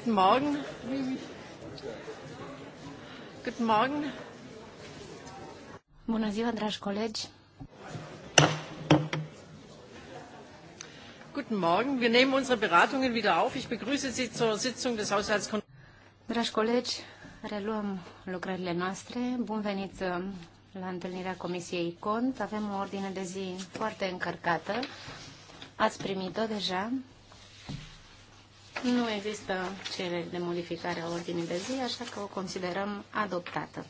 Guten Morgen. Guten Morgen. Bună ziua, dragi colegi. Guten Morgen. Wir nehmen unsere Beratungen wieder auf. Ich begrüße Sie zur Sitzung des Haushaltskontrollausschusses. Dragi colegi, reluăm lucrările noastre. Bun venit uh, la întâlnirea Comisiei Cont. Avem o ordine de zi foarte încărcată. Ați primit-o deja. Nu există cereri de modificare a ordinii de zi, așa că o considerăm adoptată.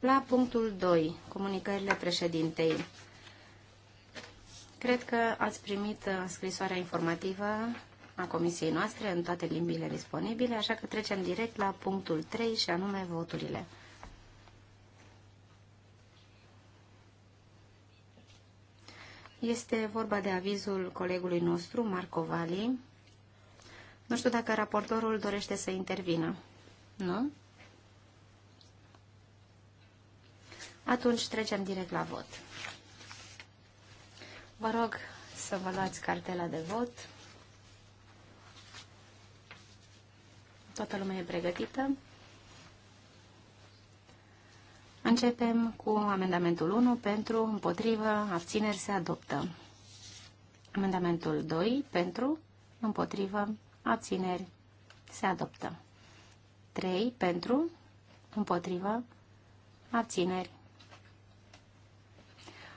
La punctul 2, comunicările președintei. Cred că ați primit uh, scrisoarea informativă a comisiei noastre în toate limbile disponibile, așa că trecem direct la punctul 3 și anume voturile. Este vorba de avizul colegului nostru, Marco Vali, nu știu dacă raportorul dorește să intervină. Nu? Atunci trecem direct la vot. Vă rog să vă luați cartela de vot. Toată lumea e pregătită. Începem cu amendamentul 1 pentru, împotrivă, abțineri se adoptă. Amendamentul 2 pentru, împotrivă, abțineri, se adoptă. 3 pentru, împotrivă, abțineri.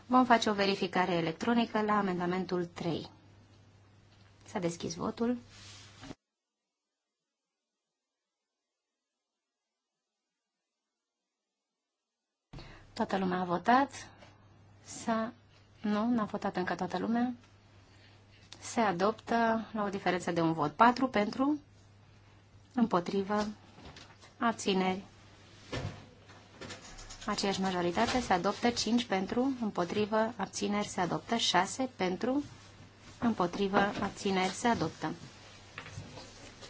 Vom face o verificare electronică la amendamentul 3. S-a deschis votul. Toată lumea a votat. S-a... Nu, n-a votat încă toată lumea se adoptă la o diferență de un vot. 4 pentru, împotrivă, abțineri. Aceeași majoritate se adoptă 5 pentru, împotrivă, abțineri se adoptă 6 pentru, împotrivă, abțineri se adoptă.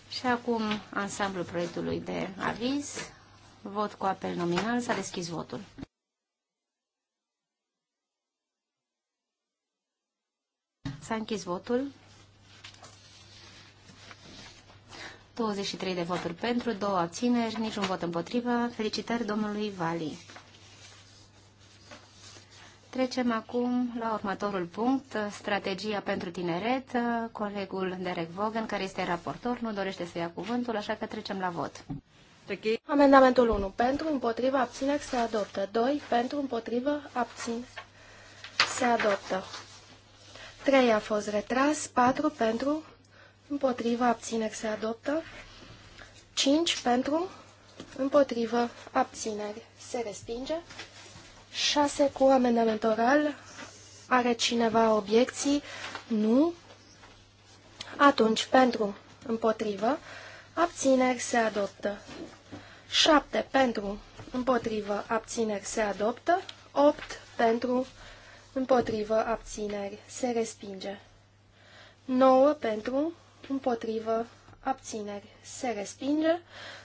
Și acum ansamblul proiectului de aviz, vot cu apel nominal, s-a deschis votul. S-a închis votul. 23 de voturi pentru, 2 abțineri, niciun vot împotrivă. Felicitări domnului Vali. Trecem acum la următorul punct, strategia pentru tineret. Colegul Derek Vogan, care este raportor, nu dorește să ia cuvântul, așa că trecem la vot. Okay. Amendamentul 1. Pentru, împotrivă, abțineri, se adoptă. 2. Pentru, împotrivă, abțineri, se adoptă. 3 a fost retras, 4 pentru, împotrivă, abțineri se adoptă, 5 pentru, împotrivă, abțineri se respinge, 6 cu amendament oral, are cineva obiecții? Nu. Atunci, pentru, împotrivă, abțineri se adoptă, 7 pentru, împotrivă, abțineri se adoptă, 8 pentru, împotrivă, împotrivă, abțineri, se respinge. 9 pentru, împotrivă, abțineri, se respinge.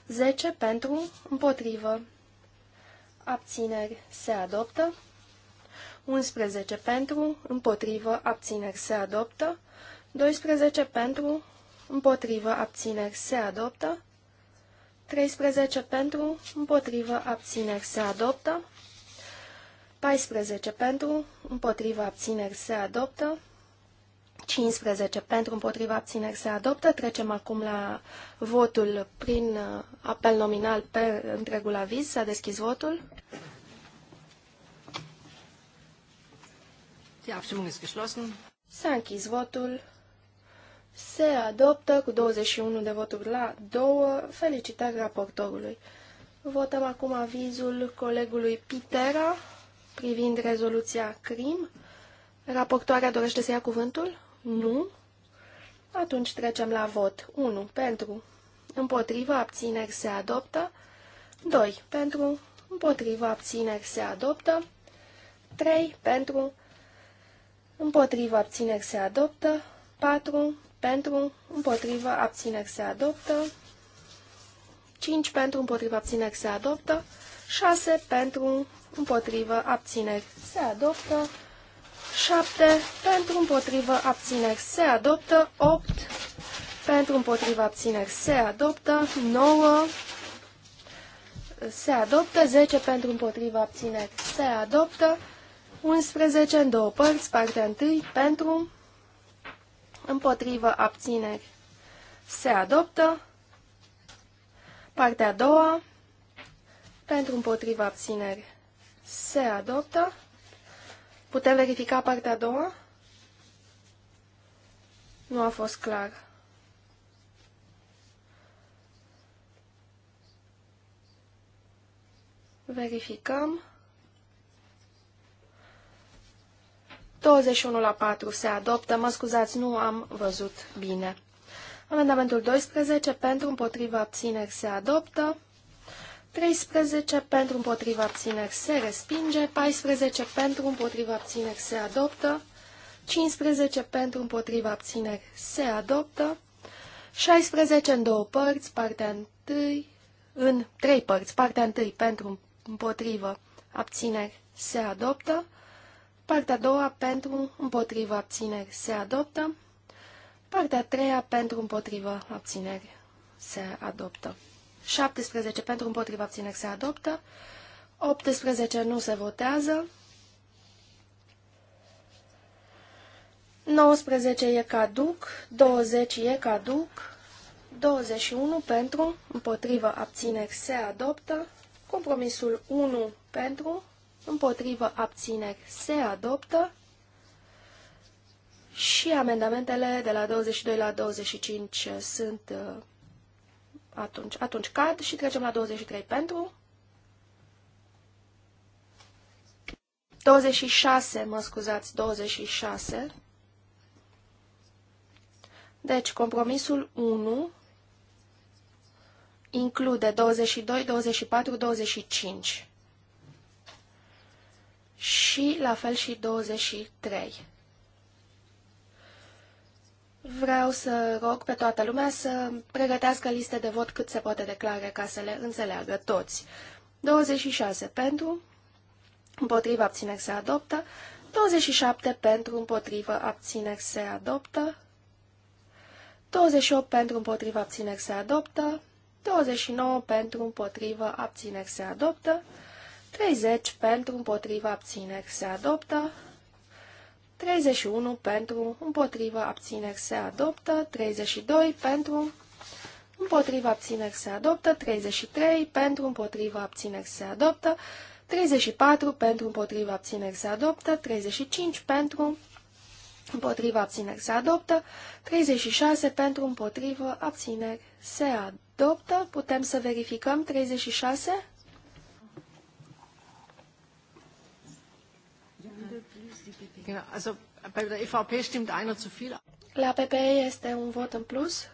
10 pentru, împotrivă, abțineri, se adoptă. 11 pentru, împotrivă, abțineri, se adoptă. 12 pentru, împotrivă, abțineri, se adoptă. 13 pentru, împotrivă, abțineri, se adoptă. 14 pentru, împotriva abțineri se adoptă. 15 pentru, împotriva abțineri se adoptă. Trecem acum la votul prin uh, apel nominal pe întregul aviz. S-a deschis votul. S-a închis votul. Se adoptă cu 21 de voturi la 2. Felicitări raportorului. Votăm acum avizul colegului Pitera privind rezoluția CRIM. Raportoarea dorește să ia cuvântul? Nu? Atunci trecem la vot. 1. Pentru. Împotrivă abțineri se adoptă. 2. Pentru. Împotrivă abțineri se adoptă. 3. Pentru. Împotrivă abțineri se adoptă. 4. Pentru. Împotrivă abțineri se adoptă. 5. Pentru. Împotrivă abțineri se adoptă. 6. Pentru împotrivă, abțineri, se adoptă. 7 pentru împotrivă, abțineri, se adoptă. 8 pentru împotrivă, abțineri, se adoptă. 9 se adoptă. 10 pentru împotrivă, abțineri, se adoptă. 11 în două părți, partea 1 pentru împotrivă, abțineri, se adoptă. Partea a doua, pentru împotriva abțineri, se adoptă. Putem verifica partea a doua? Nu a fost clar. Verificăm. 21 la 4 se adoptă. Mă scuzați, nu am văzut bine. Amendamentul 12 pentru împotriva abțineri se adoptă. 13 pentru împotriva abțineri se respinge, 14 pentru împotriva abțineri se adoptă, 15 pentru împotriva abțineri se adoptă, 16 în două părți, partea întâi, în trei părți, partea întâi pentru împotriva abțineri se adoptă, partea a doua pentru împotriva abțineri se adoptă, partea a treia pentru împotriva abțineri se adoptă. 17 pentru împotriva abțineri se adoptă. 18 nu se votează. 19 e caduc, 20 e caduc, 21 pentru, împotriva abțineri se adoptă, compromisul 1 pentru, împotriva abțineri se adoptă și amendamentele de la 22 la 25 sunt uh, atunci, atunci cad și trecem la 23 pentru. 26, mă scuzați, 26. Deci, compromisul 1 include 22, 24, 25 și la fel și 23. Vreau să rog pe toată lumea să pregătească liste de vot cât se poate declare ca să le înțeleagă toți. 26 pentru, împotriva abțineri se adoptă, 27 pentru, împotriva abțineri se adoptă, 28 pentru, împotriva abțineri se adoptă, 29 pentru, împotriva abțineri se adoptă, 30 pentru, împotriva abțineri se adoptă, 31 pentru, împotrivă, abțineri se adoptă, 32 pentru, împotrivă, abțineri se adoptă, 33 pentru, împotrivă, abțineri se adoptă, 34 pentru, împotrivă, abțineri se adoptă, 35 pentru, împotrivă, abțineri se adoptă, 36 pentru, împotrivă, abțineri se adoptă. Putem să verificăm 36? La PP este un vot în plus.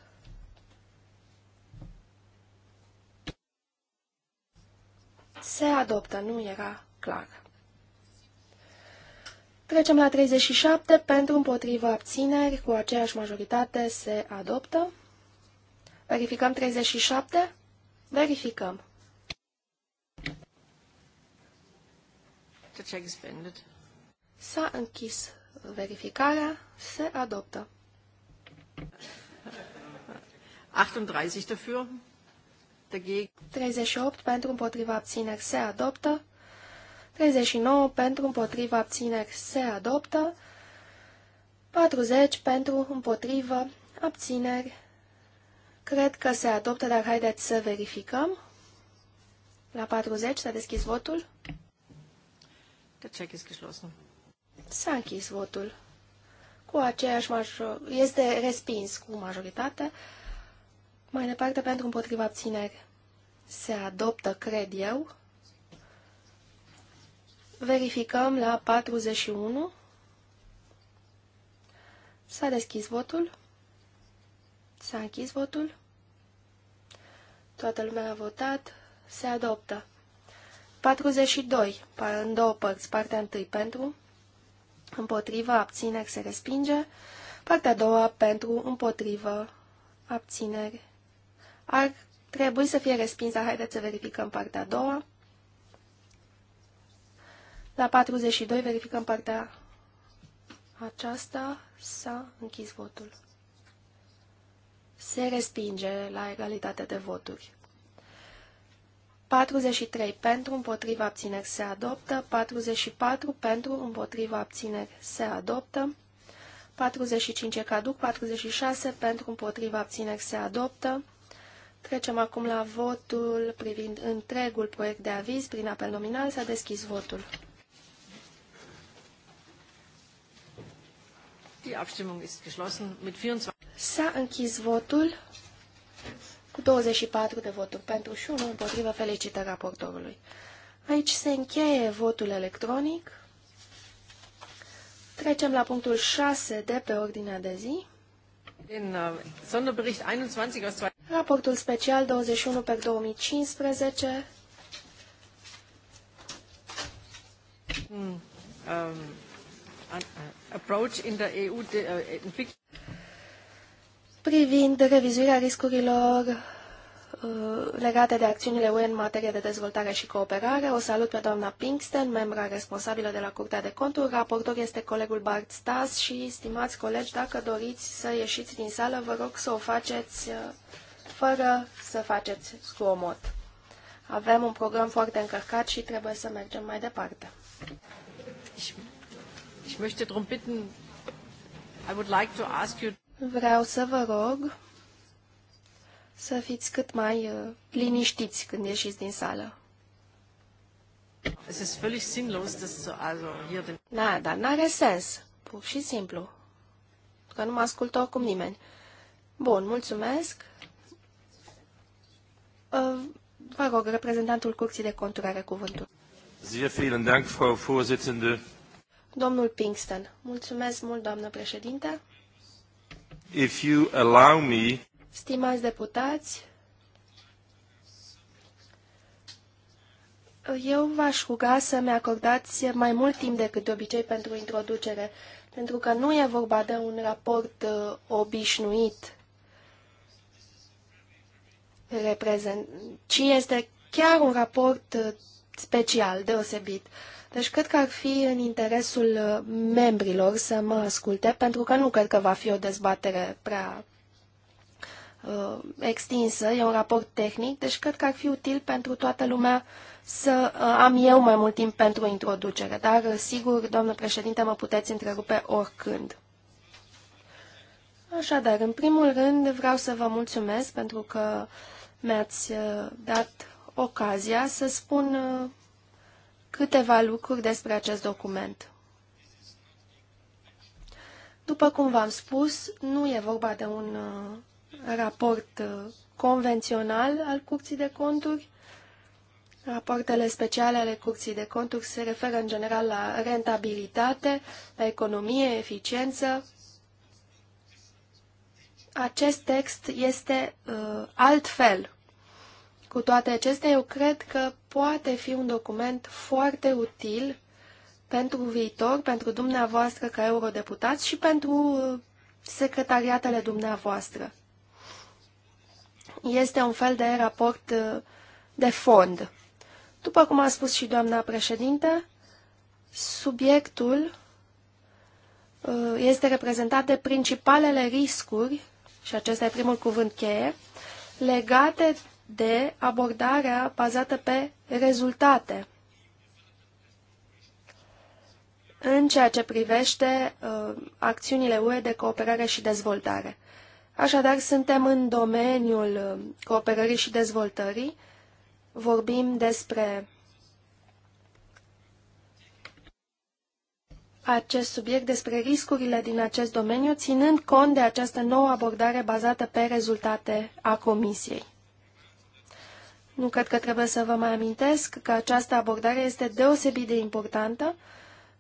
Se adoptă, nu era clar. Trecem la 37. Pentru împotrivă abțineri, cu aceeași majoritate, se adoptă. Verificăm 37. Verificăm. The check is S-a închis verificarea. Se adoptă. 38 dafür. Dagegen. 38 pentru împotriva abțineri se adoptă. 39 pentru împotriva abțineri se adoptă. 40 pentru împotriva abțineri. Cred că se adoptă, dar haideți să verificăm. La 40 s-a deschis votul. Der check is geschlossen. S-a închis votul. Cu aceeași majoritate. Este respins cu majoritate. Mai departe, pentru împotriva abțineri se adoptă, cred eu. Verificăm la 41. S-a deschis votul. S-a închis votul. Toată lumea a votat. Se adoptă. 42. În două părți. Partea întâi pentru împotriva, abțineri, se respinge. Partea a doua, pentru, împotrivă, abțineri. Ar trebui să fie respinsă. Haideți să verificăm partea a doua. La 42 verificăm partea aceasta. S-a închis votul. Se respinge la egalitate de voturi. 43 pentru, împotriva abțineri se adoptă, 44 pentru, împotriva abțineri se adoptă, 45 e caduc, 46 pentru, împotriva abțineri se adoptă. Trecem acum la votul privind întregul proiect de aviz prin apel nominal. S-a deschis votul. S-a închis votul cu 24 de voturi pentru și unul împotrivă. Felicitări raportorului. Aici se încheie votul electronic. Trecem la punctul 6 de pe ordinea de zi. Din uh, 21 Raportul special 21 pe 2015. Hmm. um, an, uh, approach in the EU de, uh, privind revizuirea riscurilor uh, legate de acțiunile UE în materie de dezvoltare și cooperare. O salut pe doamna Pinkston, membra responsabilă de la Curtea de Conturi. Raportor este colegul Bart Stas și, stimați colegi, dacă doriți să ieșiți din sală, vă rog să o faceți uh, fără să faceți scuomot. Avem un program foarte încărcat și trebuie să mergem mai departe. Ich, ich möchte drum bitten, I would like to ask you Vreau să vă rog să fiți cât mai uh, liniștiți când ieșiți din sală. Es ist völlig sinnlos, also hier den... Da, dar n-are sens. Pur și simplu. Că nu mă ascultă acum nimeni. Bun, mulțumesc. Uh, vă rog, reprezentantul Curții de Conturi are cuvântul. Sehr vielen Dank, Frau Vorsitzende. Domnul Pinkston, mulțumesc mult, doamnă președinte if you allow me... Stimați deputați, eu v-aș ruga să-mi acordați mai mult timp decât de obicei pentru introducere, pentru că nu e vorba de un raport uh, obișnuit, reprezent, ci este chiar un raport uh, special, deosebit. Uh, deci cred că ar fi în interesul uh, membrilor să mă asculte, pentru că nu cred că va fi o dezbatere prea uh, extinsă, e un raport tehnic, deci cred că ar fi util pentru toată lumea să uh, am eu mai mult timp pentru introducere, dar uh, sigur, doamnă președinte, mă puteți întrerupe oricând. Așadar, în primul rând vreau să vă mulțumesc pentru că mi-ați uh, dat ocazia să spun câteva lucruri despre acest document. După cum v-am spus, nu e vorba de un uh, raport uh, convențional al Curții de Conturi. Raportele speciale ale Curții de Conturi se referă în general la rentabilitate, la economie, eficiență. Acest text este uh, altfel cu toate acestea, eu cred că poate fi un document foarte util pentru viitor, pentru dumneavoastră ca eurodeputați și pentru uh, secretariatele dumneavoastră. Este un fel de raport uh, de fond. După cum a spus și doamna președinte, subiectul uh, este reprezentat de principalele riscuri, și acesta e primul cuvânt cheie, legate de abordarea bazată pe rezultate. În ceea ce privește uh, acțiunile UE de cooperare și dezvoltare. Așadar, suntem în domeniul uh, cooperării și dezvoltării. Vorbim despre acest subiect, despre riscurile din acest domeniu, ținând cont de această nouă abordare bazată pe rezultate a Comisiei. Nu cred că trebuie să vă mai amintesc că această abordare este deosebit de importantă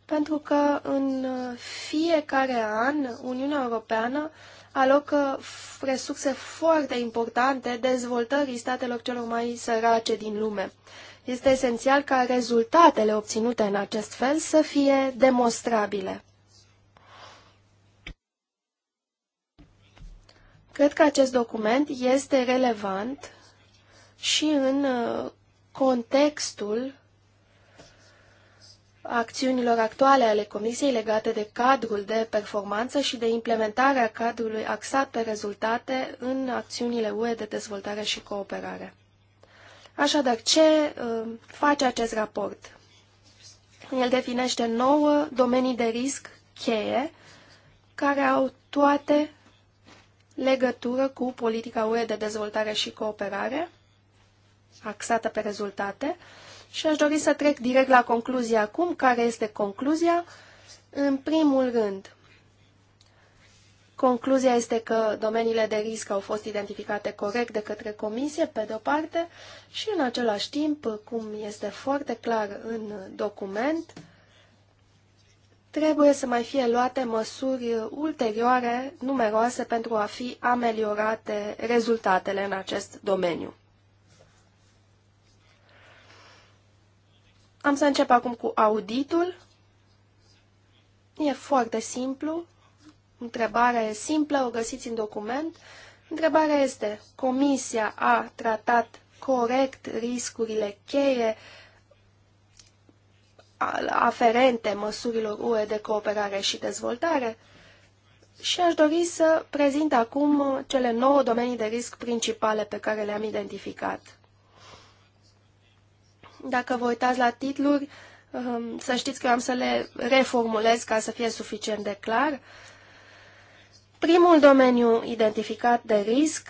pentru că în fiecare an Uniunea Europeană alocă resurse foarte importante dezvoltării statelor celor mai sărace din lume. Este esențial ca rezultatele obținute în acest fel să fie demonstrabile. Cred că acest document este relevant și în uh, contextul acțiunilor actuale ale Comisiei legate de cadrul de performanță și de implementarea cadrului axat pe rezultate în acțiunile UE de dezvoltare și cooperare. Așadar, ce uh, face acest raport? El definește nouă domenii de risc cheie care au toate legătură cu politica UE de dezvoltare și cooperare axată pe rezultate și aș dori să trec direct la concluzia acum. Care este concluzia? În primul rând, concluzia este că domeniile de risc au fost identificate corect de către comisie, pe de-o parte, și în același timp, cum este foarte clar în document, trebuie să mai fie luate măsuri ulterioare numeroase pentru a fi ameliorate rezultatele în acest domeniu. Am să încep acum cu auditul. E foarte simplu. Întrebarea e simplă, o găsiți în document. Întrebarea este, Comisia a tratat corect riscurile cheie aferente măsurilor UE de cooperare și dezvoltare? Și aș dori să prezint acum cele nouă domenii de risc principale pe care le-am identificat. Dacă vă uitați la titluri, um, să știți că eu am să le reformulez ca să fie suficient de clar. Primul domeniu identificat de risc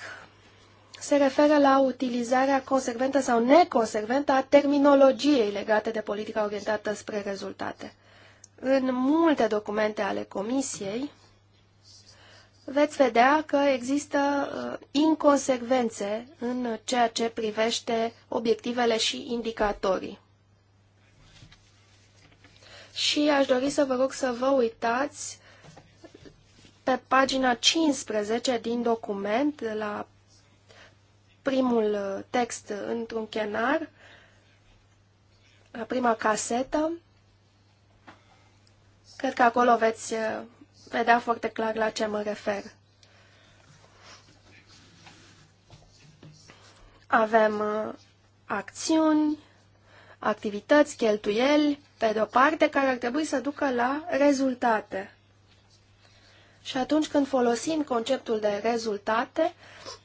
se referă la utilizarea consecventă sau neconsecventă a terminologiei legate de politica orientată spre rezultate. În multe documente ale Comisiei, veți vedea că există uh, inconsecvențe în ceea ce privește obiectivele și indicatorii. Și aș dori să vă rog să vă uitați pe pagina 15 din document, la primul uh, text într-un chenar, la prima casetă. Cred că acolo veți uh, vedea foarte clar la ce mă refer. Avem uh, acțiuni, activități, cheltuieli, pe de-o parte, care ar trebui să ducă la rezultate. Și atunci când folosim conceptul de rezultate,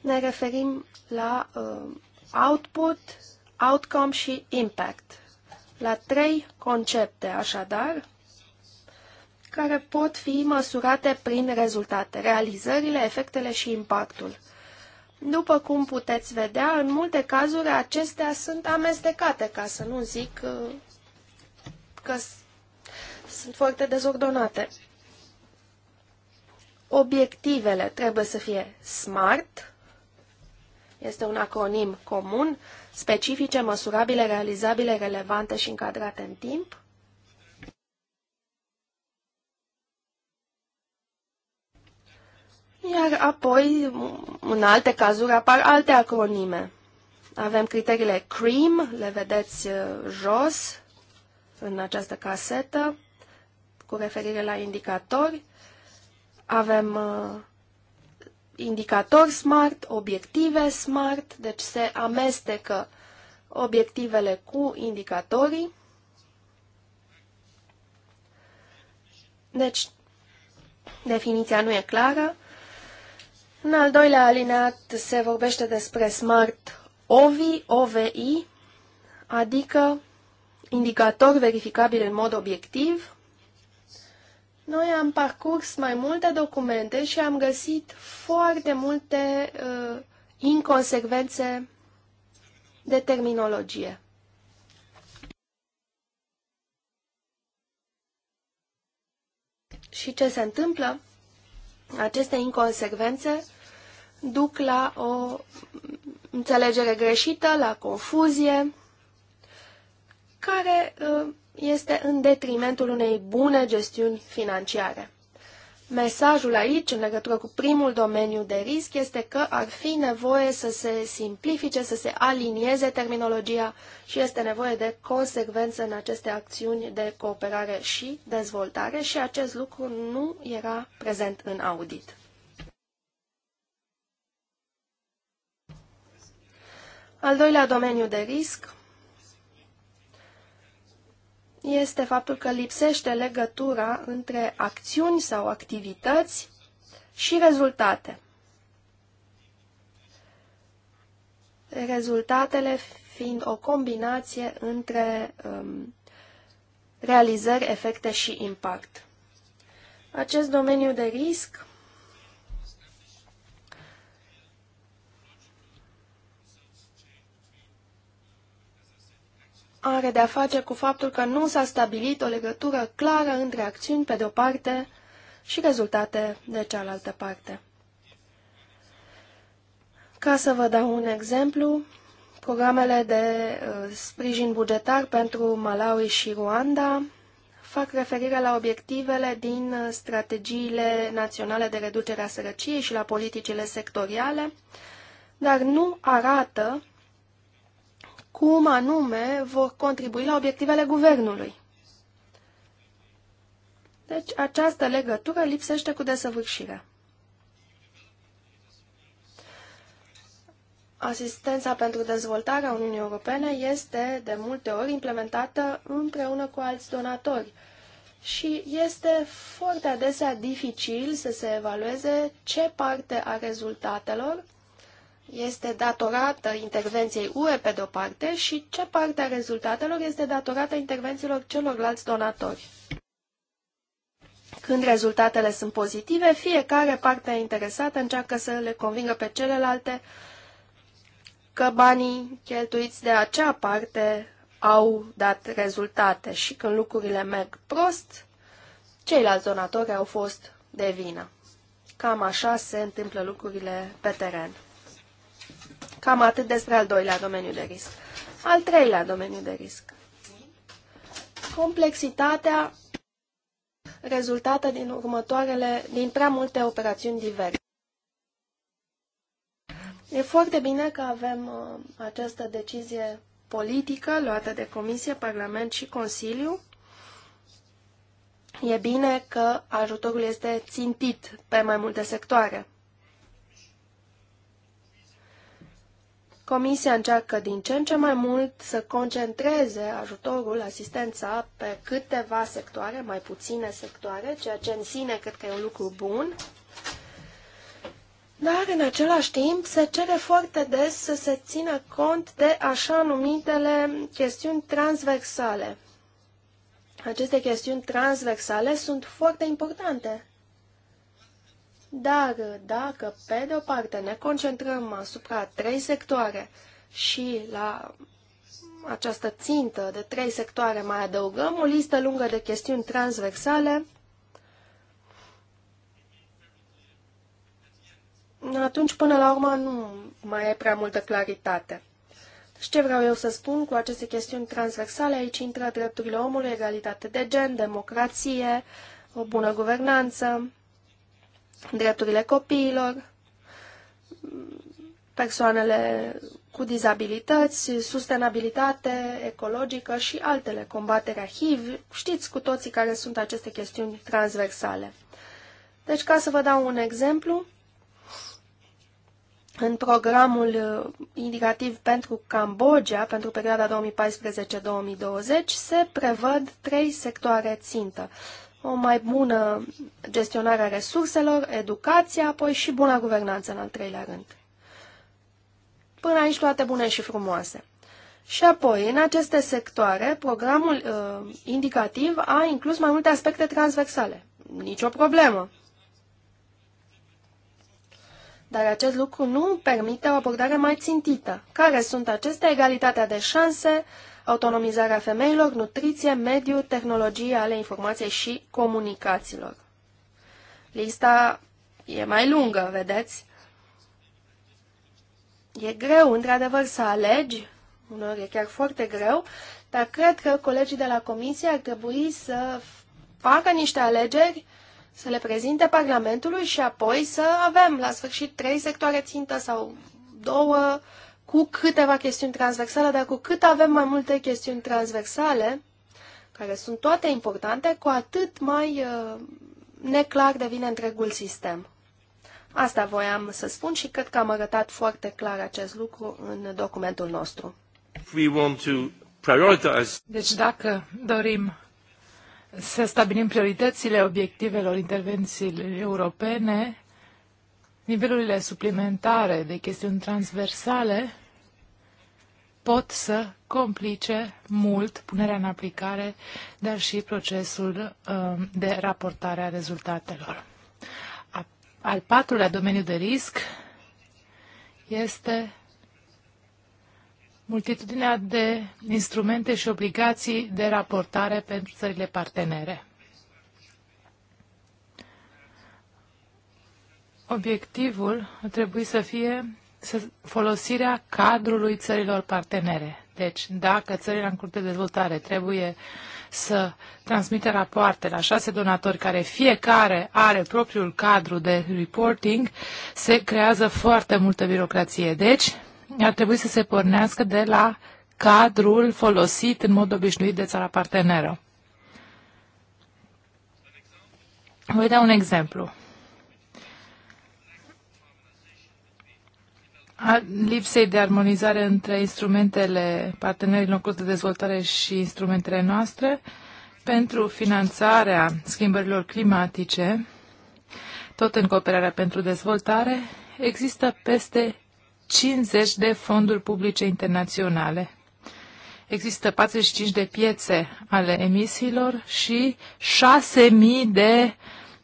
ne referim la uh, output, outcome și impact. La trei concepte, așadar, care pot fi măsurate prin rezultate, realizările, efectele și impactul. După cum puteți vedea, în multe cazuri acestea sunt amestecate, ca să nu zic uh, că sunt foarte dezordonate. Obiectivele trebuie să fie SMART, este un acronim comun, specifice, măsurabile, realizabile, relevante și încadrate în timp. Iar apoi, în alte cazuri, apar alte acronime. Avem criteriile CREAM, le vedeți uh, jos în această casetă, cu referire la indicatori. Avem uh, indicatori SMART, obiective SMART, deci se amestecă obiectivele cu indicatorii. Deci, definiția nu e clară. În al doilea alineat se vorbește despre Smart OVI, OVI, adică indicator verificabil în mod obiectiv. Noi am parcurs mai multe documente și am găsit foarte multe uh, inconsecvențe de terminologie. Și ce se întâmplă? Aceste inconsecvențe duc la o înțelegere greșită, la confuzie, care uh, este în detrimentul unei bune gestiuni financiare. Mesajul aici, în legătură cu primul domeniu de risc, este că ar fi nevoie să se simplifice, să se alinieze terminologia și este nevoie de consecvență în aceste acțiuni de cooperare și dezvoltare și acest lucru nu era prezent în audit. Al doilea domeniu de risc este faptul că lipsește legătura între acțiuni sau activități și rezultate. Rezultatele fiind o combinație între um, realizări, efecte și impact. Acest domeniu de risc are de-a face cu faptul că nu s-a stabilit o legătură clară între acțiuni pe de-o parte și rezultate de cealaltă parte. Ca să vă dau un exemplu, programele de uh, sprijin bugetar pentru Malawi și Rwanda fac referire la obiectivele din uh, strategiile naționale de reducere a sărăciei și la politicile sectoriale, dar nu arată cum anume vor contribui la obiectivele guvernului. Deci această legătură lipsește cu desăvârșirea. Asistența pentru dezvoltarea Uniunii Europene este de multe ori implementată împreună cu alți donatori și este foarte adesea dificil să se evalueze ce parte a rezultatelor este datorată intervenției UE pe de-o parte și ce parte a rezultatelor este datorată intervențiilor celorlalți donatori. Când rezultatele sunt pozitive, fiecare parte interesată încearcă să le convingă pe celelalte că banii cheltuiți de acea parte au dat rezultate și când lucrurile merg prost, ceilalți donatori au fost de vină. Cam așa se întâmplă lucrurile pe teren. Cam atât despre al doilea domeniu de risc. Al treilea domeniu de risc. Complexitatea rezultată din următoarele, din prea multe operațiuni diverse. E foarte bine că avem uh, această decizie politică luată de Comisie, Parlament și Consiliu. E bine că ajutorul este țintit pe mai multe sectoare. Comisia încearcă din ce în ce mai mult să concentreze ajutorul, asistența, pe câteva sectoare, mai puține sectoare, ceea ce în sine cred că e un lucru bun. Dar, în același timp, se cere foarte des să se țină cont de așa numitele chestiuni transversale. Aceste chestiuni transversale sunt foarte importante dar dacă, pe de o parte, ne concentrăm asupra trei sectoare și la această țintă de trei sectoare mai adăugăm o listă lungă de chestiuni transversale, atunci, până la urmă, nu mai e prea multă claritate. Și deci, ce vreau eu să spun cu aceste chestiuni transversale, aici intră drepturile omului, egalitate de gen, democrație, o bună guvernanță, drepturile copiilor, persoanele cu dizabilități, sustenabilitate ecologică și altele, combaterea HIV. Știți cu toții care sunt aceste chestiuni transversale. Deci, ca să vă dau un exemplu, în programul uh, indicativ pentru Cambodgia, pentru perioada 2014-2020, se prevăd trei sectoare țintă o mai bună gestionare a resurselor, educația, apoi și buna guvernanță în al treilea rând. Până aici toate bune și frumoase. Și apoi, în aceste sectoare, programul uh, indicativ a inclus mai multe aspecte transversale. nici o problemă. Dar acest lucru nu permite o abordare mai țintită. Care sunt acestea? Egalitatea de șanse, uh, autonomizarea femeilor, nutriție, mediu, tehnologie ale informației și comunicațiilor. Lista e mai lungă, vedeți? E greu, într-adevăr, să alegi, uneori e chiar foarte greu, dar cred că colegii de la comisie ar trebui să facă niște alegeri, să le prezinte Parlamentului și apoi să avem la sfârșit trei sectoare țintă sau două uh, cu câteva chestiuni transversale, dar cu cât avem mai multe chestiuni transversale, care sunt toate importante, cu atât mai uh, neclar devine întregul sistem. Asta voiam să spun și cred că am arătat foarte clar acest lucru în documentul nostru. Deci dacă dorim să stabilim prioritățile obiectivelor intervențiilor europene, nivelurile suplimentare de chestiuni transversale pot să complice mult punerea în aplicare, dar și procesul um, de raportare a rezultatelor. Al patrulea domeniu de risc este multitudinea de instrumente și obligații de raportare pentru țările partenere. obiectivul ar trebui să fie folosirea cadrului țărilor partenere. Deci, dacă țările în curte de dezvoltare trebuie să transmită rapoarte la șase donatori care fiecare are propriul cadru de reporting, se creează foarte multă birocrație. Deci, ar trebui să se pornească de la cadrul folosit în mod obișnuit de țara parteneră. Voi da un exemplu. a lipsei de armonizare între instrumentele partenerilor în de dezvoltare și instrumentele noastre pentru finanțarea schimbărilor climatice, tot în cooperarea pentru dezvoltare, există peste 50 de fonduri publice internaționale. Există 45 de piețe ale emisiilor și 6.000 de uh,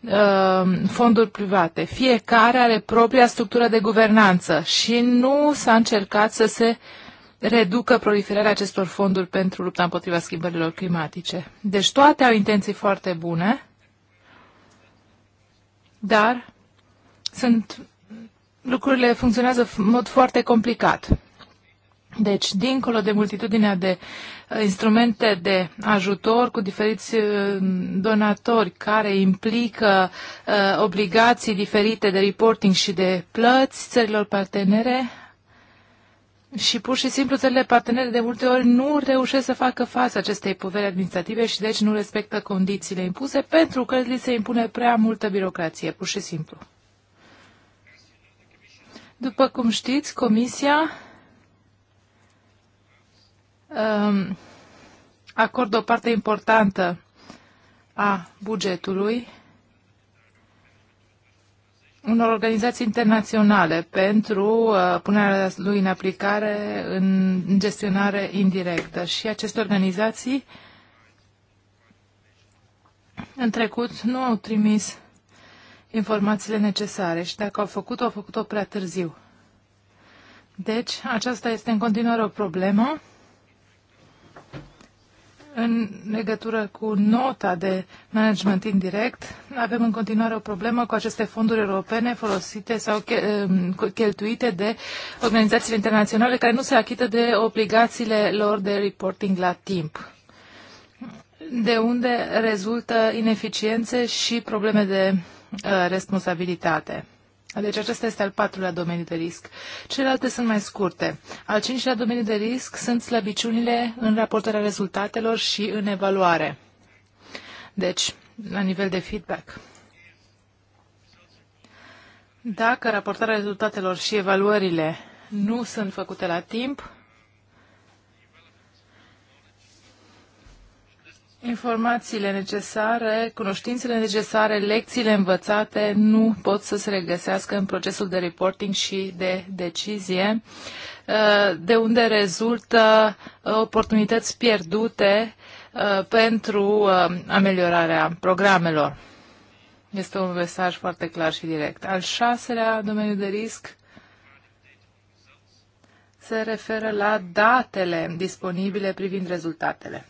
Uh, fonduri private. Fiecare are propria structură de guvernanță și nu s-a încercat să se reducă proliferarea acestor fonduri pentru lupta împotriva schimbărilor climatice. Deci toate au intenții foarte bune, dar sunt, lucrurile funcționează în mod foarte complicat. Deci, dincolo de multitudinea de uh, instrumente de ajutor cu diferiți uh, donatori care implică uh, obligații diferite de reporting și de plăți țărilor partenere, și pur și simplu țările partenere de multe ori nu reușesc să facă față acestei poveri administrative și deci nu respectă condițiile impuse pentru că li se impune prea multă birocrație, pur și simplu. După cum știți, Comisia um, acordă o parte importantă a bugetului unor organizații internaționale pentru uh, punerea lui în aplicare în gestionare indirectă. Și aceste organizații în trecut nu au trimis informațiile necesare și dacă au făcut-o, au făcut-o prea târziu. Deci, aceasta este în continuare o problemă în legătură cu nota de management indirect, avem în continuare o problemă cu aceste fonduri europene folosite sau um, cheltuite de organizațiile internaționale care nu se achită de obligațiile lor de reporting la timp de unde rezultă ineficiențe și probleme de uh, responsabilitate. Deci acesta este al patrulea domeniu de risc. Celelalte sunt mai scurte. Al cincilea domeniu de risc sunt slăbiciunile în raportarea rezultatelor și în evaluare. Deci, la nivel de feedback. Dacă raportarea rezultatelor și evaluările nu sunt făcute la timp, informațiile necesare, cunoștințele necesare, lecțiile învățate nu pot să se regăsească în procesul de reporting și de decizie, uh, de unde rezultă uh, oportunități pierdute uh, pentru ameliorarea programelor. Este un mesaj foarte clar și direct. Al șaselea domeniu de risc se referă la datele disponibile privind rezultatele.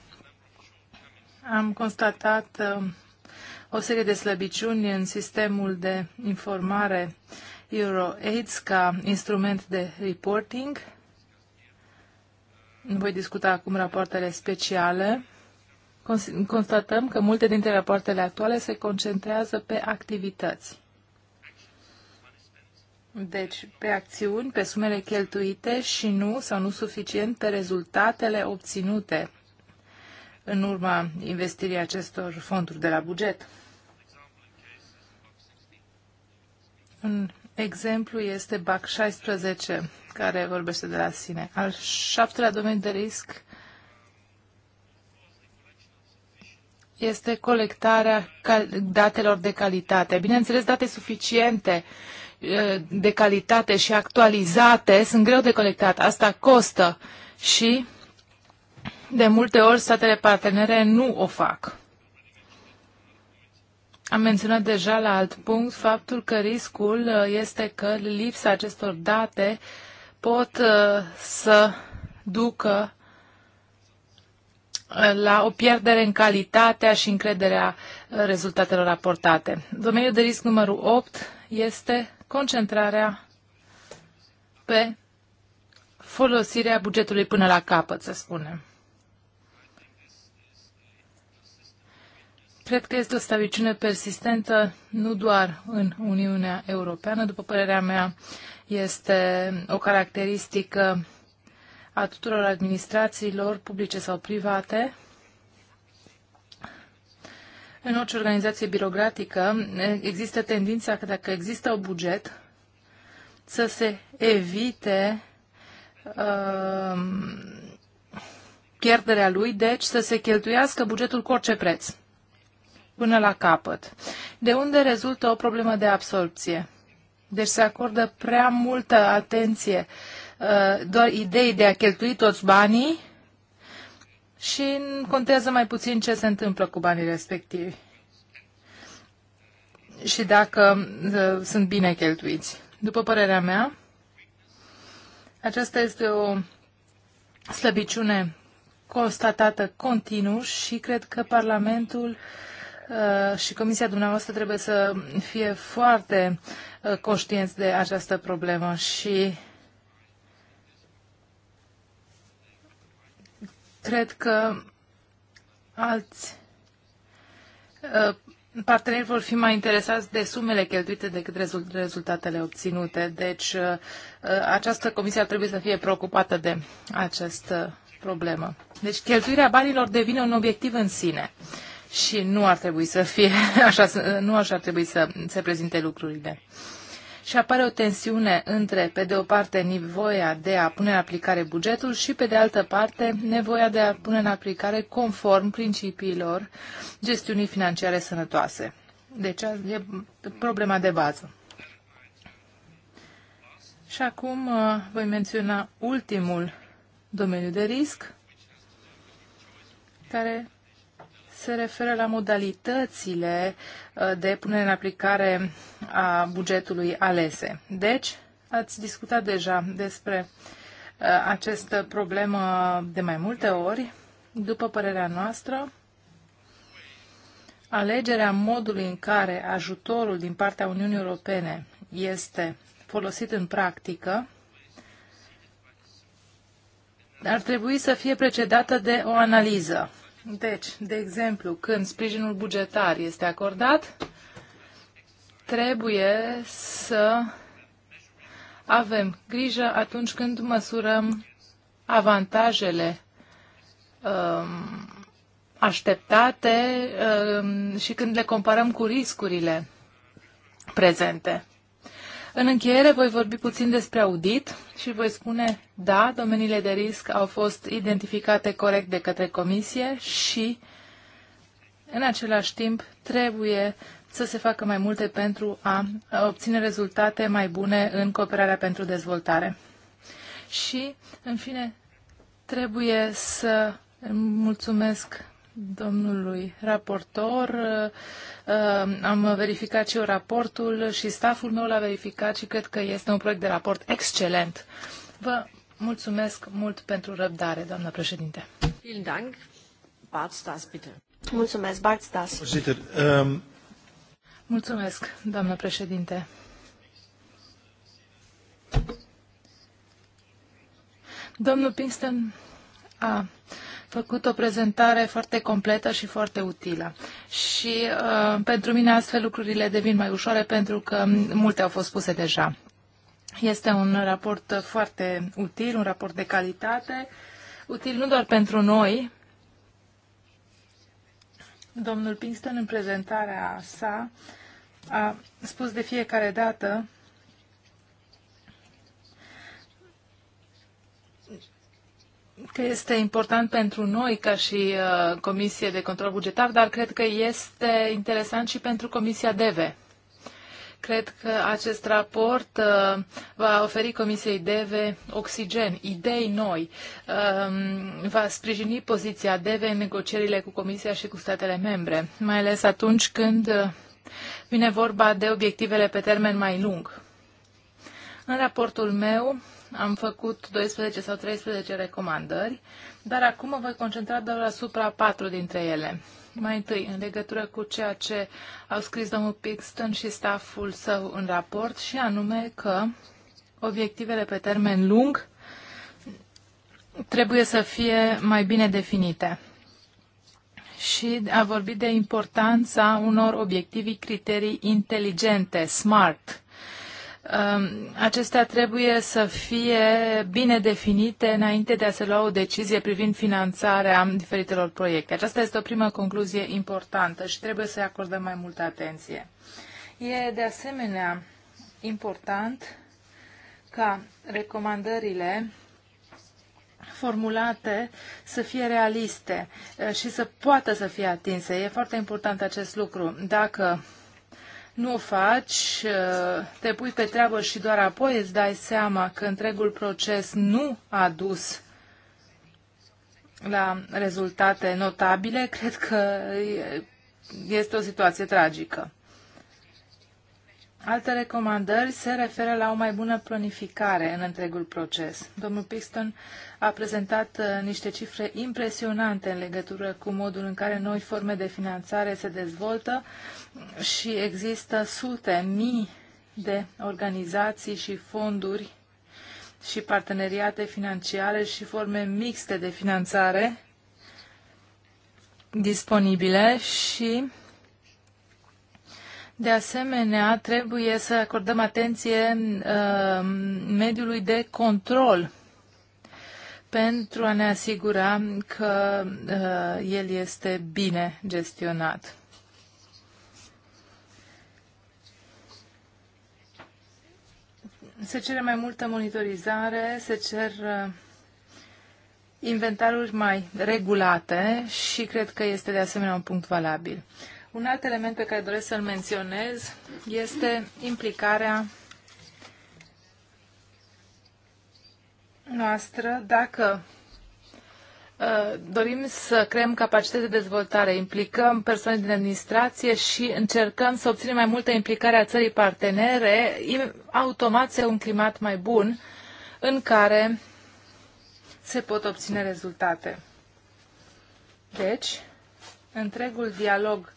Am constatat uh, o serie de slăbiciuni în sistemul de informare EuroAIDS ca instrument de reporting. Voi discuta acum rapoartele speciale. Constatăm că multe dintre rapoartele actuale se concentrează pe activități. Deci, pe acțiuni, pe sumele cheltuite și nu sau nu suficient pe rezultatele obținute în urma investirii acestor fonduri de la buget. Un exemplu este BAC 16, care vorbește de la sine. Al șaptelea domeniu de risc este colectarea datelor de calitate. Bineînțeles, date suficiente de calitate și actualizate sunt greu de colectat. Asta costă și de multe ori, statele partenere nu o fac. Am menționat deja la alt punct faptul că riscul uh, este că lipsa acestor date pot uh, să ducă uh, la o pierdere în calitatea și încrederea rezultatelor raportate. Domeniul de risc numărul 8 este concentrarea pe folosirea bugetului până la capăt, să spunem. Cred că este o slăbiciune persistentă nu doar în Uniunea Europeană, după părerea mea, este o caracteristică a tuturor administrațiilor publice sau private. În orice organizație birocratică există tendința că dacă există un buget, să se evite uh, pierderea lui, deci să se cheltuiască bugetul cu orice preț până la capăt, de unde rezultă o problemă de absorpție. Deci se acordă prea multă atenție uh, doar idei de a cheltui toți banii și contează mai puțin ce se întâmplă cu banii respectivi și dacă uh, sunt bine cheltuiți. După părerea mea, aceasta este o slăbiciune constatată continuu și cred că Parlamentul uh, Uh, și comisia dumneavoastră trebuie să fie foarte uh, conștienți de această problemă și cred că alți uh, partenerii vor fi mai interesați de sumele cheltuite decât rezultatele obținute. Deci această comisie ar trebui să fie preocupată de această problemă. Deci cheltuirea banilor devine un obiectiv în sine. Uh, și nu ar trebui să fie așa, nu așa ar trebui să se prezinte lucrurile. Și apare o tensiune între, pe de o parte, nevoia de a pune în aplicare bugetul și, pe de altă parte, nevoia de a pune în aplicare conform principiilor gestiunii financiare sănătoase. Deci e problema de bază. Și acum uh, voi menționa ultimul domeniu de risc, care se referă la modalitățile uh, de punere în aplicare a bugetului alese. Deci, ați discutat deja despre uh, această problemă de mai multe ori. După părerea noastră, alegerea modului în care ajutorul din partea Uniunii Europene este folosit în practică ar trebui să fie precedată de o analiză. Deci, de exemplu, când sprijinul bugetar este acordat, trebuie să avem grijă atunci când măsurăm avantajele um, așteptate um, și când le comparăm cu riscurile prezente. În încheiere voi vorbi puțin despre audit și voi spune, da, domeniile de risc au fost identificate corect de către comisie și, în același timp, trebuie să se facă mai multe pentru a obține rezultate mai bune în cooperarea pentru dezvoltare. Și, în fine, trebuie să mulțumesc domnului raportor. Uh, am verificat și eu raportul și staful meu l-a verificat și cred că este un proiect de raport excelent. Vă mulțumesc mult pentru răbdare, doamnă președinte. Mulțumesc, Bart Stas. Ehm, mulțumesc, doamnă președinte. Domnul Pinkston a făcut o prezentare foarte completă și foarte utilă. Și uh, pentru mine astfel lucrurile devin mai ușoare pentru că multe au fost spuse deja. Este un raport foarte util, un raport de calitate, util nu doar pentru noi. Domnul Pinkston, în prezentarea sa, a spus de fiecare dată că este important pentru noi ca și uh, Comisie de Control Bugetar, dar cred că este interesant și pentru Comisia DEVE. Cred că acest raport uh, va oferi Comisiei DEVE oxigen, idei noi, uh, va sprijini poziția DEVE în negocierile cu Comisia și cu statele membre, mai ales atunci când uh, vine vorba de obiectivele pe termen mai lung. În raportul meu am făcut 12 sau 13 recomandări, dar acum mă voi concentra doar asupra patru dintre ele. Mai întâi, în legătură cu ceea ce au scris domnul Pixton și stafful său în raport, și anume că obiectivele pe termen lung trebuie să fie mai bine definite. Și a vorbit de importanța unor obiectivi, criterii inteligente, smart, Um, acestea trebuie să fie bine definite înainte de a se lua o decizie privind finanțarea diferitelor proiecte. Aceasta este o primă concluzie importantă și trebuie să-i acordăm mai multă atenție. E de asemenea important ca recomandările formulate să fie realiste uh, și să poată să fie atinse. E foarte important acest lucru. Dacă nu o faci, uh, te pui pe treabă și doar apoi îți dai seama că întregul proces nu a dus la rezultate notabile, cred că este o situație tragică. Alte recomandări se referă la o mai bună planificare în întregul proces. Domnul Pixton a prezentat uh, niște cifre impresionante în legătură cu modul în care noi forme de finanțare se dezvoltă și există sute, mii de organizații și fonduri și parteneriate financiare și forme mixte de finanțare disponibile și de asemenea trebuie să acordăm atenție uh, mediului de control pentru a ne asigura că uh, el este bine gestionat. Se cere mai multă monitorizare, se cer uh, inventaruri mai regulate și cred că este de asemenea un punct valabil. Un alt element pe care doresc să-l menționez este implicarea noastră, dacă uh, dorim să creăm capacități de dezvoltare, implicăm persoane din administrație și încercăm să obținem mai multă implicare a țării partenere, automat se un climat mai bun în care se pot obține rezultate. Deci, întregul dialog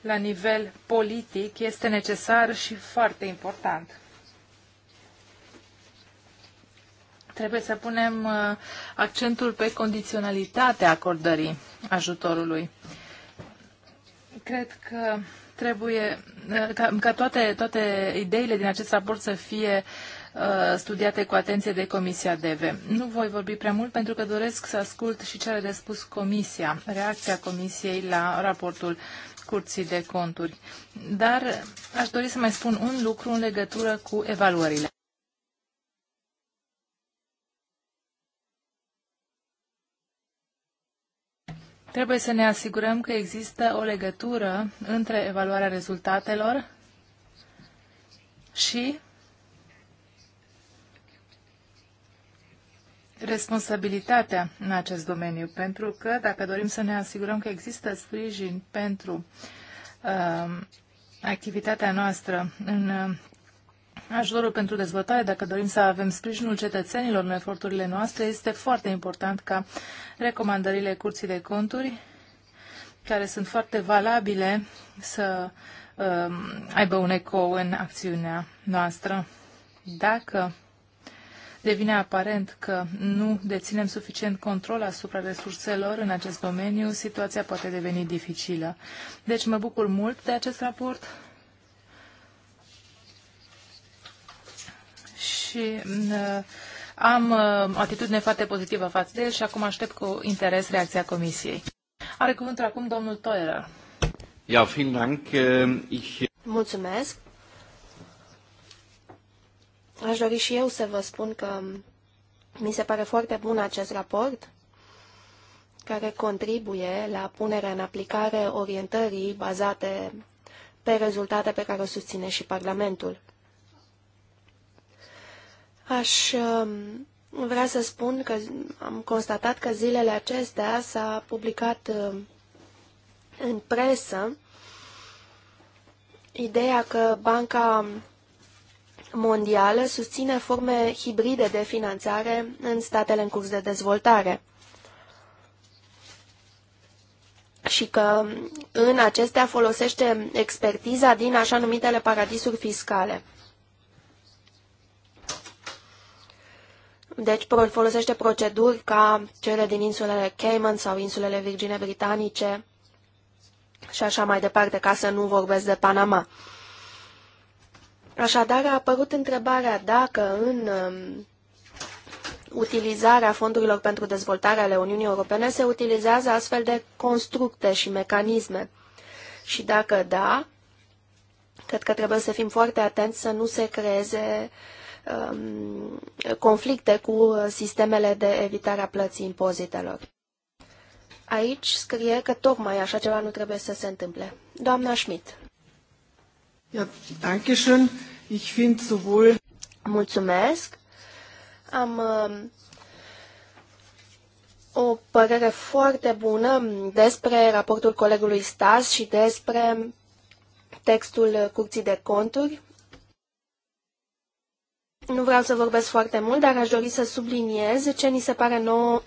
la nivel politic este necesar și foarte important. trebuie să punem uh, accentul pe condiționalitatea acordării ajutorului. Cred că trebuie uh, ca, ca toate, toate ideile din acest raport să fie uh, studiate cu atenție de Comisia DEVE. Nu voi vorbi prea mult pentru că doresc să ascult și ce are de spus Comisia, reacția Comisiei la raportul Curții de Conturi. Dar aș dori să mai spun un lucru în legătură cu evaluările. Trebuie să ne asigurăm că există o legătură între evaluarea rezultatelor și responsabilitatea în acest domeniu, pentru că dacă dorim să ne asigurăm că există sprijin pentru uh, activitatea noastră în ajutorul pentru dezvoltare, dacă dorim să avem sprijinul cetățenilor în eforturile noastre, este foarte important ca recomandările Curții de Conturi, care sunt foarte valabile, să uh, aibă un eco în acțiunea noastră. Dacă devine aparent că nu deținem suficient control asupra resurselor în acest domeniu, situația poate deveni dificilă. Deci mă bucur mult de acest raport și mm, uh, am uh, o atitudine foarte pozitivă față de el și acum aștept cu interes reacția Comisiei. Are cuvântul acum domnul Toerer. Ja, vielen Dank. Ähm, ich... Mulțumesc. Aș dori și eu să vă spun că mi se pare foarte bun acest raport care contribuie la punerea în aplicare orientării bazate pe rezultate pe care o susține și Parlamentul. Aș um, vrea să spun că am constatat că zilele acestea s-a publicat um, în presă ideea că Banca Mondială susține forme hibride de finanțare în statele în curs de dezvoltare și că um, în acestea folosește expertiza din așa numitele paradisuri fiscale. Deci folosește proceduri ca cele din insulele Cayman sau insulele Virgine Britanice și așa mai departe, ca să nu vorbesc de Panama. Așadar, a apărut întrebarea dacă în um, utilizarea fondurilor pentru dezvoltare ale Uniunii Europene se utilizează astfel de constructe și mecanisme. Și dacă da, cred că trebuie să fim foarte atenți să nu se creeze uh, Um, conflicte cu sistemele de evitare a plății impozitelor. Aici scrie că tocmai așa ceva nu trebuie să se întâmple. Doamna Schmidt. Ja, danke schön. Ich find sowohl... Mulțumesc. Am uh, o părere foarte bună despre raportul colegului Stas și despre textul Curții de Conturi. Nu vreau să vorbesc foarte mult, dar aș dori să subliniez ce ni se pare nou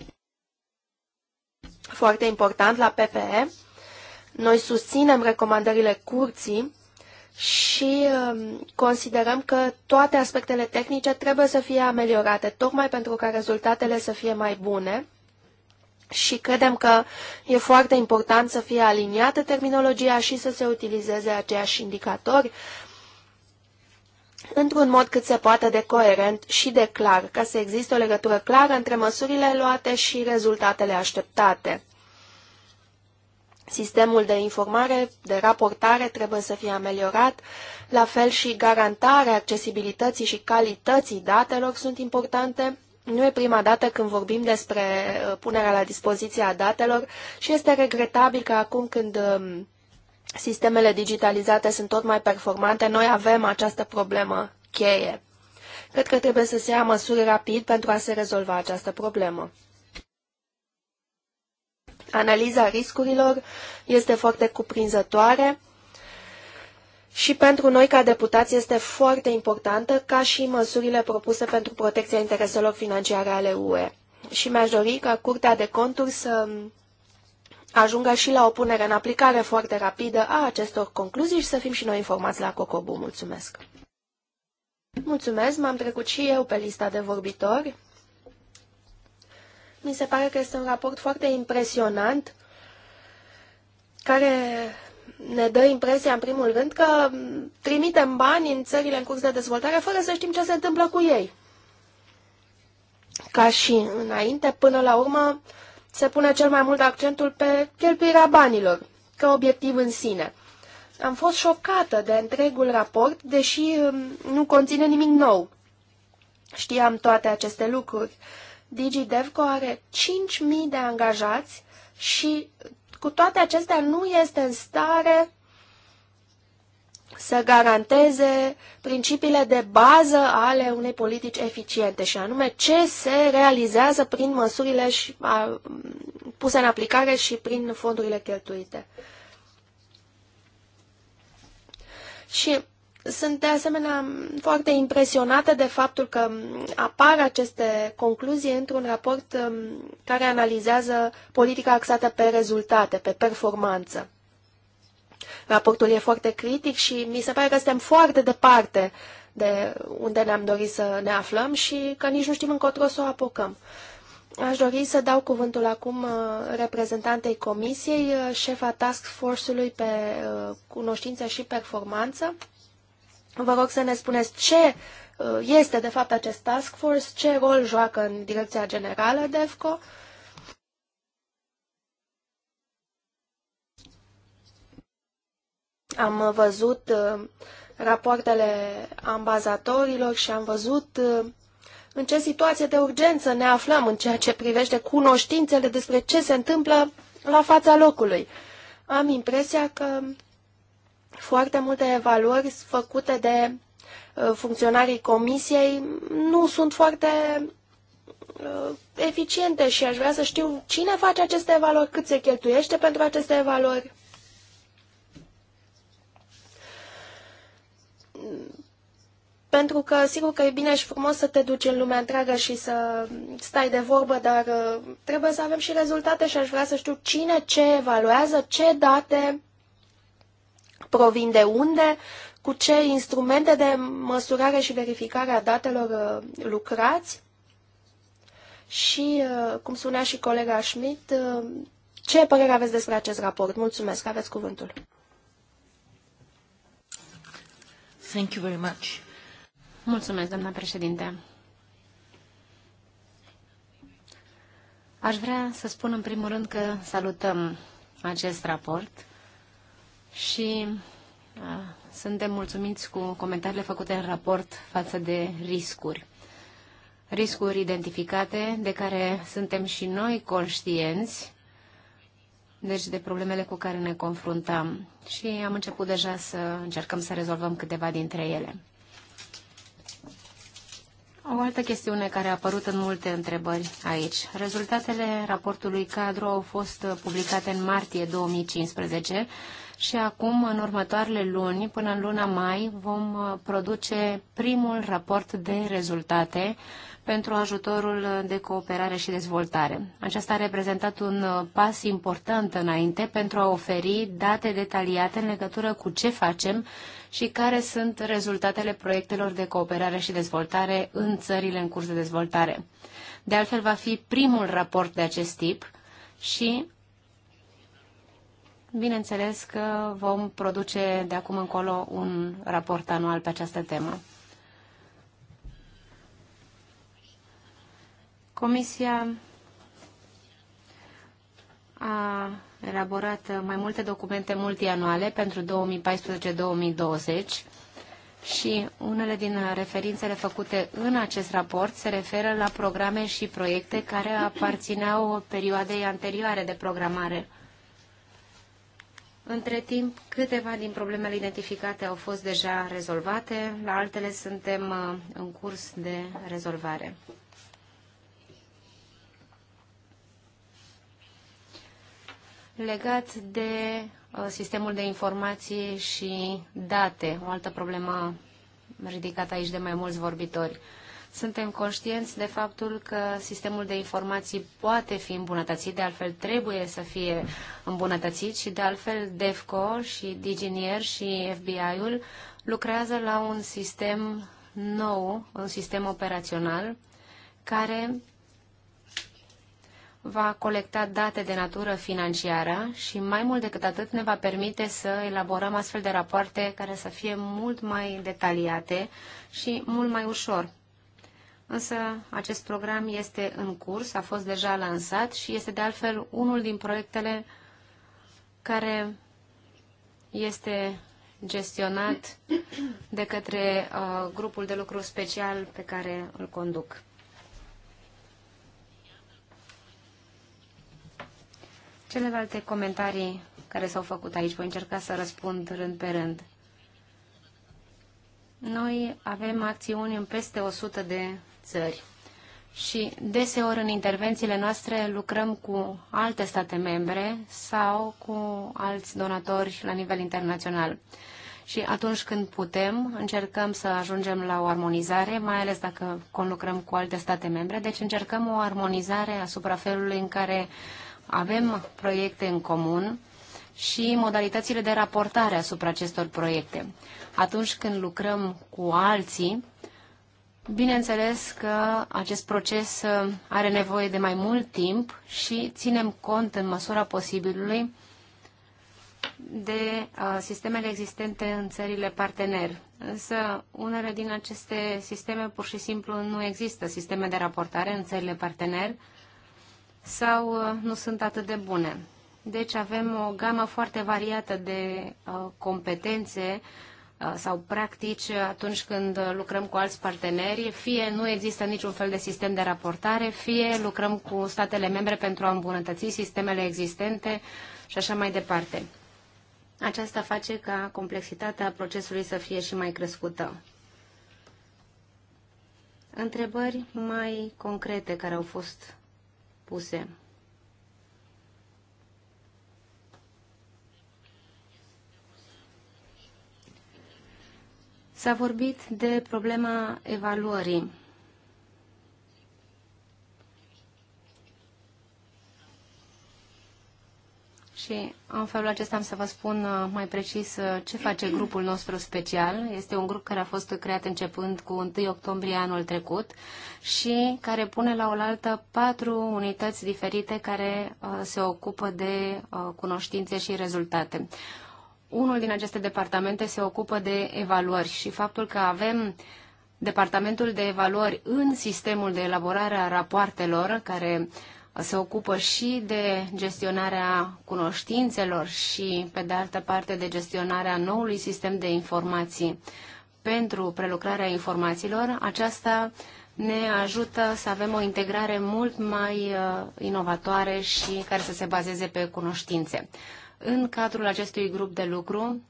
foarte important la PPE. Noi susținem recomandările curții și um, considerăm că toate aspectele tehnice trebuie să fie ameliorate, tocmai pentru ca rezultatele să fie mai bune. Și credem că e foarte important să fie aliniată terminologia și să se utilizeze aceiași indicatori într-un mod cât se poate de coerent și de clar, ca să existe o legătură clară între măsurile luate și rezultatele așteptate. Sistemul de informare, de raportare trebuie să fie ameliorat, la fel și garantarea accesibilității și calității datelor sunt importante. Nu e prima dată când vorbim despre uh, punerea la dispoziție a datelor și este regretabil că acum când um, Sistemele digitalizate sunt tot mai performante. Noi avem această problemă cheie. Cred că trebuie să se ia măsuri rapid pentru a se rezolva această problemă. Analiza riscurilor este foarte cuprinzătoare și pentru noi ca deputați este foarte importantă, ca și măsurile propuse pentru protecția intereselor financiare ale UE. Și mi-aș dori ca Curtea de Conturi să ajungă și la o punere în aplicare foarte rapidă a acestor concluzii și să fim și noi informați la COCOBU. Mulțumesc! Mulțumesc, m-am trecut și eu pe lista de vorbitori. Mi se pare că este un raport foarte impresionant care ne dă impresia, în primul rând, că trimitem bani în țările în curs de dezvoltare fără să știm ce se întâmplă cu ei. Ca și înainte, până la urmă, se pune cel mai mult accentul pe cheltuirea banilor, ca obiectiv în sine. Am fost șocată de întregul raport, deși um, nu conține nimic nou. Știam toate aceste lucruri. DigiDevco are 5.000 de angajați și cu toate acestea nu este în stare să garanteze principiile de bază ale unei politici eficiente și anume ce se realizează prin măsurile și, a, puse în aplicare și prin fondurile cheltuite. Și sunt de asemenea foarte impresionată de faptul că apar aceste concluzii într-un raport um, care analizează politica axată pe rezultate, pe performanță. Raportul e foarte critic și mi se pare că suntem foarte departe de unde ne-am dorit să ne aflăm și că nici nu știm încotro să o apucăm. Aș dori să dau cuvântul acum uh, reprezentantei Comisiei, uh, șefa Task Force-ului pe uh, cunoștință și performanță. Vă rog să ne spuneți ce este de fapt acest Task Force, ce rol joacă în direcția generală DEFCO, de Am văzut uh, rapoartele ambazatorilor și am văzut uh, în ce situație de urgență ne aflăm în ceea ce privește cunoștințele despre ce se întâmplă la fața locului. Am impresia că foarte multe evaluări făcute de uh, funcționarii comisiei nu sunt foarte eficiente și aș vrea să știu cine face aceste evaluări, cât se cheltuiește pentru aceste evaluări. pentru că sigur că e bine și frumos să te duci în lumea întreagă și să stai de vorbă, dar uh, trebuie să avem și rezultate și aș vrea să știu cine ce evaluează, ce date provin de unde, cu ce instrumente de măsurare și verificare a datelor uh, lucrați și, uh, cum spunea și colega Schmidt, ce părere aveți despre acest raport? Mulțumesc, aveți cuvântul. Thank you very much. Mulțumesc, doamna președinte. Aș vrea să spun în primul rând că salutăm acest raport și suntem mulțumiți cu comentariile făcute în raport față de riscuri. Riscuri identificate de care suntem și noi conștienți, deci de problemele cu care ne confruntăm și am început deja să încercăm să rezolvăm câteva dintre ele. O altă chestiune care a apărut în multe întrebări aici. Rezultatele raportului cadru au fost publicate în martie 2015 și acum, în următoarele luni, până în luna mai, vom uh, produce primul raport de rezultate pentru ajutorul uh, de cooperare și dezvoltare. Aceasta a reprezentat un uh, pas important înainte pentru a oferi date detaliate în legătură cu ce facem și care sunt rezultatele proiectelor de cooperare și dezvoltare în țările în curs de dezvoltare. De altfel, va fi primul raport de acest tip și Bineînțeles că vom produce de acum încolo un raport anual pe această temă. Comisia a elaborat mai multe documente multianuale pentru 2014-2020 și unele din referințele făcute în acest raport se referă la programe și proiecte care aparțineau perioadei anterioare de programare. Între timp, câteva din problemele identificate au fost deja rezolvate, la altele suntem uh, în curs de rezolvare. Legat de uh, sistemul de informații și date, o altă problemă ridicată aici de mai mulți vorbitori. Suntem conștienți de faptul că sistemul de informații poate fi îmbunătățit, de altfel trebuie să fie îmbunătățit și de altfel DEFCO și Diginier și FBI-ul lucrează la un sistem nou, un sistem operațional care va colecta date de natură financiară și mai mult decât atât ne va permite să elaborăm astfel de rapoarte care să fie mult mai detaliate și mult mai ușor însă acest program este în curs, a fost deja lansat și este de altfel unul din proiectele care este gestionat de către uh, grupul de lucru special pe care îl conduc. Celelalte comentarii care s-au făcut aici, voi încerca să răspund rând pe rând. Noi avem acțiuni în peste 100 de țări. Și deseori în intervențiile noastre lucrăm cu alte state membre sau cu alți donatori la nivel internațional. Și atunci când putem, încercăm să ajungem la o armonizare, mai ales dacă conlucrăm cu alte state membre. Deci încercăm o armonizare asupra felului în care avem proiecte în comun și modalitățile de raportare asupra acestor proiecte. Atunci când lucrăm cu alții, Bineînțeles că acest proces uh, are nevoie de mai mult timp și ținem cont în măsura posibilului de uh, sistemele existente în țările partener. Însă unele din aceste sisteme pur și simplu nu există sisteme de raportare în țările partener sau uh, nu sunt atât de bune. Deci avem o gamă foarte variată de competențe Uh, sau practici atunci când lucrăm cu alți parteneri, fie nu există niciun fel de sistem de raportare, fie lucrăm cu statele membre pentru a îmbunătăți sistemele existente și așa mai departe. Aceasta face ca complexitatea procesului să fie și mai crescută. Întrebări mai concrete care au fost puse. S-a vorbit de problema evaluării. Și în felul acesta am să vă spun uh, mai precis uh, ce face grupul nostru special. Este un grup care a fost creat începând cu 1 octombrie anul trecut și care pune la oaltă patru unități diferite care uh, se ocupă de cunoștințe și rezultate unul din aceste departamente se ocupă de evaluări și faptul că avem departamentul de evaluări în sistemul de elaborare a rapoartelor, care se ocupă și de gestionarea cunoștințelor și, pe de altă parte, de gestionarea noului sistem de informații pentru prelucrarea informațiilor, aceasta ne ajută să avem o integrare mult mai uh, inovatoare și care să se bazeze pe cunoștințe în cadrul acestui grup de lucru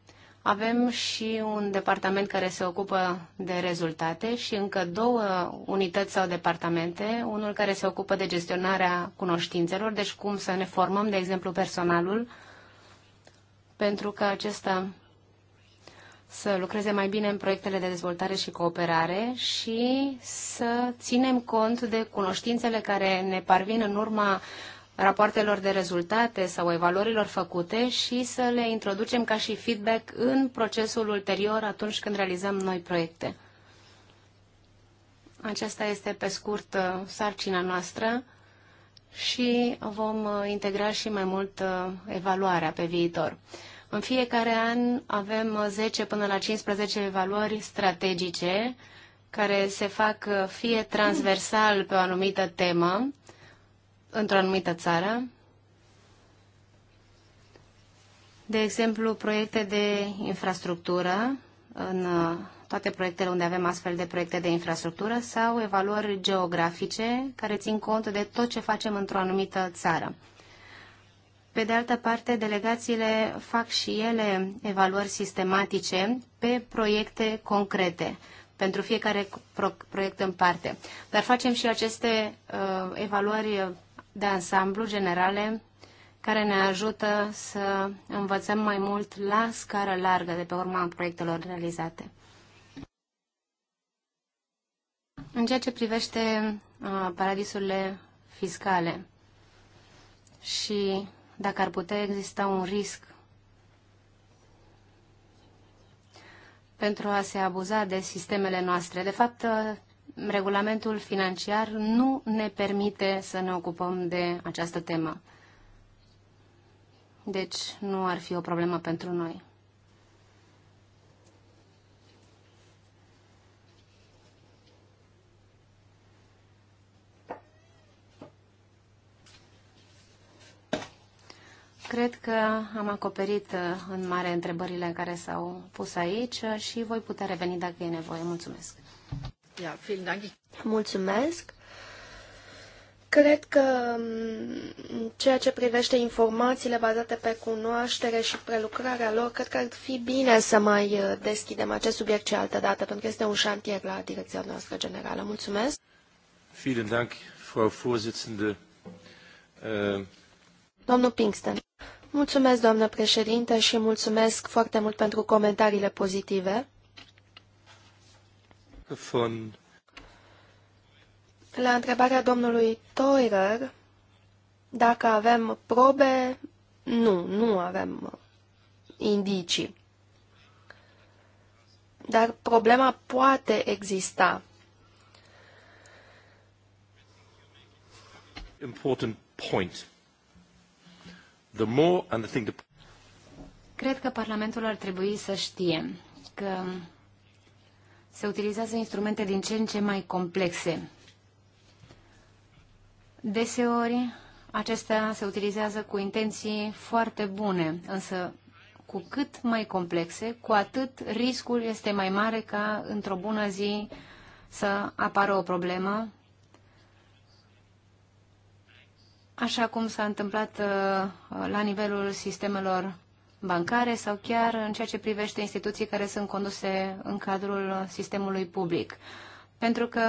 avem și un departament care se ocupă de rezultate și încă două unități sau departamente, unul care se ocupă de gestionarea cunoștințelor, deci cum să ne formăm, de exemplu, personalul, pentru că acesta să lucreze mai bine în proiectele de dezvoltare și cooperare și să ținem cont de cunoștințele care ne parvin în urma rapoartelor de rezultate sau evaluărilor făcute și să le introducem ca și feedback în procesul ulterior atunci când realizăm noi proiecte. Aceasta este pe scurt uh, sarcina noastră și vom uh, integra și mai mult uh, evaluarea pe viitor. În fiecare an avem 10 până la 15 evaluări strategice care se fac fie transversal pe o anumită temă, într-o anumită țară, de exemplu, proiecte de infrastructură în uh, toate proiectele unde avem astfel de proiecte de infrastructură sau evaluări geografice care țin cont de tot ce facem într-o anumită țară. Pe de altă parte, delegațiile fac și ele evaluări sistematice pe proiecte concrete, pentru fiecare proiect în parte. Dar facem și aceste uh, evaluări de ansamblu generale care ne ajută să învățăm mai mult la scară largă de pe urma proiectelor realizate. În ceea ce privește uh, paradisurile fiscale și dacă ar putea exista un risc pentru a se abuza de sistemele noastre. De fapt, uh, regulamentul financiar nu ne permite să ne ocupăm de această temă. Deci nu ar fi o problemă pentru noi. Cred că am acoperit uh, în mare întrebările care s-au pus aici uh, și voi putea reveni dacă e nevoie. Mulțumesc! Mulțumesc. Cred că mm, ceea ce privește informațiile bazate pe cunoaștere și prelucrarea lor, cred că ar fi bine să mai uh, deschidem acest subiect și altă dată, pentru că este un șantier la direcția noastră generală. Mulțumesc! Vielen Dank, Frau Vorsitzende. Äh, Domnul Pinkston. Mulțumesc, doamnă președinte, și mulțumesc foarte mult pentru comentariile pozitive la întrebarea domnului Toirer, dacă avem probe, nu, nu avem indicii. Dar problema poate exista. Important point. The more and the thing the... Cred că Parlamentul ar trebui să știe că se utilizează instrumente din ce în ce mai complexe. Deseori, acestea se utilizează cu intenții foarte bune, însă cu cât mai complexe, cu atât riscul este mai mare ca într-o bună zi să apară o problemă, așa cum s-a întâmplat uh, la nivelul sistemelor bancare sau chiar în ceea ce privește instituții care sunt conduse în cadrul sistemului public. Pentru că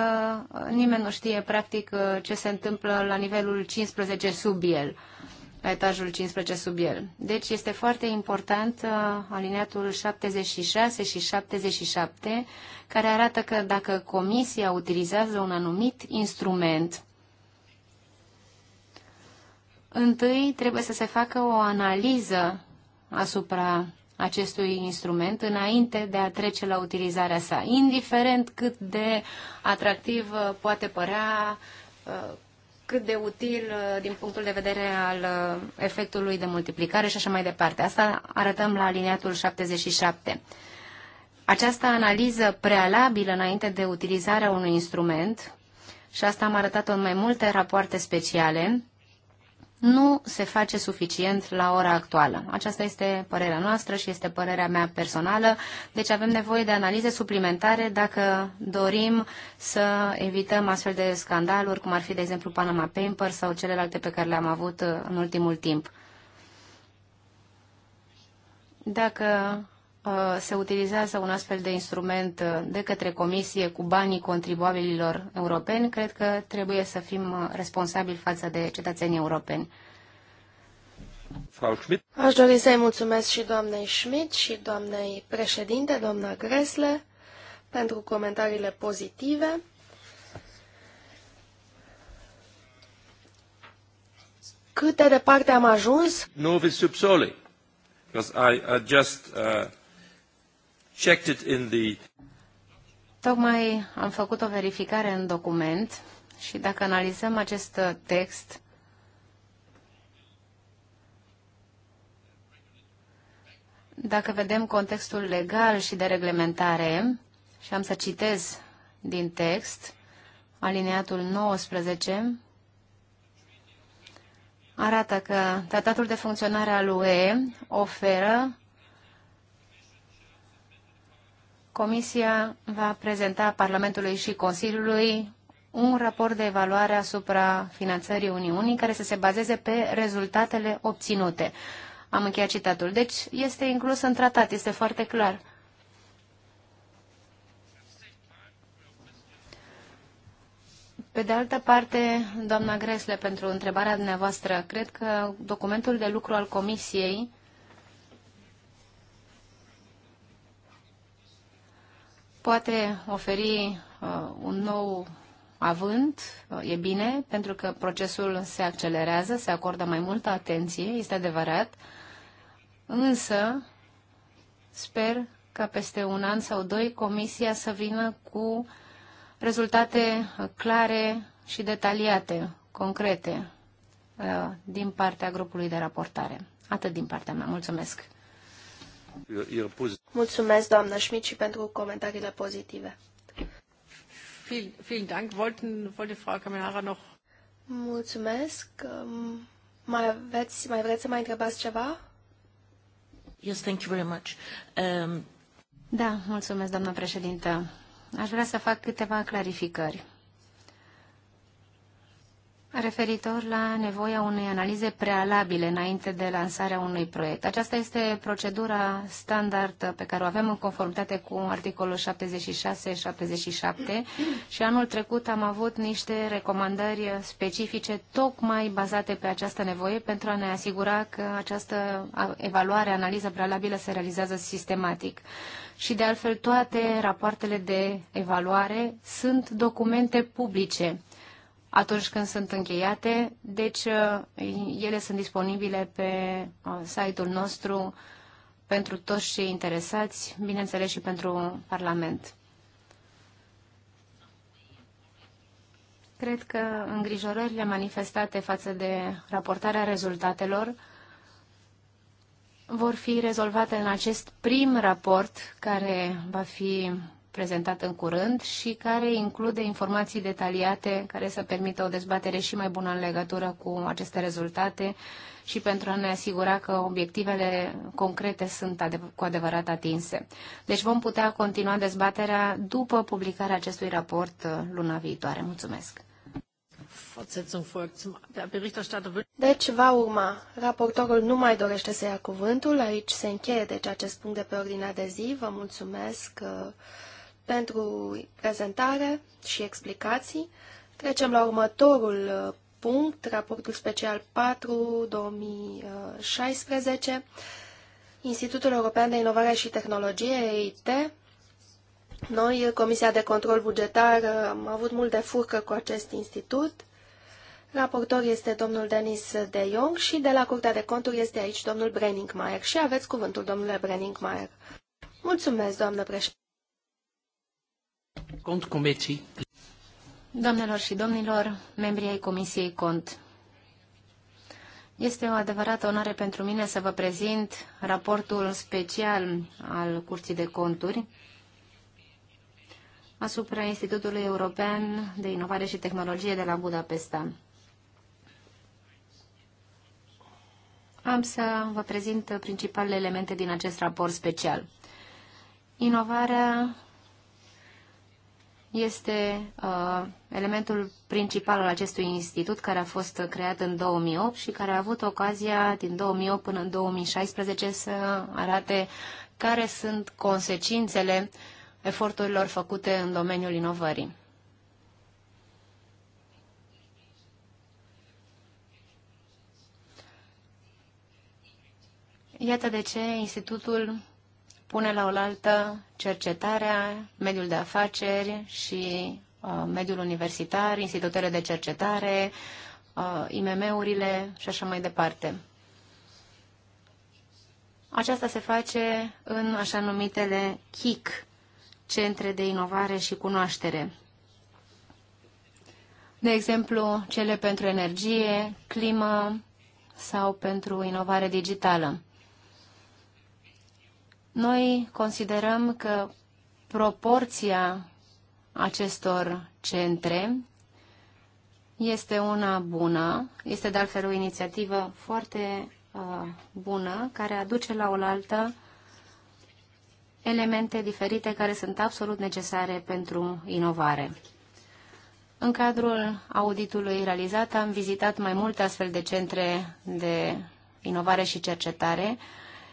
nimeni nu știe practic ce se întâmplă la nivelul 15 sub el, la etajul 15 sub el. Deci este foarte important uh, alineatul 76 și 77, care arată că dacă comisia utilizează un anumit instrument, întâi trebuie să se facă o analiză asupra acestui instrument înainte de a trece la utilizarea sa, indiferent cât de atractiv uh, poate părea, uh, cât de util uh, din punctul de vedere al efectului de multiplicare și așa mai departe. Asta arătăm la aliniatul 77. Această analiză prealabilă înainte de utilizarea unui instrument, și asta am arătat-o în mai multe rapoarte speciale, nu se face suficient la ora actuală. Aceasta este părerea noastră și este părerea mea personală, deci avem nevoie de analize suplimentare dacă dorim să evităm astfel de scandaluri, cum ar fi, de exemplu, Panama Papers sau celelalte pe care le-am avut în ultimul timp. Dacă Uh, se utilizează un astfel de instrument uh, de către Comisie cu banii contribuabililor europeni, cred că trebuie să fim uh, responsabili față de cetățenii europeni. Frau Schmidt. Aș dori să-i mulțumesc și doamnei Schmidt și doamnei președinte, doamna Gresle, pentru comentariile pozitive. Cât de departe am ajuns? Novi subsoli, because I, I just uh, checked it in the... Tocmai am făcut o verificare în document și dacă analizăm acest uh, text, dacă vedem contextul legal și de reglementare, și am să citez din text, alineatul 19, arată că Tratatul de Funcționare al UE oferă Comisia va prezenta Parlamentului și Consiliului un raport de evaluare asupra finanțării Uniunii care să se bazeze pe rezultatele obținute. Am încheiat citatul. Deci este inclus în tratat, este foarte clar. Pe de altă parte, doamna Gresle, pentru întrebarea dumneavoastră, cred că documentul de lucru al Comisiei poate oferi uh, un nou avânt, uh, e bine, pentru că procesul se accelerează, se acordă mai multă atenție, este adevărat, însă sper ca peste un an sau doi Comisia să vină cu rezultate uh, clare și detaliate, concrete, din partea grupului de raportare. Atât din partea mea. Mulțumesc! Mulțumesc, doamnă Schmidt, și pentru comentariile pozitive. Mulțumesc. Um, mai, aveți, mai vreți să mai întrebați ceva? Yes, thank you very much. Um... Da, mulțumesc, doamnă președintă. Aș vrea să fac câteva clarificări referitor la nevoia unei analize prealabile înainte de lansarea unui proiect. Aceasta este procedura standard pe care o avem în conformitate cu articolul 76-77 și anul trecut am avut niște recomandări specifice tocmai bazate pe această nevoie pentru a ne asigura că această evaluare, analiză prealabilă se realizează sistematic. Și de altfel toate rapoartele de evaluare sunt documente publice atunci când sunt încheiate. Deci, uh, ele sunt disponibile pe uh, site-ul nostru pentru toți cei interesați, bineînțeles și pentru Parlament. Cred că îngrijorările manifestate față de raportarea rezultatelor vor fi rezolvate în acest prim raport care va fi prezentat în curând și care include informații detaliate care să permită o dezbatere și mai bună în legătură cu aceste rezultate și pentru a ne asigura că obiectivele concrete sunt adev- cu adevărat atinse. Deci vom putea continua dezbaterea după publicarea acestui raport uh, luna viitoare. Mulțumesc! Deci va urma. Raportorul nu mai dorește să ia cuvântul. Aici se încheie deci acest punct de pe ordinea de zi. Vă mulțumesc uh, pentru prezentare și explicații. Trecem la următorul uh, punct, raportul special 4-2016, uh, Institutul European de Inovare și Tehnologie, EIT. Noi, Comisia de Control Bugetar, uh, am avut mult de furcă cu acest institut. Raportor este domnul Denis De Jong și de la Curtea de Conturi este aici domnul Brenningmaier. Și aveți cuvântul, domnule Brenningmaier. Mulțumesc, doamnă președinte. Cont Doamnelor și domnilor, membrii ai Comisiei Cont, este o adevărată onoare pentru mine să vă prezint raportul special al Curții de Conturi asupra Institutului European de Inovare și Tehnologie de la Budapesta. Am să vă prezint principalele elemente din acest raport special. Inovarea este uh, elementul principal al acestui institut care a fost creat în 2008 și care a avut ocazia din 2008 până în 2016 să arate care sunt consecințele eforturilor făcute în domeniul inovării. Iată de ce Institutul pune la oaltă cercetarea, mediul de afaceri și uh, mediul universitar, institutele de cercetare, uh, IMM-urile și așa mai departe. Aceasta se face în așa numitele CIC, Centre de Inovare și Cunoaștere. De exemplu, cele pentru energie, climă sau pentru inovare digitală. Noi considerăm că proporția acestor centre este una bună, este de altfel o inițiativă foarte uh, bună care aduce la oaltă elemente diferite care sunt absolut necesare pentru inovare. În cadrul auditului realizat am vizitat mai multe astfel de centre de inovare și cercetare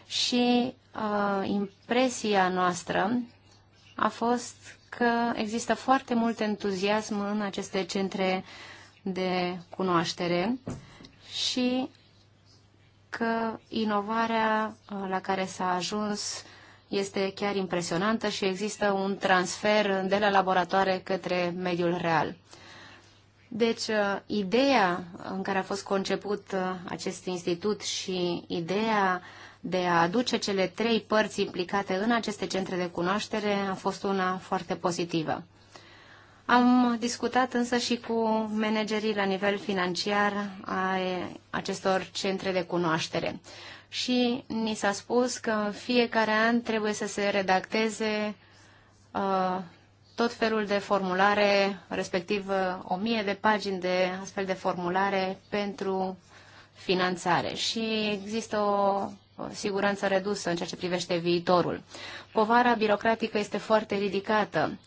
și uh, impresia noastră a fost că există foarte mult entuziasm în aceste centre de cunoaștere și că inovarea la care s-a ajuns este chiar impresionantă și există un transfer de la laboratoare către mediul real. Deci, ideea în care a fost conceput acest institut și ideea de a aduce cele trei părți implicate în aceste centre de cunoaștere a fost una foarte pozitivă. Am discutat însă și cu managerii la nivel financiar a acestor centre de cunoaștere și ni s-a spus că în fiecare an trebuie să se redacteze uh, tot felul de formulare, respectiv uh, o mie de pagini de astfel de formulare pentru finanțare. Și există o siguranță redusă în ceea ce privește viitorul. Povara birocratică este foarte ridicată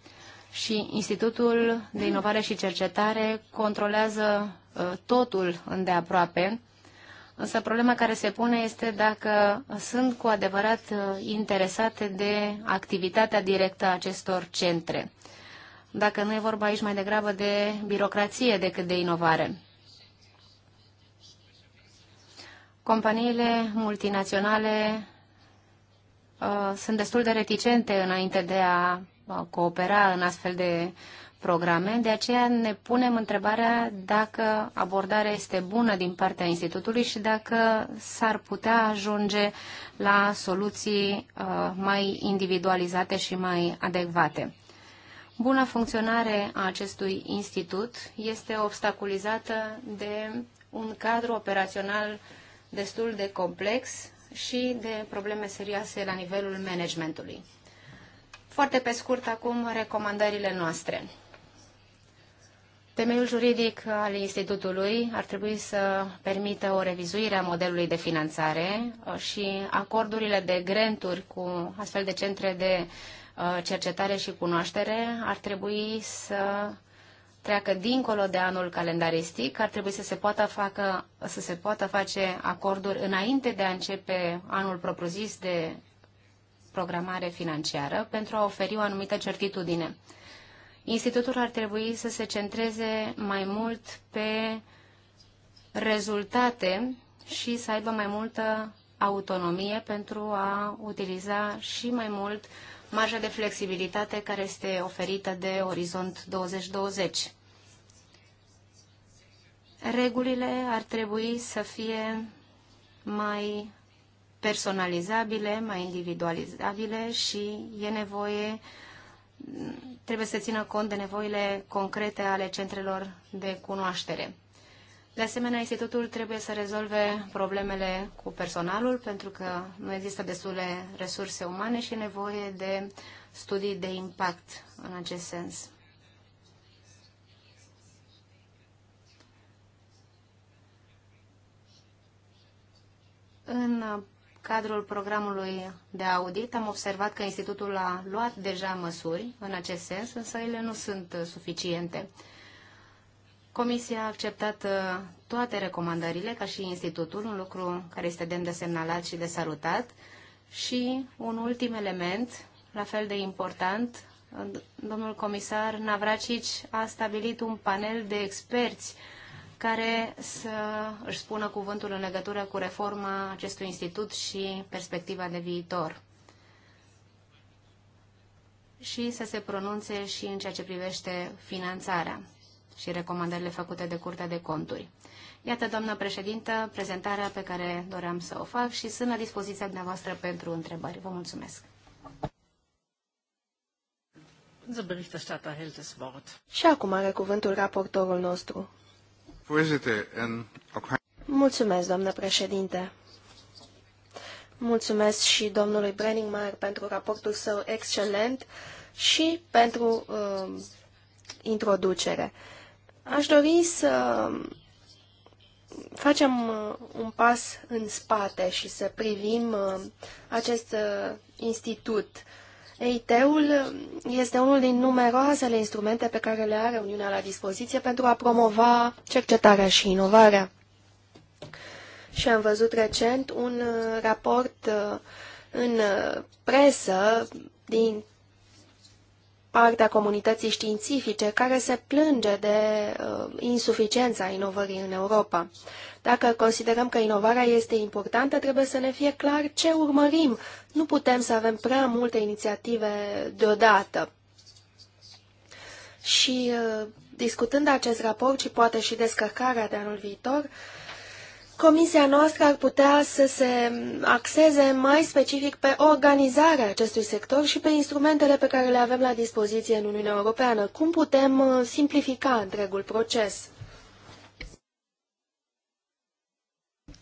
și Institutul de Inovare și Cercetare controlează uh, totul îndeaproape, însă problema care se pune este dacă sunt cu adevărat uh, interesate de activitatea directă a acestor centre. Dacă nu e vorba aici mai degrabă de birocrație decât de inovare. companiile multinaționale uh, sunt destul de reticente înainte de a uh, coopera în astfel de programe, de aceea ne punem întrebarea dacă abordarea este bună din partea Institutului și dacă s-ar putea ajunge la soluții uh, mai individualizate și mai adecvate. Buna funcționare a acestui institut este obstaculizată de un cadru operațional uh, destul de complex și de probleme serioase la nivelul managementului. Foarte pe scurt acum recomandările noastre. Temeiul juridic al Institutului ar trebui să permită o revizuire a modelului de finanțare uh, și acordurile de granturi cu astfel de centre de uh, cercetare și cunoaștere ar trebui să treacă dincolo de anul calendaristic, ar trebui să se poată, facă, să se poată face acorduri înainte de a începe anul propriu-zis de programare financiară pentru a oferi o anumită certitudine. Institutul ar trebui să se centreze mai mult pe rezultate și să aibă mai multă autonomie pentru a utiliza și mai mult uh, marja de flexibilitate care este oferită de Orizont 2020. Regulile ar trebui să fie mai personalizabile, mai individualizabile și e nevoie, trebuie să țină cont de nevoile concrete ale centrelor de cunoaștere. De asemenea, institutul trebuie să rezolve problemele cu personalul, pentru că nu există destule resurse umane și nevoie de studii de impact în acest sens. În cadrul programului de audit am observat că institutul a luat deja măsuri în acest sens, însă ele nu sunt suficiente. Comisia a acceptat uh, toate recomandările, ca și Institutul, un lucru care este demn de semnalat și de salutat. Și un ultim element, la fel de important, domnul comisar Navracici a stabilit un panel de experți care să își spună cuvântul în legătură cu reforma acestui institut și perspectiva de viitor și să se pronunțe și în ceea ce privește finanțarea și recomandările făcute de Curtea de Conturi. Iată, doamnă președintă, prezentarea pe care doream să o fac și sunt la dispoziția dumneavoastră pentru întrebări. Vă mulțumesc! Și acum are cuvântul raportorul nostru. Mulțumesc, doamnă președinte. Mulțumesc și domnului Brenningmeier pentru raportul său excelent și pentru uh, introducere. Aș dori să facem uh, un pas în spate și să privim uh, acest uh, institut. EIT-ul este unul din numeroasele instrumente pe care le are Uniunea la dispoziție pentru a promova cercetarea și inovarea. Și am văzut recent un raport în presă din partea comunității științifice care se plânge de uh, insuficiența inovării în Europa. Dacă considerăm că inovarea este importantă, trebuie să ne fie clar ce urmărim. Nu putem să avem prea multe inițiative deodată. Și uh, discutând acest raport și poate și descărcarea de anul viitor, uh, Comisia noastră ar putea să se axeze mai specific pe organizarea acestui sector și pe instrumentele pe care le avem la dispoziție în Uniunea Europeană. Cum putem uh, simplifica întregul proces?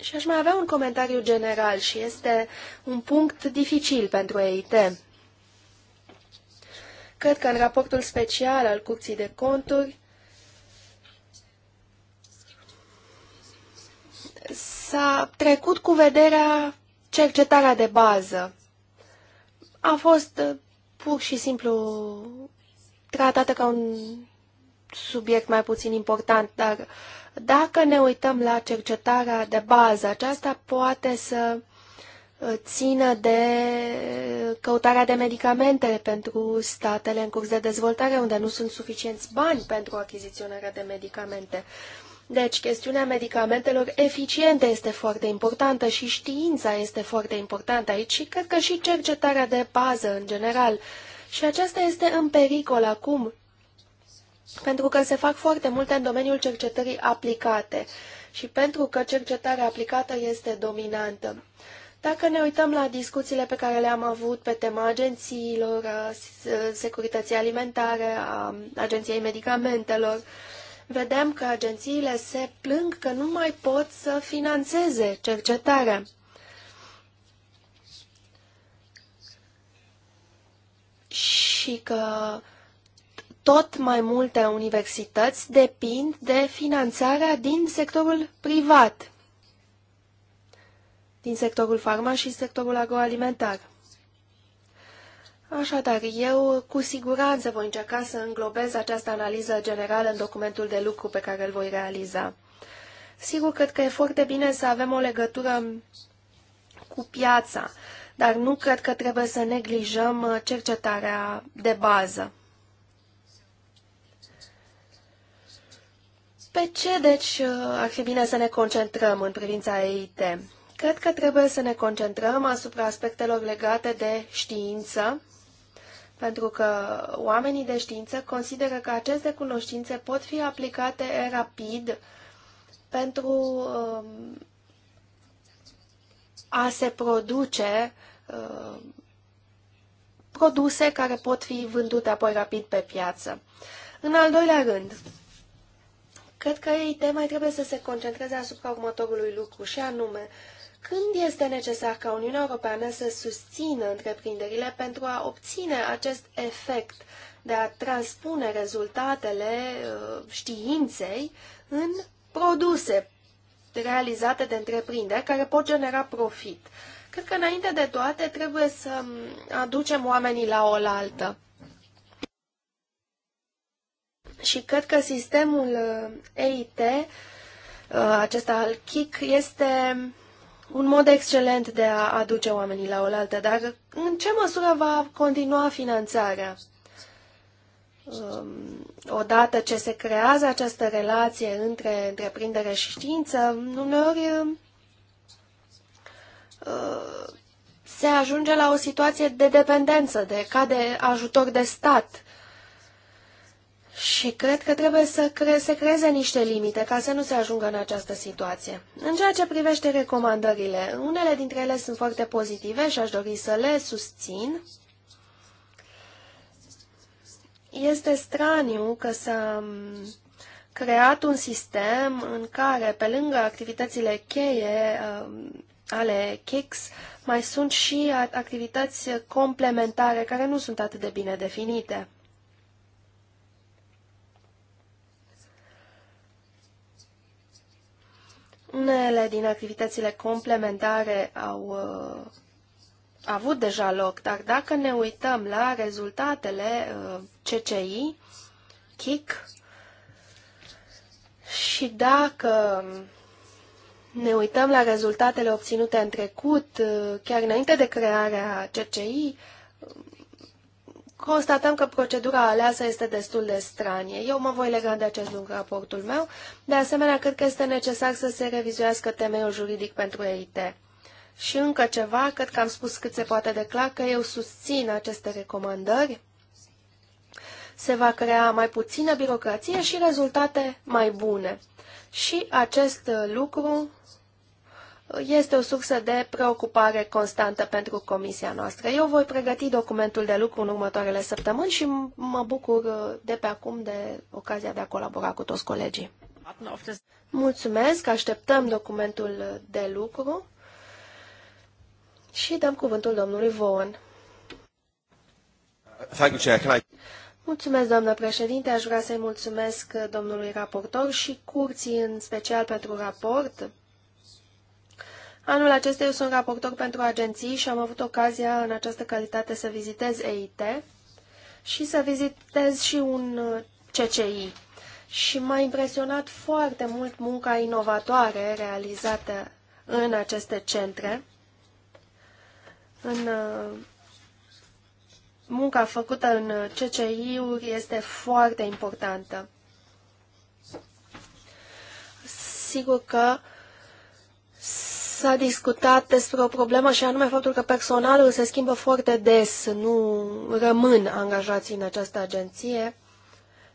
Și aș mai avea un comentariu general și este un punct dificil pentru EIT. Cred că în raportul special al Curții de Conturi s-a trecut cu vederea cercetarea de bază. A fost uh, pur și simplu tratată ca un subiect mai puțin important, dar dacă ne uităm la cercetarea de bază, aceasta poate să uh, țină de căutarea de medicamente pentru statele în curs de dezvoltare, unde nu sunt suficienți bani pentru achiziționarea de medicamente. Deci, chestiunea medicamentelor eficiente este foarte importantă și știința este foarte importantă aici și cred că și cercetarea de bază în general. Și aceasta este în pericol acum, pentru că se fac foarte multe în domeniul cercetării aplicate și pentru că cercetarea aplicată este dominantă. Dacă ne uităm la discuțiile pe care le-am avut pe tema agențiilor, a securității alimentare, a agenției medicamentelor, vedem că agențiile se plâng că nu mai pot să financeze cercetarea. Și că tot mai multe universități depind de finanțarea din sectorul privat, din sectorul farma și sectorul agroalimentar. Așadar, eu cu siguranță voi încerca să înglobez această analiză generală în documentul de lucru pe care îl voi realiza. Sigur, cred că e foarte bine să avem o legătură cu piața, dar nu cred că trebuie să neglijăm uh, cercetarea de bază. Pe ce, deci, uh, ar fi bine să ne concentrăm în privința EIT? Cred că trebuie să ne concentrăm asupra aspectelor legate de știință, pentru că oamenii de știință consideră că aceste cunoștințe pot fi aplicate rapid pentru uh, a se produce uh, produse care pot fi vândute apoi rapid pe piață. În al doilea rând, cred că ei mai trebuie să se concentreze asupra următorului lucru și anume când este necesar ca Uniunea Europeană să susțină întreprinderile pentru a obține acest efect de a transpune rezultatele uh, științei în produse realizate de întreprinderi care pot genera profit? Cred că înainte de toate trebuie să um, aducem oamenii la oaltă. Și cred că sistemul uh, EIT, uh, acesta al KIC, este un mod excelent de a aduce oamenii la oaltă, dar în ce măsură va continua finanțarea? Um, odată ce se creează această relație între întreprindere și știință, uneori um, uh, se ajunge la o situație de dependență, de ca de ajutor de stat. Și cred că trebuie să cre se creeze niște limite ca să nu se ajungă în această situație. În ceea ce privește recomandările, unele dintre ele sunt foarte pozitive și aș dori să le susțin. Este straniu că s-a creat un sistem în care, pe lângă activitățile cheie um, ale KICS, mai sunt și activități complementare care nu sunt atât de bine definite. Unele din activitățile complementare au uh, avut deja loc, dar dacă ne uităm la rezultatele uh, CCI, KIC, și dacă ne uităm la rezultatele obținute în trecut, uh, chiar înainte de crearea CCI, constatăm că procedura aleasă este destul de stranie. Eu mă voi lega de acest lucru raportul meu. De asemenea, cred că este necesar să se revizuiască temeiul juridic pentru EIT. Și încă ceva, cred că am spus cât se poate de clar că eu susțin aceste recomandări. Se va crea mai puțină birocrație și rezultate mai bune. Și acest lucru este o sursă de preocupare constantă pentru comisia noastră. Eu voi pregăti documentul de lucru în următoarele săptămâni și mă bucur de pe acum de ocazia de a colabora cu toți colegii. Mulțumesc, așteptăm documentul de lucru și dăm cuvântul domnului Vaughan. Mulțumesc, doamnă președinte. Aș vrea să-i mulțumesc domnului raportor și curții în special pentru raport, Anul acesta eu sunt raportor pentru agenții și am avut ocazia în această calitate să vizitez EIT și să vizitez și un uh, CCI. Și m-a impresionat foarte mult munca inovatoare realizată în aceste centre, în uh, munca făcută în CCI-uri este foarte importantă. Sigur că s-a discutat despre o problemă și anume faptul că personalul se schimbă foarte des, nu rămân angajați în această agenție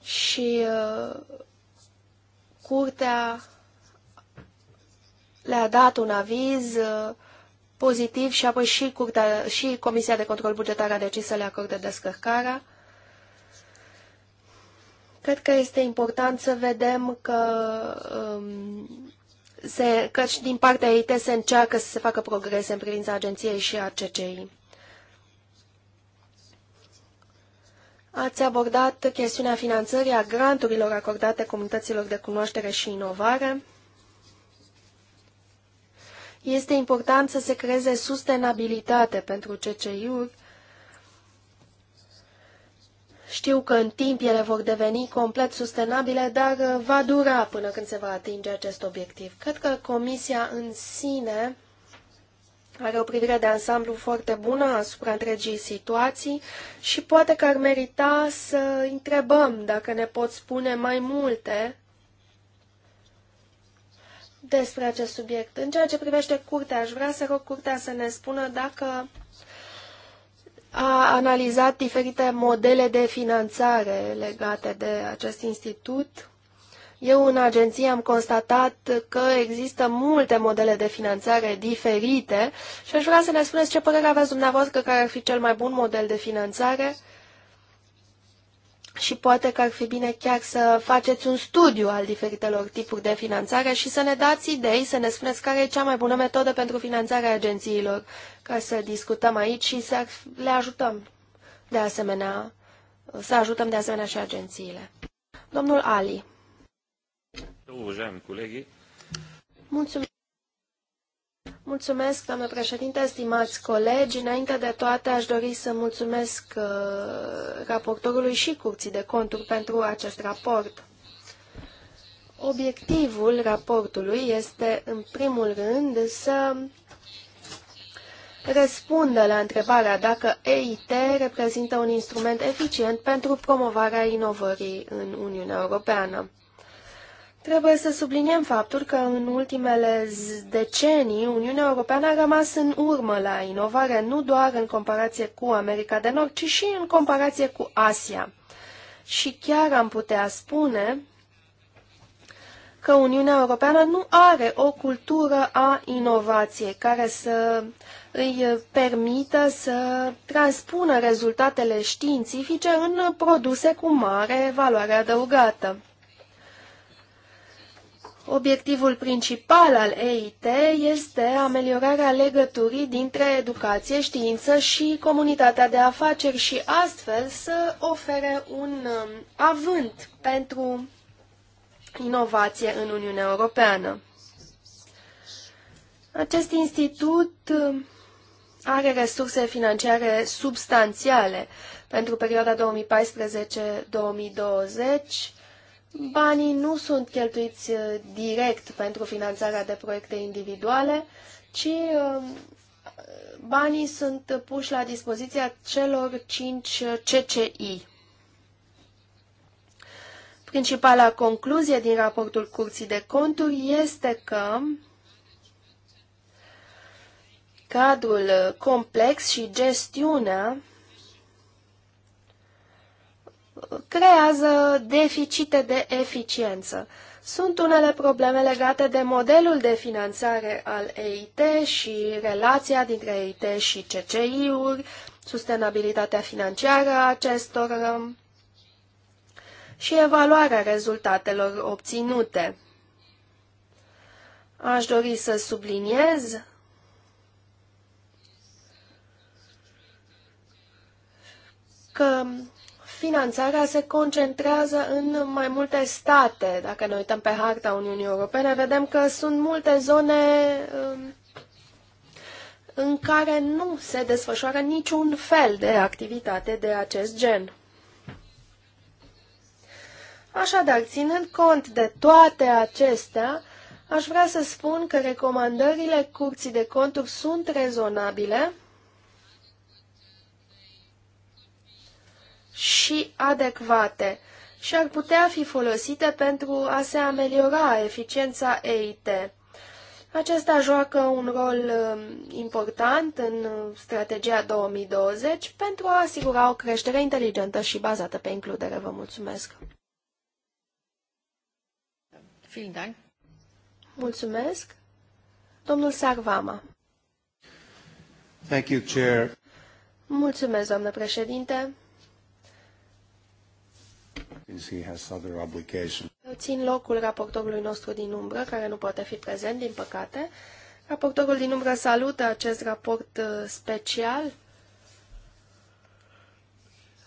și uh, curtea le-a dat un aviz uh, pozitiv și apoi și, curtea, și Comisia de Control Bugetar a decis să le acorde descărcarea. Cred că este important să vedem că um, se, căci din partea EIT se încearcă să se facă progrese în privința agenției și a CCI. Ați abordat chestiunea finanțării a granturilor acordate comunităților de cunoaștere și inovare. Este important să se creeze sustenabilitate pentru CCI-uri știu că în timp ele vor deveni complet sustenabile, dar uh, va dura până când se va atinge acest obiectiv. Cred că Comisia în sine are o privire de ansamblu foarte bună asupra întregii situații și poate că ar merita să întrebăm dacă ne pot spune mai multe despre acest subiect. În ceea ce privește curtea, aș vrea să rog curtea să ne spună dacă a analizat diferite modele de finanțare legate de acest institut. Eu în agenție am constatat că există multe modele de finanțare diferite și aș vrea să ne spuneți ce părere aveți dumneavoastră care ar fi cel mai bun model de finanțare și poate că ar fi bine chiar să faceți un studiu al diferitelor tipuri de finanțare și să ne dați idei, să ne spuneți care e cea mai bună metodă pentru finanțarea agențiilor, ca să discutăm aici și să le ajutăm de asemenea, să ajutăm de asemenea și agențiile. Domnul Ali. Mulțumesc. Mulțumesc, doamnă președinte, stimați colegi. Înainte de toate, aș dori să mulțumesc uh, raportorului și Curții de Conturi pentru acest raport. Obiectivul raportului este, în primul rând, să răspundă la întrebarea dacă EIT reprezintă un instrument eficient pentru promovarea inovării în Uniunea Europeană. Trebuie să subliniem faptul că în ultimele decenii Uniunea Europeană a rămas în urmă la inovare, nu doar în comparație cu America de Nord, ci și în comparație cu Asia. Și chiar am putea spune că Uniunea Europeană nu are o cultură a inovației care să îi permită să transpună rezultatele științifice în produse cu mare valoare adăugată. Obiectivul principal al EIT este ameliorarea legăturii dintre educație, știință și comunitatea de afaceri și astfel să ofere un um, avânt pentru inovație în Uniunea Europeană. Acest institut um, are resurse financiare substanțiale pentru perioada 2014-2020 Banii nu sunt cheltuiți uh, direct pentru finanțarea de proiecte individuale, ci um, banii sunt puși la dispoziția celor 5 CCI. Uh, Principala concluzie din raportul Curții de Conturi este că cadrul complex și gestiunea creează deficite de eficiență. Sunt unele probleme legate de modelul de finanțare al EIT și relația dintre EIT și CCI-uri, sustenabilitatea financiară a acestor um, și evaluarea rezultatelor obținute. Aș dori să subliniez că finanțarea se concentrează în mai multe state. Dacă ne uităm pe harta Uniunii Europene, vedem că sunt multe zone um, în care nu se desfășoară niciun fel de activitate de acest gen. Așadar, ținând cont de toate acestea, aș vrea să spun că recomandările Curții de Conturi sunt rezonabile, și adecvate și ar putea fi folosite pentru a se ameliora eficiența EIT. Aceasta joacă un rol um, important în strategia 2020 pentru a asigura o creștere inteligentă și bazată pe includere. Vă mulțumesc! Mulțumesc! Domnul Sarvama. Thank you, Chair. Mulțumesc, doamnă președinte. Eu țin locul raportorului nostru din umbră, care nu poate fi prezent, din păcate. Raportorul din umbră salută acest raport uh, special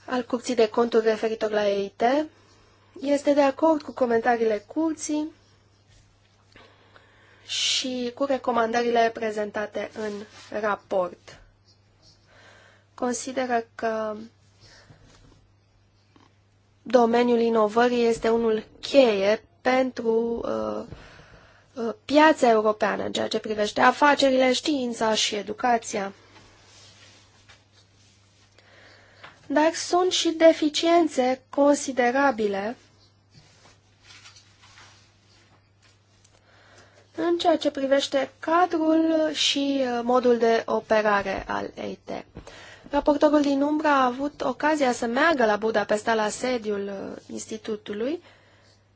al Curții de Conturi referitor la EIT. Este de acord cu comentariile Curții și cu recomandările prezentate în raport. Consideră că domeniul inovării este unul cheie pentru uh, uh, piața europeană în ceea ce privește afacerile, știința și educația. Dar sunt și deficiențe considerabile în ceea ce privește cadrul și uh, modul de operare al EIT. Raportorul din umbră a avut ocazia să meargă la Budapesta la sediul uh, institutului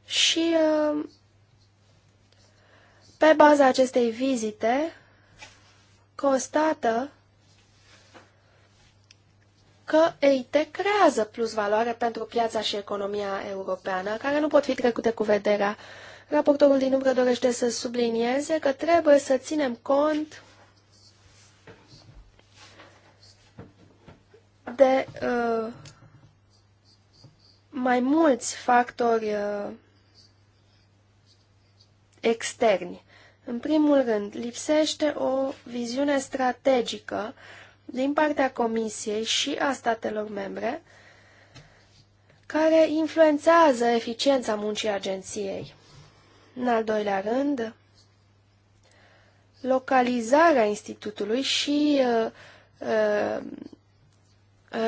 și uh, pe baza acestei vizite constată că EIT creează plus valoare pentru piața și economia europeană, care nu pot fi trecute cu vederea. Raportorul din umbră dorește să sublinieze că trebuie să ținem cont de uh, mai mulți factori uh, externi. În primul rând, lipsește o viziune strategică din partea Comisiei și a statelor membre care influențează eficiența muncii agenției. În al doilea rând, localizarea institutului și uh, uh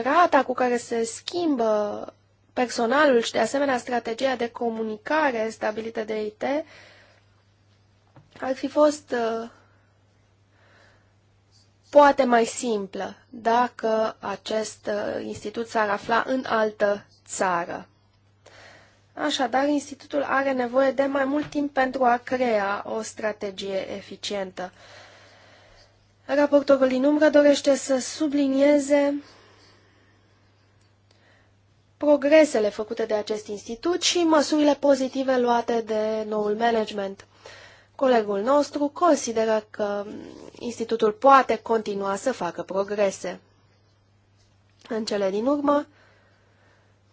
rata cu care se schimbă personalul și de asemenea strategia de comunicare stabilită de IT ar fi fost uh, poate mai simplă dacă acest uh, institut s-ar afla în altă țară. Așadar, institutul are nevoie de mai mult timp pentru a crea o strategie eficientă. Raportorul din umbră dorește să sublinieze progresele făcute de acest institut și măsurile pozitive luate de noul management. Colegul nostru consideră că institutul poate continua să facă progrese. În cele din urmă,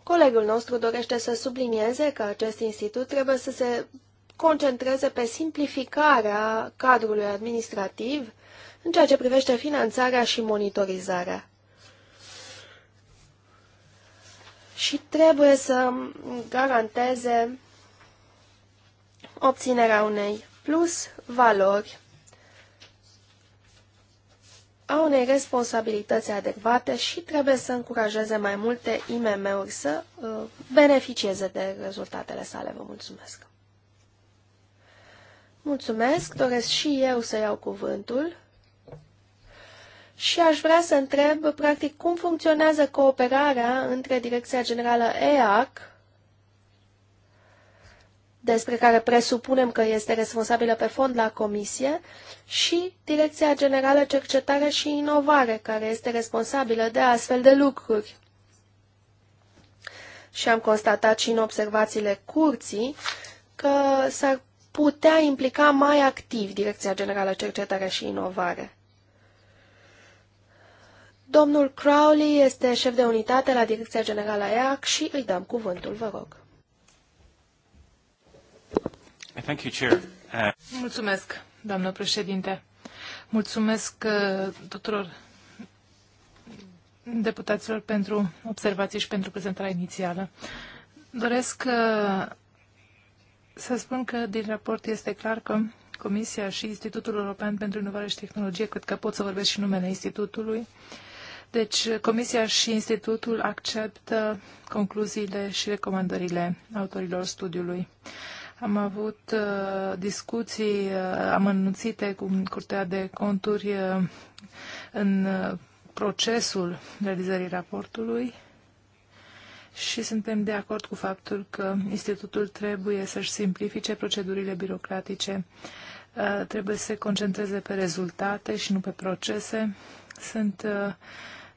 colegul nostru dorește să sublinieze că acest institut trebuie să se concentreze pe simplificarea cadrului administrativ în ceea ce privește finanțarea și monitorizarea. și trebuie să garanteze obținerea unei plus valori a unei responsabilități adecvate și trebuie să încurajeze mai multe IMM-uri să uh, beneficieze de rezultatele sale. Vă mulțumesc! Mulțumesc! Doresc și eu să iau cuvântul și aș vrea să întreb, practic, cum funcționează cooperarea între Direcția Generală EAC, despre care presupunem că este responsabilă pe fond la Comisie, și Direcția Generală Cercetare și Inovare, care este responsabilă de astfel de lucruri. Și am constatat și în observațiile curții că s-ar putea implica mai activ Direcția Generală Cercetare și Inovare. Domnul Crowley este șef de unitate la Direcția Generală a IAC și îi dăm cuvântul, vă rog. Thank you, Chair. Uh... Mulțumesc, doamnă președinte. Mulțumesc uh, tuturor deputaților pentru observații și pentru prezentarea inițială. Doresc uh, să spun că din raport este clar că Comisia și Institutul European pentru Inovare și Tehnologie, cred că pot să vorbesc și numele Institutului, uh, deci, Comisia și Institutul acceptă concluziile și recomandările autorilor studiului. Am avut uh, discuții uh, amănunțite cu Curtea de Conturi uh, în uh, procesul realizării raportului și suntem de acord cu faptul că Institutul trebuie să-și simplifice procedurile birocratice, uh, trebuie să se concentreze pe rezultate și nu pe procese. Sunt uh,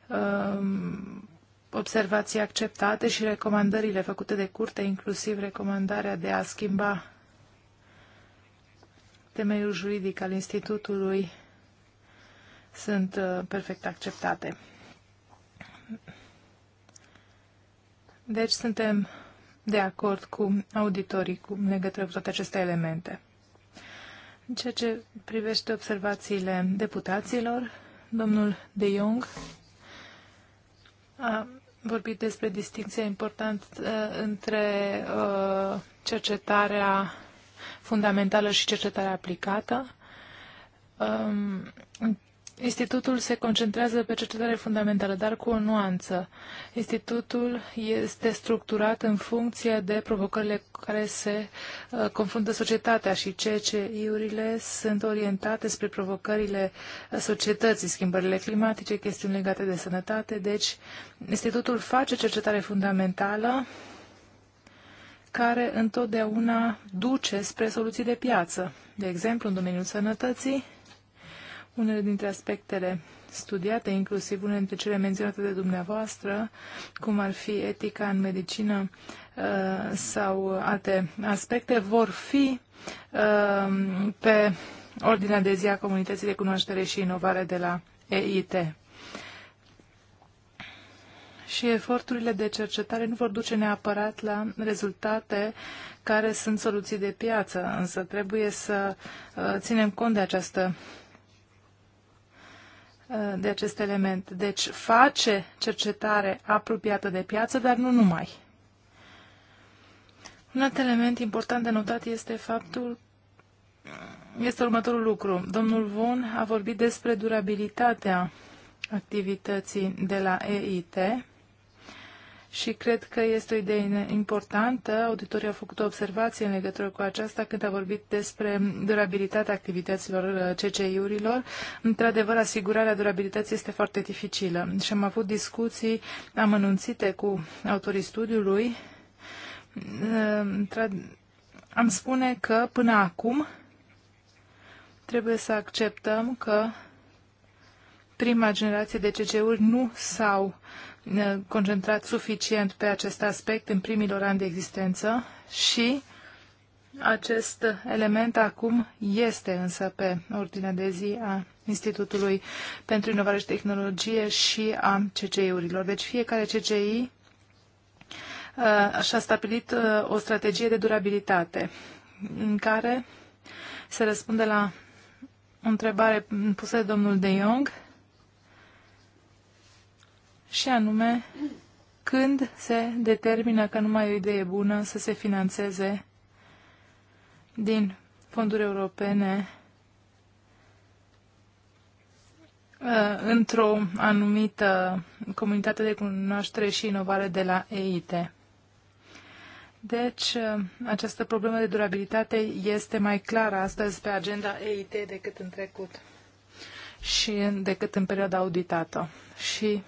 Um, observații acceptate și recomandările făcute de curte, inclusiv recomandarea de a schimba temeiul juridic al Institutului, sunt uh, perfect acceptate. Deci suntem de acord cu auditorii cu legătură cu toate aceste elemente. În ceea ce privește observațiile deputaților, domnul De Jong a vorbit despre distinția importantă uh, între uh, cercetarea fundamentală și cercetarea aplicată. Um, Institutul se concentrează pe cercetare fundamentală, dar cu o nuanță. Institutul este structurat în funcție de provocările cu care se uh, confruntă societatea și CCI-urile sunt orientate spre provocările uh, societății, schimbările climatice, chestiuni legate de sănătate. Deci, Institutul face cercetare fundamentală care întotdeauna duce spre soluții de piață. De exemplu, în domeniul sănătății, unele dintre aspectele studiate, inclusiv unele dintre cele menționate de dumneavoastră, cum ar fi etica în medicină uh, sau alte aspecte, vor fi uh, pe ordinea de zi a Comunității de Cunoaștere și Inovare de la EIT și eforturile de cercetare nu vor duce neapărat la rezultate care sunt soluții de piață, însă trebuie să uh, ținem cont de această Uh, de acest element. Deci face cercetare apropiată de piață, dar nu numai. Un alt element important de notat este faptul este următorul lucru. Domnul Von a vorbit despre durabilitatea activității de la EIT și cred că este o idee importantă. Auditorii au făcut o observație în legătură cu aceasta când a vorbit despre durabilitatea activităților uh, CCI-urilor. Într-adevăr, asigurarea durabilității este foarte dificilă și am avut discuții amănunțite cu autorii studiului. Uh, am spune că până acum trebuie să acceptăm că prima generație de CC-uri nu s-au uh, concentrat suficient pe acest aspect în primilor ani de existență și acest element acum este însă pe ordinea de zi a Institutului pentru Inovare și Tehnologie și a CCI-urilor. Deci fiecare CCI uh, și-a stabilit uh, o strategie de durabilitate în care se răspunde la o întrebare pusă de domnul De Jong și anume când se determină că e o idee bună să se financeze din fonduri europene uh, într-o anumită comunitate de cunoaștere și inovare de la EIT. Deci, uh, această problemă de durabilitate este mai clară astăzi pe agenda EIT decât în trecut și decât în perioada auditată. Și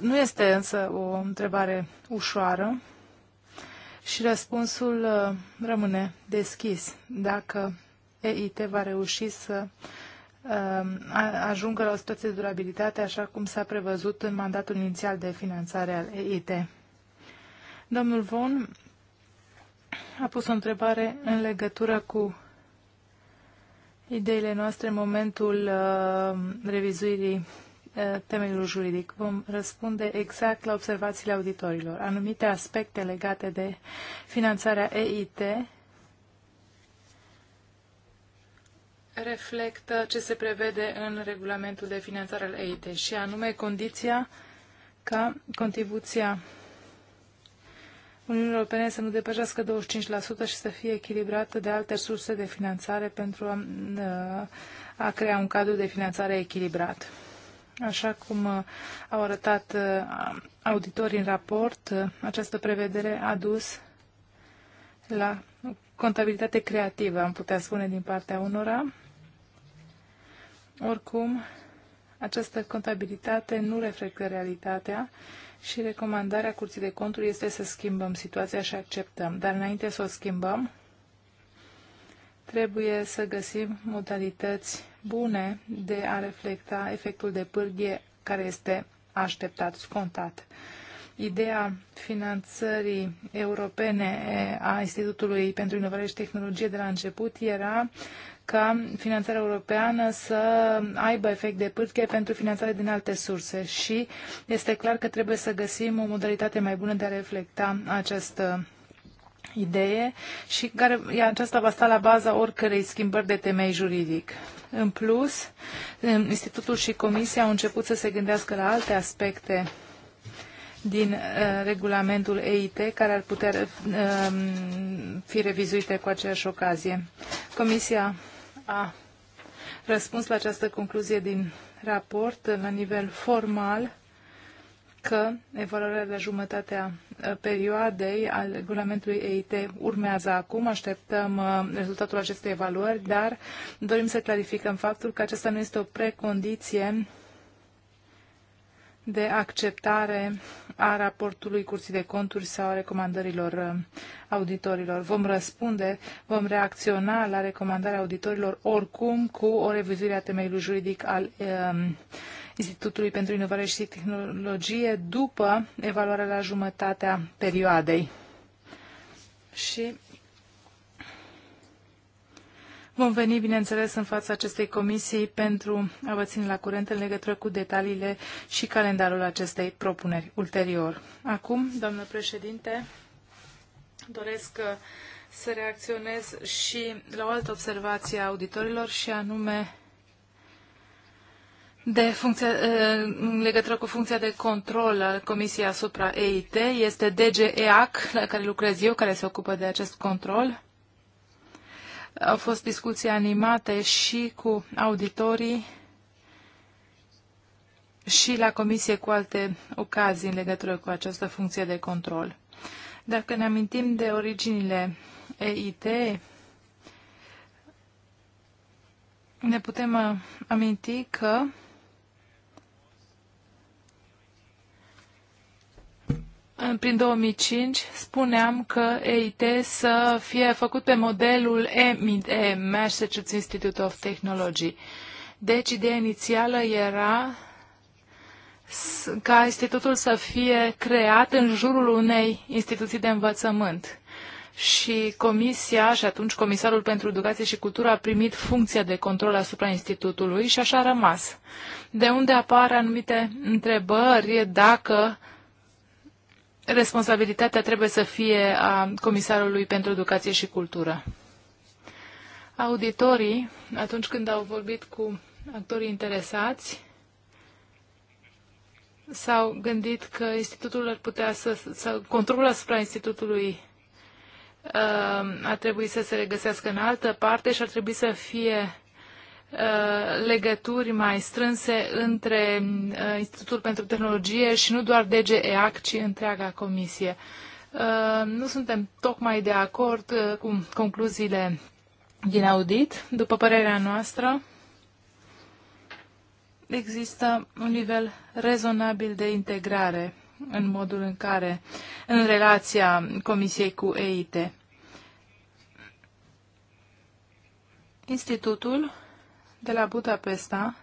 nu este însă o întrebare ușoară și răspunsul uh, rămâne deschis. Dacă EIT va reuși să uh, ajungă la o situație de durabilitate așa cum s-a prevăzut în mandatul inițial de finanțare al EIT. Domnul Von a pus o întrebare în legătură cu ideile noastre în momentul uh, revizuirii Uh, temeiul juridic. Vom răspunde exact la observațiile auditorilor. Anumite aspecte legate de finanțarea EIT reflectă ce se prevede în regulamentul de finanțare al EIT și anume condiția ca contribuția Uniunii Europene să nu depășească 25% și să fie echilibrată de alte surse de finanțare pentru a, uh, a crea un cadru de finanțare echilibrat. Așa cum uh, au arătat uh, auditorii în raport, uh, această prevedere a dus la contabilitate creativă, am putea spune, din partea unora. Oricum, această contabilitate nu reflectă realitatea și recomandarea Curții de Conturi este să schimbăm situația și acceptăm. Dar înainte să o schimbăm, trebuie să găsim modalități bune de a reflecta efectul de pârghie care este așteptat, scontat. Ideea finanțării europene a Institutului pentru Inovare și Tehnologie de la început era ca finanțarea europeană să aibă efect de pârche pentru finanțare din alte surse și este clar că trebuie să găsim o modalitate mai bună de a reflecta această idee și care aceasta va sta la baza oricărei schimbări de temei juridic. În plus, Institutul și Comisia au început să se gândească la alte aspecte din uh, regulamentul EIT care ar putea uh, fi revizuite cu aceeași ocazie. Comisia a răspuns la această concluzie din raport la nivel formal că evaluarea la jumătatea uh, perioadei al regulamentului EIT urmează acum. Așteptăm uh, rezultatul acestei evaluări, dar dorim să clarificăm faptul că acesta nu este o precondiție de acceptare a raportului Curții de Conturi sau a recomandărilor uh, auditorilor. Vom răspunde, vom reacționa la recomandarea auditorilor oricum cu o revizuire a temeiului juridic al um, Institutului pentru Inovare și Tehnologie după evaluarea la jumătatea perioadei. Și Vom veni, bineînțeles, în fața acestei comisii pentru a vă ține la curent în legătură cu detaliile și calendarul acestei propuneri ulterior. Acum, doamnă președinte, doresc uh, să reacționez și la o altă observație a auditorilor și anume de funcția, în legătură cu funcția de control al Comisiei asupra EIT. Este DGEAC, la care lucrez eu, care se ocupă de acest control. Au fost discuții animate și cu auditorii și la comisie cu alte ocazii în legătură cu această funcție de control. Dacă ne amintim de originile EIT, ne putem uh, aminti că prin 2005 spuneam că EIT să fie făcut pe modelul MIT, Massachusetts Institute of Technology. Deci ideea inițială era ca institutul să fie creat în jurul unei instituții de învățământ. Și comisia, și atunci comisarul pentru educație și cultură a primit funcția de control asupra institutului și așa a rămas. De unde apar anumite întrebări dacă responsabilitatea trebuie să fie a Comisarului pentru Educație și Cultură. Auditorii, atunci când au vorbit cu actorii interesați, s-au gândit că institutul ar putea să, să controlul asupra institutului uh, ar trebui să se regăsească în altă parte și ar trebui să fie Uh, legături mai strânse între uh, Institutul pentru Tehnologie și nu doar DGEAC, ci întreaga comisie. Uh, nu suntem tocmai de acord cu concluziile din audit. După părerea noastră, există un nivel rezonabil de integrare în modul în care, în relația Comisiei cu EIT. Institutul de la Budapesta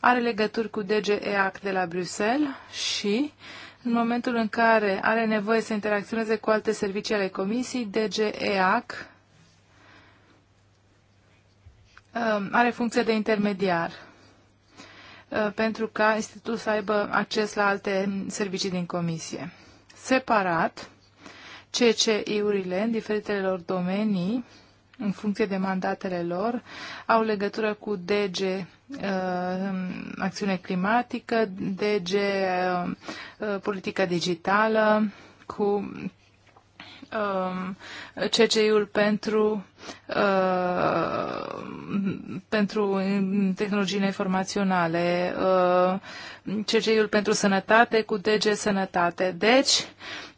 are legături cu DGEAC de la Bruxelles și în momentul în care are nevoie să interacționeze cu alte servicii ale Comisiei, DGEAC um, are funcție de intermediar uh, pentru ca institutul să aibă acces la alte servicii din comisie. Separat, CCI-urile în lor domenii în funcție de mandatele lor, au legătură cu DG uh, Acțiune Climatică, DG uh, uh, Politică Digitală, cu um, CCI-ul pentru Uh, pentru tehnologiile informaționale, uh, CCI-ul pentru sănătate cu DG Sănătate. Deci,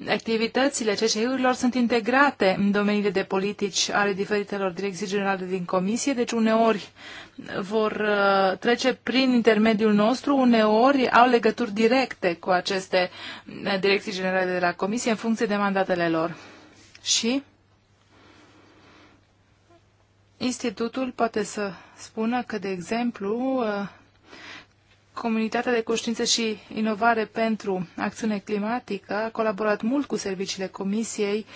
activitățile CCI-urilor sunt integrate în domeniile de politici ale diferitelor direcții generale din Comisie, deci uneori vor uh, trece prin intermediul nostru, uneori au legături directe cu aceste direcții generale de la Comisie în funcție de mandatele lor. Și institutul poate să spună că, de exemplu, uh, Comunitatea de Conștiință și Inovare pentru Acțiune Climatică a colaborat mult cu serviciile Comisiei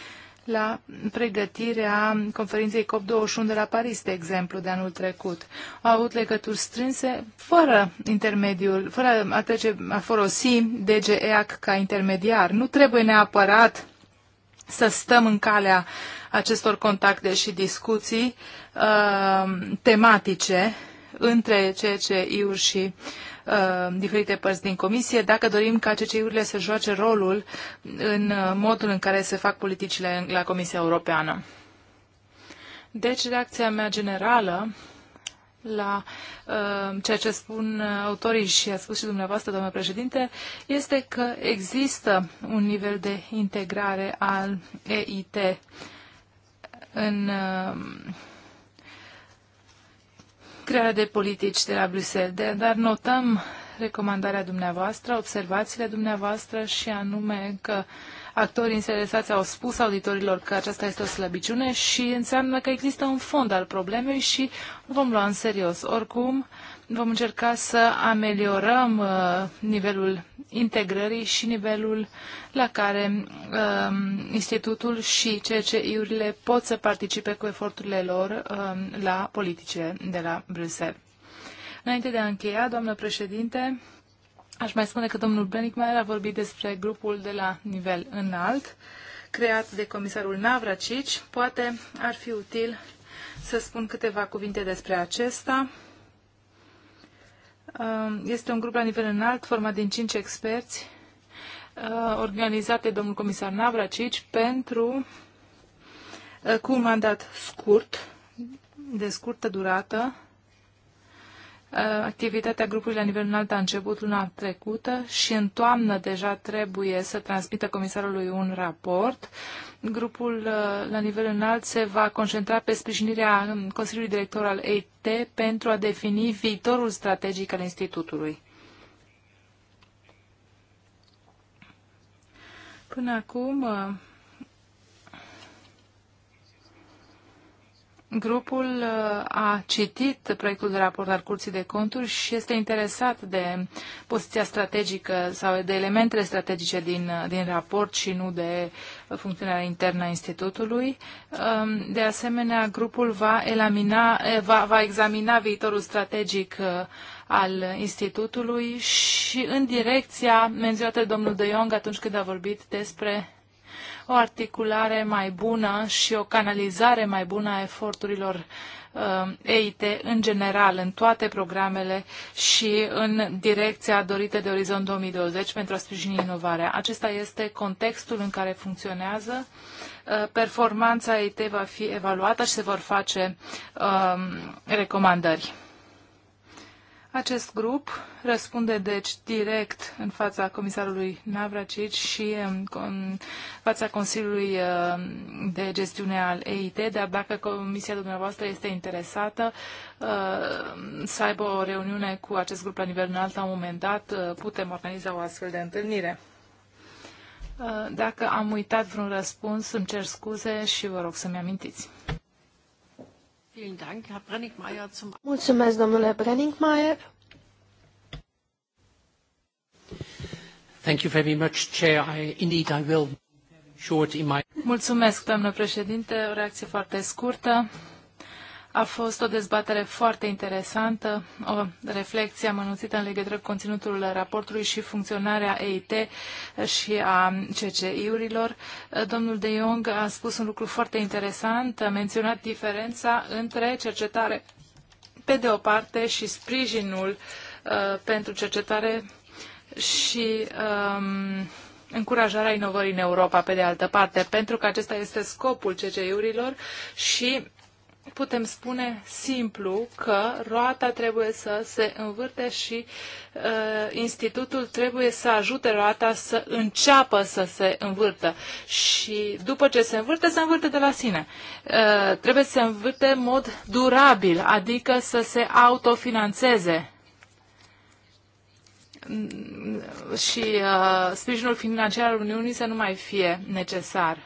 la pregătirea conferinței COP21 de la Paris, de exemplu, de anul trecut. Au avut legături strânse fără intermediul, fără a, trece, a folosi DGEAC ca intermediar. Nu trebuie neapărat să stăm în calea uh, acestor contacte și discuții uh, tematice între CCI-uri și uh, diferite părți din comisie, dacă dorim ca CCI-urile să joace rolul în uh, modul în care se fac politicile la Comisia Europeană. Deci, reacția mea generală la uh, ceea ce spun uh, autorii și a spus și dumneavoastră, domnule președinte, este că există un nivel de integrare al EIT în uh, crearea de politici de la Bruxelles, dar notăm recomandarea dumneavoastră, observațiile dumneavoastră și anume că actorii interesați au spus auditorilor că aceasta este o slăbiciune și înseamnă că există un fond al problemei și vom lua în serios. Oricum, uh, vom încerca să ameliorăm uh, nivelul integrării și nivelul la care um, institutul și CCI-urile pot să participe cu eforturile lor um, la politice de la Bruxelles. Înainte de a încheia, doamnă președinte, aș mai spune că domnul Benicmaier a vorbit despre grupul de la nivel înalt creat de comisarul Navracici. Poate ar fi util să spun câteva cuvinte despre acesta Um, este un grup la nivel înalt, format din cinci experți, uh, organizate domnul comisar Navracici pentru uh, cu un mandat scurt, de scurtă durată, Uh, activitatea grupului la nivel înalt a început luna trecută și în toamnă deja trebuie să transmită comisarului un raport. Grupul uh, la nivel înalt se va concentra pe sprijinirea um, Consiliului Director al EIT pentru a defini viitorul strategic al Institutului. Până acum, uh, Grupul uh, a citit proiectul de raport al Curții de Conturi și este interesat de poziția strategică sau de elementele strategice din, uh, din raport și nu de funcționarea internă a Institutului. Um, de asemenea, grupul va, elamina, eh, va, va examina viitorul strategic uh, al Institutului și în direcția menționată de domnul De Jong atunci când a vorbit despre o articulare mai bună și o canalizare mai bună a eforturilor uh, EIT în general, în toate programele și în direcția dorită de Orizont 2020 pentru a sprijini inovarea. Acesta este contextul în care funcționează. Uh, performanța EIT va fi evaluată și se vor face um, recomandări. Acest grup răspunde, deci, direct în fața comisarului Navracic și în, în fața Consiliului uh, de Gestiune al EIT, dar dacă comisia dumneavoastră este interesată uh, să aibă o reuniune cu acest grup la nivel înalt la un moment dat, uh, putem organiza o astfel de întâlnire. Dacă am uitat vreun răspuns, îmi cer scuze și vă rog să-mi amintiți. Mulțumesc, domnule Brenningmeier. Thank you very much, Chair. I, indeed, I will short in my... Mulțumesc, doamnă președinte. O reacție foarte scurtă. A fost o dezbatere foarte interesantă, o reflexie amănunțită în legătură cu conținutul raportului și funcționarea EIT și a CCI-urilor. Domnul De Jong a spus un lucru foarte interesant, a menționat diferența între cercetare pe de o parte și sprijinul uh, pentru cercetare și um, încurajarea inovării în Europa, pe de altă parte, pentru că acesta este scopul CCI-urilor și putem spune simplu că roata trebuie să se învârte și uh, institutul trebuie să ajute roata să înceapă să se învârtă și după ce se învârte, se învârte de la sine. Uh, trebuie să se învârte în mod durabil, adică să se autofinanțeze și uh, sprijinul financiar al Uniunii să nu mai fie necesar.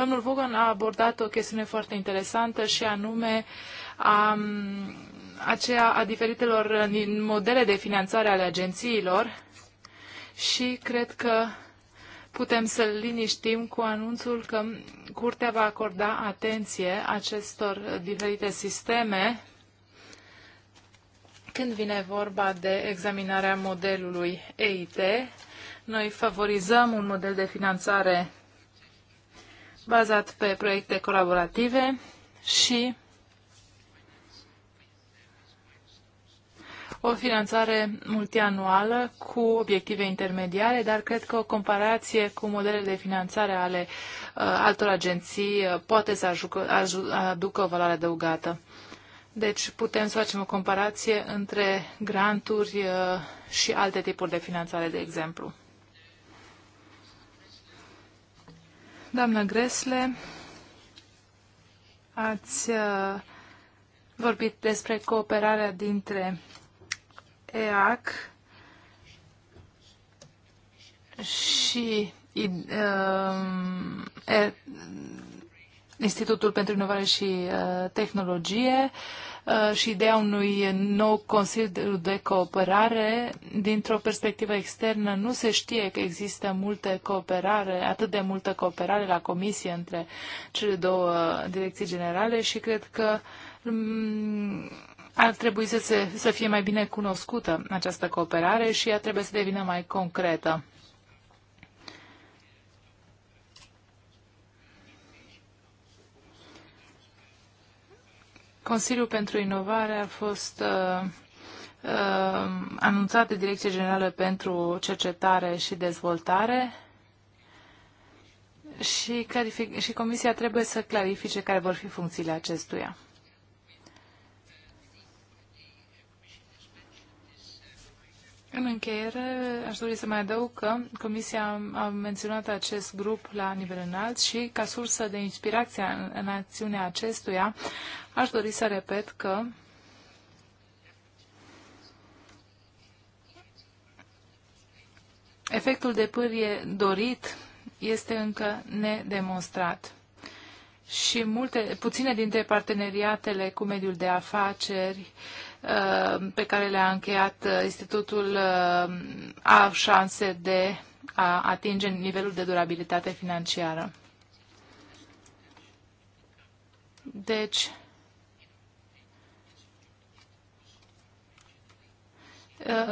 Domnul Vogan a abordat o chestiune foarte interesantă și anume a, aceea a diferitelor modele de finanțare ale agențiilor și cred că putem să-l liniștim cu anunțul că Curtea va acorda atenție acestor diferite sisteme când vine vorba de examinarea modelului EIT. Noi favorizăm un model de finanțare bazat pe proiecte colaborative și o finanțare multianuală cu obiective intermediare, dar cred că o comparație cu modelele de finanțare ale uh, altor agenții uh, poate să ajucă, aducă o valoare adăugată. Deci putem să facem o comparație între granturi uh, și alte tipuri de finanțare, de exemplu. Doamnă Gresle, ați uh, vorbit despre cooperarea dintre EAC și uh, Institutul pentru Inovare și uh, Tehnologie. Uh, și ideea unui nou Consiliu de Cooperare, dintr-o perspectivă externă, nu se știe că există multă cooperare, atât de multă cooperare la Comisie între cele două direcții generale și cred că mm, ar trebui să, se, să fie mai bine cunoscută această cooperare și ea trebuie să devină mai concretă. Consiliul pentru Inovare a fost uh, uh, anunțat de Direcția Generală pentru Cercetare și Dezvoltare și, și Comisia trebuie să clarifice care vor fi funcțiile acestuia. În încheiere, aș dori să mai adăug că Comisia a menționat acest grup la nivel înalt și ca sursă de inspirație în acțiunea acestuia, aș dori să repet că efectul de pârie dorit este încă nedemonstrat. Și multe, puține dintre parteneriatele cu mediul de afaceri uh, Uh, pe care le-a încheiat uh, Institutul uh, a șanse de a atinge nivelul de durabilitate financiară. Deci,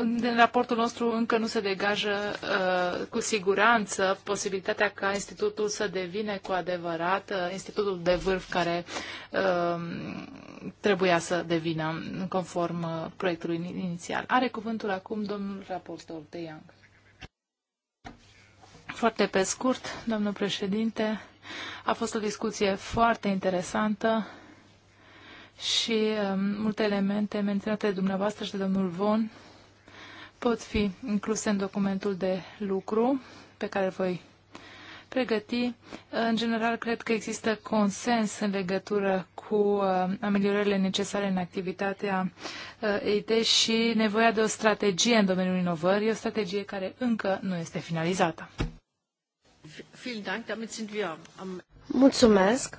În raportul nostru încă nu se degajă uh, cu siguranță posibilitatea ca institutul să devine cu adevărat uh, institutul de vârf care um, trebuia să devină conform uh, proiectului inițial. Are cuvântul acum domnul raportor de Young. Foarte pe scurt, domnul președinte, a fost o discuție foarte interesantă și um, multe elemente menționate de dumneavoastră și de domnul Von pot fi incluse în documentul de lucru pe care voi pregăti. În general, cred că există consens în legătură cu uh, ameliorările necesare în activitatea uh, EIT și nevoia de o strategie în domeniul inovării, o strategie care încă nu este finalizată. Mulțumesc!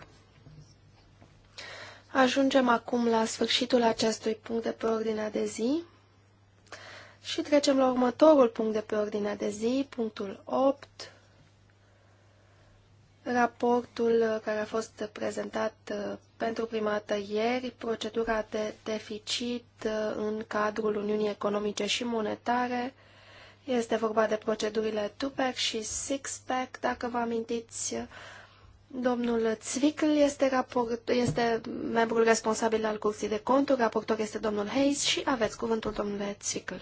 Ajungem acum la sfârșitul acestui punct de pe ordinea de zi. Și trecem la următorul punct de pe ordinea de zi, punctul 8, raportul care a fost prezentat uh, pentru prima dată ieri, procedura de deficit uh, în cadrul Uniunii Economice și Monetare. Este vorba de procedurile 2-pack și 6-pack, dacă vă amintiți. Domnul Zwickl este, raport, este membrul responsabil al Curții de Conturi, raportor este domnul Hayes și aveți cuvântul, domnule Zwickl.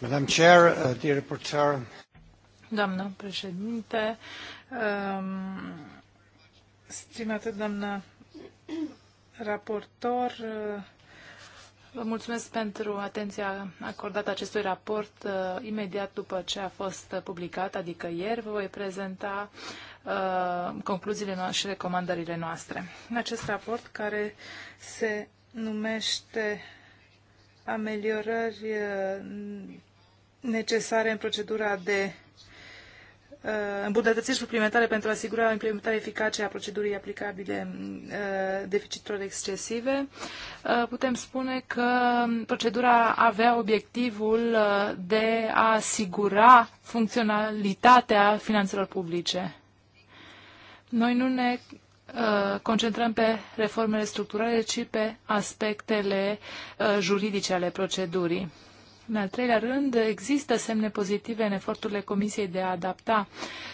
Madam Chair, uh, dear reporter. Doamnă președinte, um, stimată doamnă raportor, uh, Vă mulțumesc pentru atenția acordată acestui raport uh, imediat după ce a fost publicat, adică ieri. Vă voi prezenta uh, concluziile și recomandările noastre. În acest raport, care se numește Ameliorări uh, necesare în procedura de Uh, îmbunătățiri suplimentare pentru a asigura o implementare eficace a procedurii aplicabile uh, deficitelor excesive, uh, putem spune că procedura avea obiectivul de a asigura funcționalitatea finanțelor publice. Noi nu ne concentrăm pe reformele structurale, ci pe aspectele juridice ale procedurii. În al treilea rând, există semne pozitive în eforturile Comisiei de a adapta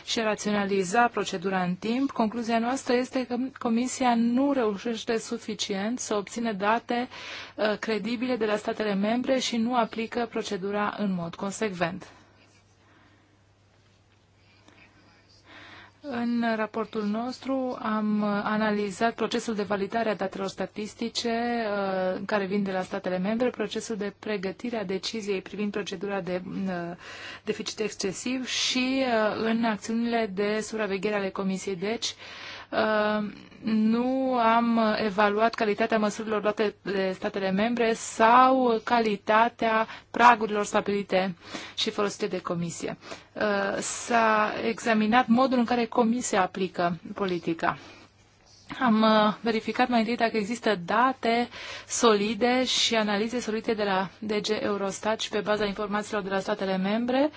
și a raționaliza procedura în timp. Concluzia noastră este că Comisia nu reușește suficient să obține date uh, credibile de la statele membre și nu aplică procedura în mod consecvent. În raportul nostru am analizat procesul de validare a datelor statistice uh, care vin de la statele membre, procesul de pregătire a deciziei privind procedura de uh, deficit excesiv și uh, în acțiunile de supraveghere ale Comisiei. Deci, nu am evaluat calitatea măsurilor luate de statele membre sau calitatea pragurilor stabilite și folosite de comisie. Uh, s-a examinat modul în care comisia aplică politica. Am uh, verificat mai întâi dacă există date solide și analize solide de la DG Eurostat și pe baza informațiilor de la statele membre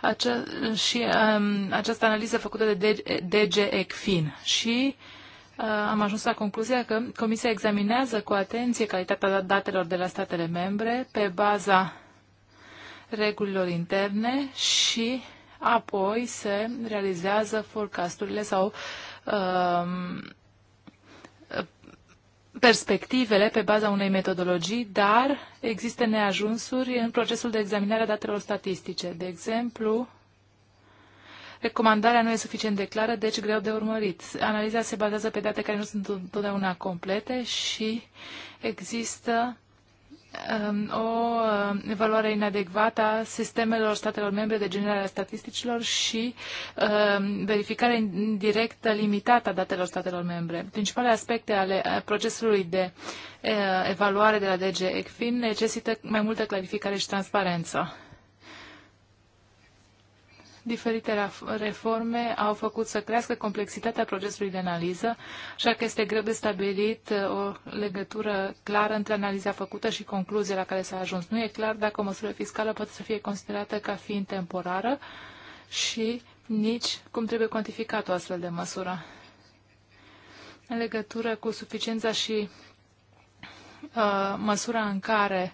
ace- și um, această analiză făcută de DG ECFIN. Și uh, Uh, am ajuns la concluzia că Comisia examinează cu atenție calitatea datelor de la statele membre pe baza regulilor interne și apoi se realizează forecasturile sau um, perspectivele pe baza unei metodologii, dar există neajunsuri în procesul de examinare a datelor statistice. De exemplu, Recomandarea nu e suficient de clară, deci greu de urmărit. Analiza se bazează pe date care nu sunt întotdeauna complete și există um, o um, evaluare inadecvată a sistemelor statelor membre de generare a statisticilor și um, verificare indirectă limitată a datelor statelor membre. Principalele aspecte ale uh, procesului de uh, evaluare de la DG ECFIN necesită mai multă clarificare și transparență diferite reforme au făcut să crească complexitatea procesului de analiză, așa că este greu de stabilit uh, o legătură clară între analiza făcută și concluzia la care s-a ajuns. Nu e clar dacă o măsură fiscală poate să fie considerată ca fiind temporară și nici cum trebuie cuantificat o astfel de măsură. În legătură cu suficiența și uh, măsura în care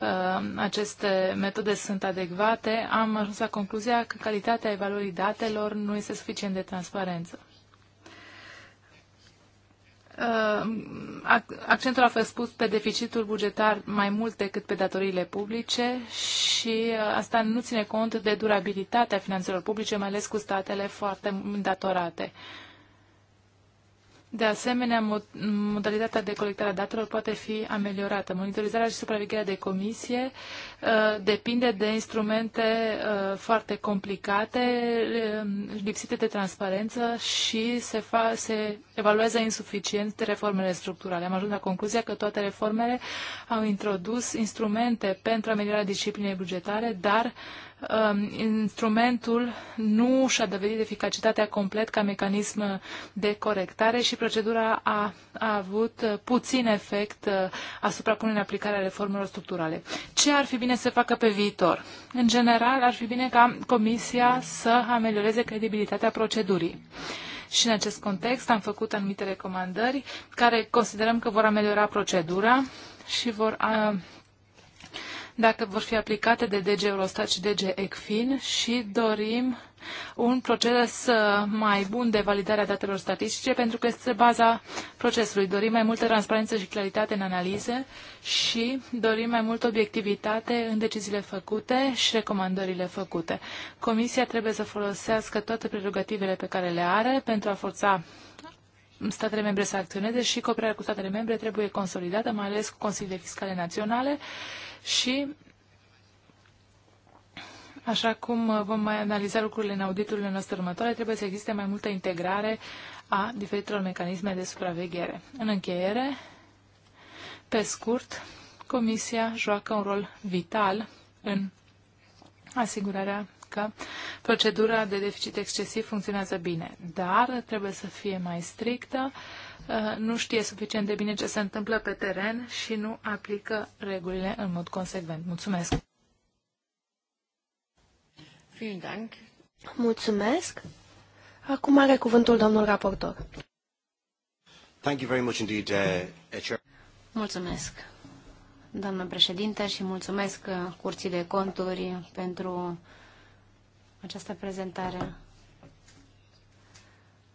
Uh, aceste metode sunt adecvate, am ajuns la concluzia că calitatea evaluării datelor nu este suficient de transparență. Uh, accentul a fost pus pe deficitul bugetar mai mult decât pe datoriile publice și uh, asta nu ține cont de durabilitatea finanțelor publice, mai ales cu statele foarte îndatorate. De asemenea, modalitatea de colectare a datelor poate fi ameliorată. Monitorizarea și supravegherea de comisie uh, depinde de instrumente uh, foarte complicate, uh, lipsite de transparență și se, fa- se evaluează insuficient reformele structurale. Am ajuns la concluzia că toate reformele au introdus instrumente pentru ameliorarea disciplinei bugetare, dar uh, Um, instrumentul nu și-a dovedit eficacitatea complet ca mecanism de corectare și procedura a, a avut puțin efect uh, asupra punerii în aplicare a reformelor structurale. Ce ar fi bine să facă pe viitor? În general, ar fi bine ca Comisia să amelioreze credibilitatea procedurii. Și în acest context am făcut anumite recomandări care considerăm că vor ameliora procedura și vor a, uh, dacă vor fi aplicate de DG Eurostat și DG ECFIN și dorim un proces mai bun de validare a datelor statistice pentru că este baza procesului. Dorim mai multă transparență și claritate în analize și dorim mai multă obiectivitate în deciziile făcute și recomandările făcute. Comisia trebuie să folosească toate prerogativele pe care le are pentru a forța statele membre să acționeze și cooperarea cu statele membre trebuie consolidată, mai ales cu consiliile fiscale naționale și Așa cum vom mai analiza lucrurile în auditurile noastre următoare, trebuie să existe mai multă integrare a diferitelor mecanisme de supraveghere. În încheiere, pe scurt, Comisia joacă un rol vital în asigurarea că procedura de deficit excesiv funcționează bine, dar trebuie să fie mai strictă uh, Uh, nu știe suficient de bine ce se întâmplă pe teren și nu aplică regulile în mod consecvent. Mulțumesc! Mulțumesc! Acum are cuvântul domnul raportor. Thank you very much indeed, uh, uh Mulțumesc, doamnă președinte, și mulțumesc uh, Curții de Conturi pentru această prezentare.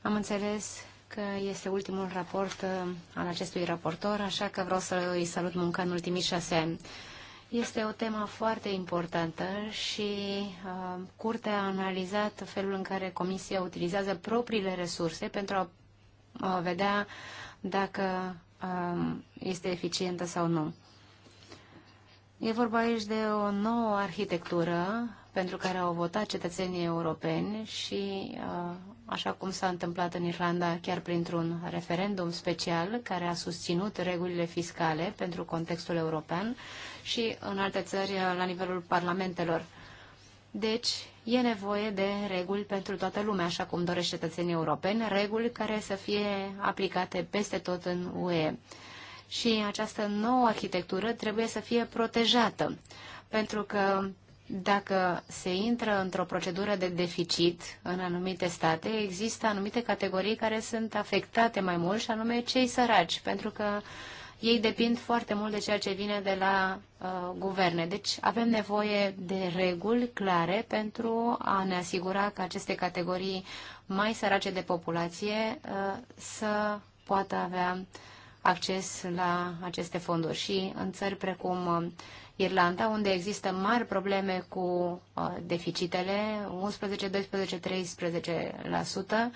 Am înțeles că este ultimul raport uh, al acestui raportor, așa că vreau să îi salut munca în ultimii șase ani. Este o temă foarte importantă și uh, Curtea a analizat felul în care Comisia utilizează propriile resurse pentru a uh, vedea dacă uh, este eficientă sau nu. E vorba aici de o nouă arhitectură pentru care au votat cetățenii europeni și, uh, așa cum s-a întâmplat în Irlanda chiar printr-un referendum special care a susținut regulile fiscale pentru contextul european și în alte țări uh, la nivelul parlamentelor. Deci, e nevoie de reguli pentru toată lumea, așa cum doresc cetățenii europeni, reguli care să fie aplicate peste tot în UE. Și această nouă arhitectură trebuie să fie protejată, pentru că dacă se intră într-o procedură de deficit în anumite state, există anumite categorii care sunt afectate mai mult și anume cei săraci, pentru că ei depind foarte mult de ceea ce vine de la uh, guverne. Deci avem nevoie de reguli clare pentru a ne asigura că aceste categorii mai sărace de populație uh, să poată avea acces la aceste fonduri. Și în țări precum uh, Irlanda, unde există mari probleme cu uh, deficitele, 11, 12, 13%.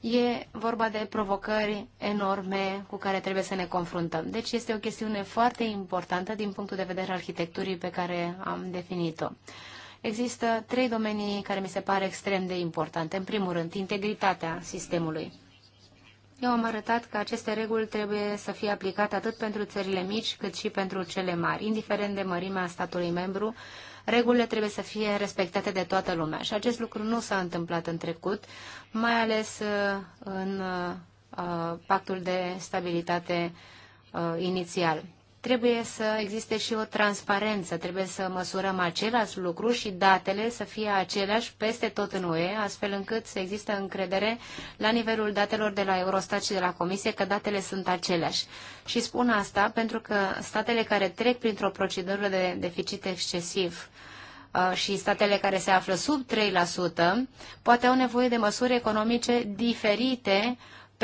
E vorba de provocări enorme cu care trebuie să ne confruntăm. Deci este o chestiune foarte importantă din punctul de vedere arhitecturii pe care am definit-o. Există trei domenii care mi se pare extrem de importante. În primul rând, integritatea sistemului. Eu am arătat că aceste reguli trebuie să fie aplicate atât pentru țările mici cât și pentru cele mari, indiferent de mărimea statului membru, regulile trebuie să fie respectate de toată lumea. Și acest lucru nu s-a întâmplat în trecut, mai ales uh, în uh, uh, pactul de stabilitate inițial trebuie să existe și o transparență, trebuie să măsurăm același lucru și datele să fie aceleași peste tot în UE, astfel încât să există încredere la nivelul datelor de la Eurostat și de la Comisie că datele sunt aceleași. Și spun asta pentru că statele care trec printr-o procedură de deficit excesiv uh, și statele care se află sub 3% poate au nevoie de măsuri economice diferite uh,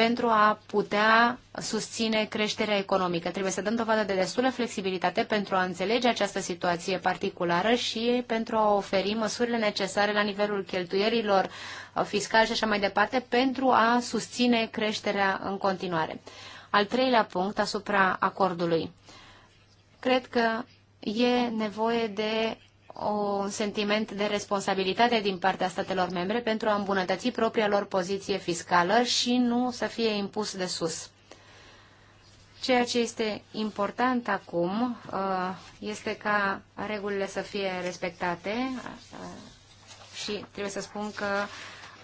pentru a putea susține creșterea economică. Trebuie să dăm dovadă de destulă flexibilitate pentru a înțelege această situație particulară și pentru a oferi măsurile necesare la nivelul cheltuierilor uh, fiscale și așa mai departe pentru a susține creșterea în continuare. Al treilea punct asupra acordului. Cred că e nevoie de un sentiment de responsabilitate din partea statelor membre pentru a îmbunătăți propria lor poziție fiscală și nu să fie impus de sus. Ceea ce este important acum uh, este ca regulile să fie respectate uh, și trebuie să spun că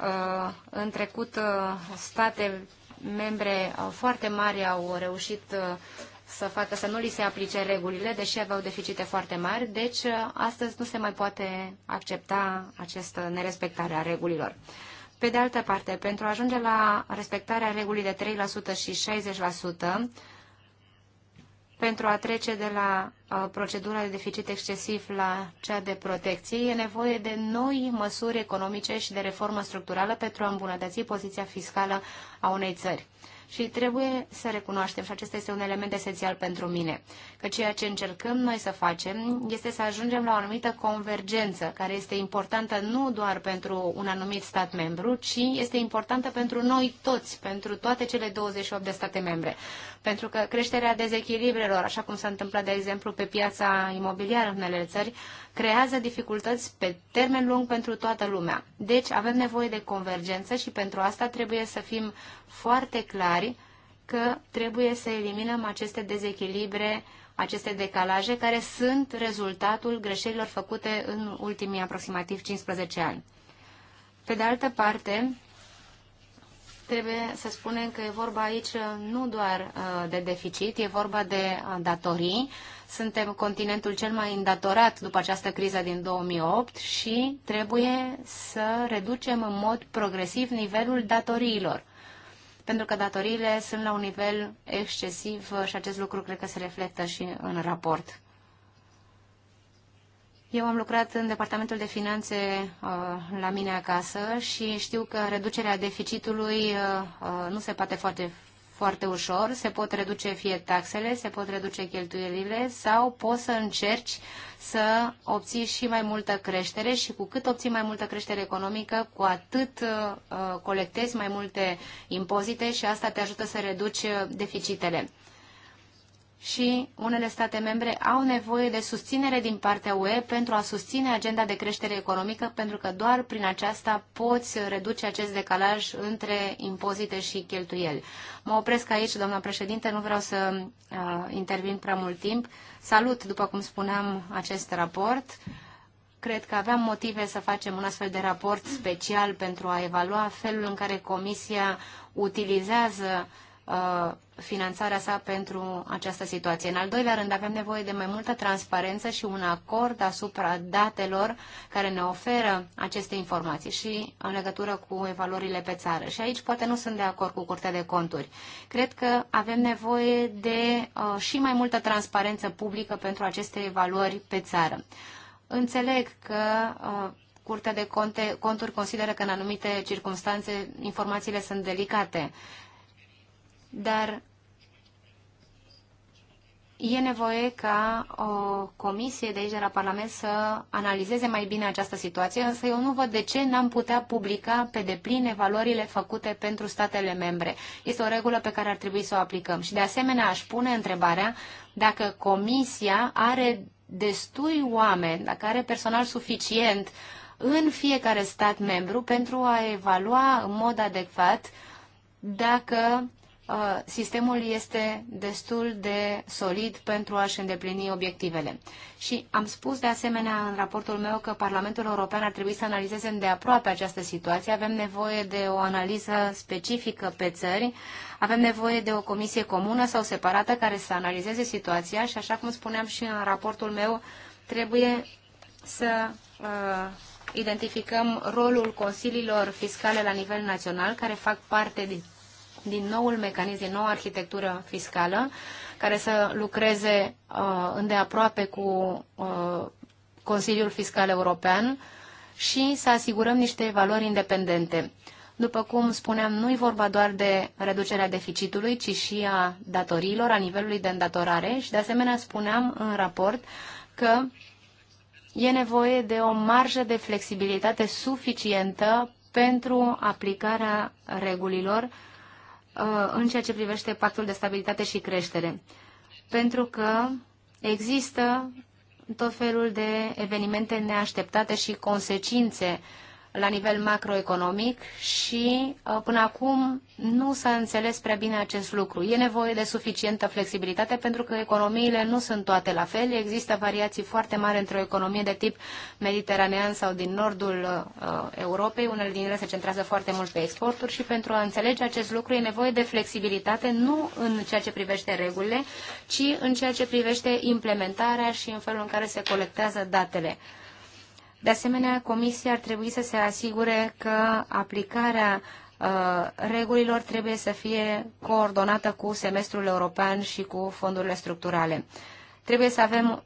uh, în trecut state membre foarte mari au reușit să facă să nu li se aplice regulile, deși aveau deficite foarte mari, deci uh, astăzi nu se mai poate accepta această nerespectare a regulilor. Pe de altă parte, pentru a ajunge la respectarea regulii de 3% și 60%, pentru a trece de la uh, procedura de deficit excesiv la cea de protecție, e nevoie de noi măsuri economice și de reformă structurală pentru a îmbunătăți poziția fiscală a unei țări. Și trebuie să recunoaștem, și acesta este un element esențial pentru mine, că ceea ce încercăm noi să facem este să ajungem la o anumită convergență, care este importantă nu doar pentru un anumit stat membru, ci este importantă pentru noi toți, pentru toate cele 28 de state membre. Pentru că creșterea dezechilibrelor, așa cum s-a întâmplat, de exemplu, pe piața imobiliară în unele țări, creează dificultăți pe termen lung pentru toată lumea. Deci avem nevoie de convergență și pentru asta trebuie să fim foarte clari că trebuie să eliminăm aceste dezechilibre, aceste decalaje care sunt rezultatul greșelilor făcute în ultimii aproximativ 15 ani. Pe de altă parte, trebuie să spunem că e vorba aici uh, nu doar uh, de deficit, e vorba de uh, datorii. Suntem continentul cel mai îndatorat după această criză din 2008 și trebuie să reducem în mod progresiv nivelul datoriilor. Pentru că datoriile sunt la un nivel excesiv și acest lucru cred că se reflectă și în raport. Eu am lucrat în Departamentul de Finanțe uh, la mine acasă și știu că reducerea deficitului uh, uh, nu se poate foarte foarte ușor, se pot reduce fie taxele, se pot reduce cheltuielile sau poți să încerci să obții și mai multă creștere și cu cât obții mai multă creștere economică, cu atât uh, uh colectezi mai multe impozite și asta te ajută să reduci uh, deficitele și unele state membre au nevoie de susținere din partea UE pentru a susține agenda de creștere economică, pentru că doar prin aceasta poți reduce acest decalaj între impozite și cheltuieli. Mă opresc aici, doamna președinte, nu vreau să uh, intervin prea mult timp. Salut, după cum spuneam, acest raport. Cred că aveam motive să facem un astfel de raport special pentru a evalua felul în care Comisia utilizează uh, Uh, finanțarea sa pentru această situație. În al doilea rând, avem nevoie de mai multă transparență și un acord asupra datelor care ne oferă aceste informații și în legătură cu evaluările pe țară. Și aici poate nu sunt de acord cu Curtea de Conturi. Cred că avem nevoie de uh, și mai multă transparență publică pentru aceste evaluări pe țară. Înțeleg că uh, Curtea de conte, Conturi consideră că în anumite circunstanțe informațiile sunt delicate, dar e nevoie ca o comisie de aici de la Parlament să analizeze mai bine această situație, însă eu nu văd de ce n-am putea publica pe deplin evaluările făcute pentru statele membre. Este o regulă pe care ar trebui să o aplicăm. Și de asemenea aș pune întrebarea dacă comisia are destui oameni, dacă are personal suficient în fiecare stat membru pentru a evalua în mod adecvat dacă Uh, sistemul este destul de solid pentru a-și îndeplini obiectivele. Și am spus de asemenea în raportul meu că Parlamentul European ar trebui să analizeze îndeaproape această situație. Avem nevoie de o analiză specifică pe țări, avem nevoie de o comisie comună sau separată care să analizeze situația și, așa cum spuneam și în raportul meu, trebuie să uh, identificăm rolul consiliilor fiscale la nivel național care fac parte din din noul mecanism, din noua arhitectură fiscală, care să lucreze uh, îndeaproape cu uh, Consiliul Fiscal European și să asigurăm niște valori independente. După cum spuneam, nu i vorba doar de reducerea deficitului, ci și a datoriilor, a nivelului de îndatorare și, de asemenea, spuneam în raport că e nevoie de o marjă de flexibilitate suficientă pentru aplicarea regulilor Uh, în ceea ce privește pactul de stabilitate și creștere. Pentru că există tot felul de evenimente neașteptate și consecințe uh, la nivel macroeconomic și uh, până acum nu s-a înțeles prea bine acest lucru. E nevoie de suficientă flexibilitate pentru că economiile nu sunt toate la fel. Există variații foarte mari între o economie de tip mediteranean sau din nordul uh, Europei. Unele din ele se centrează foarte mult pe exporturi și pentru a înțelege acest lucru e nevoie de flexibilitate nu în ceea ce privește regulile, ci în ceea ce privește implementarea și în felul în care se colectează datele. De asemenea, Comisia ar trebui să se asigure că aplicarea uh, regulilor trebuie să fie coordonată cu semestrul european și cu fondurile structurale. Trebuie să avem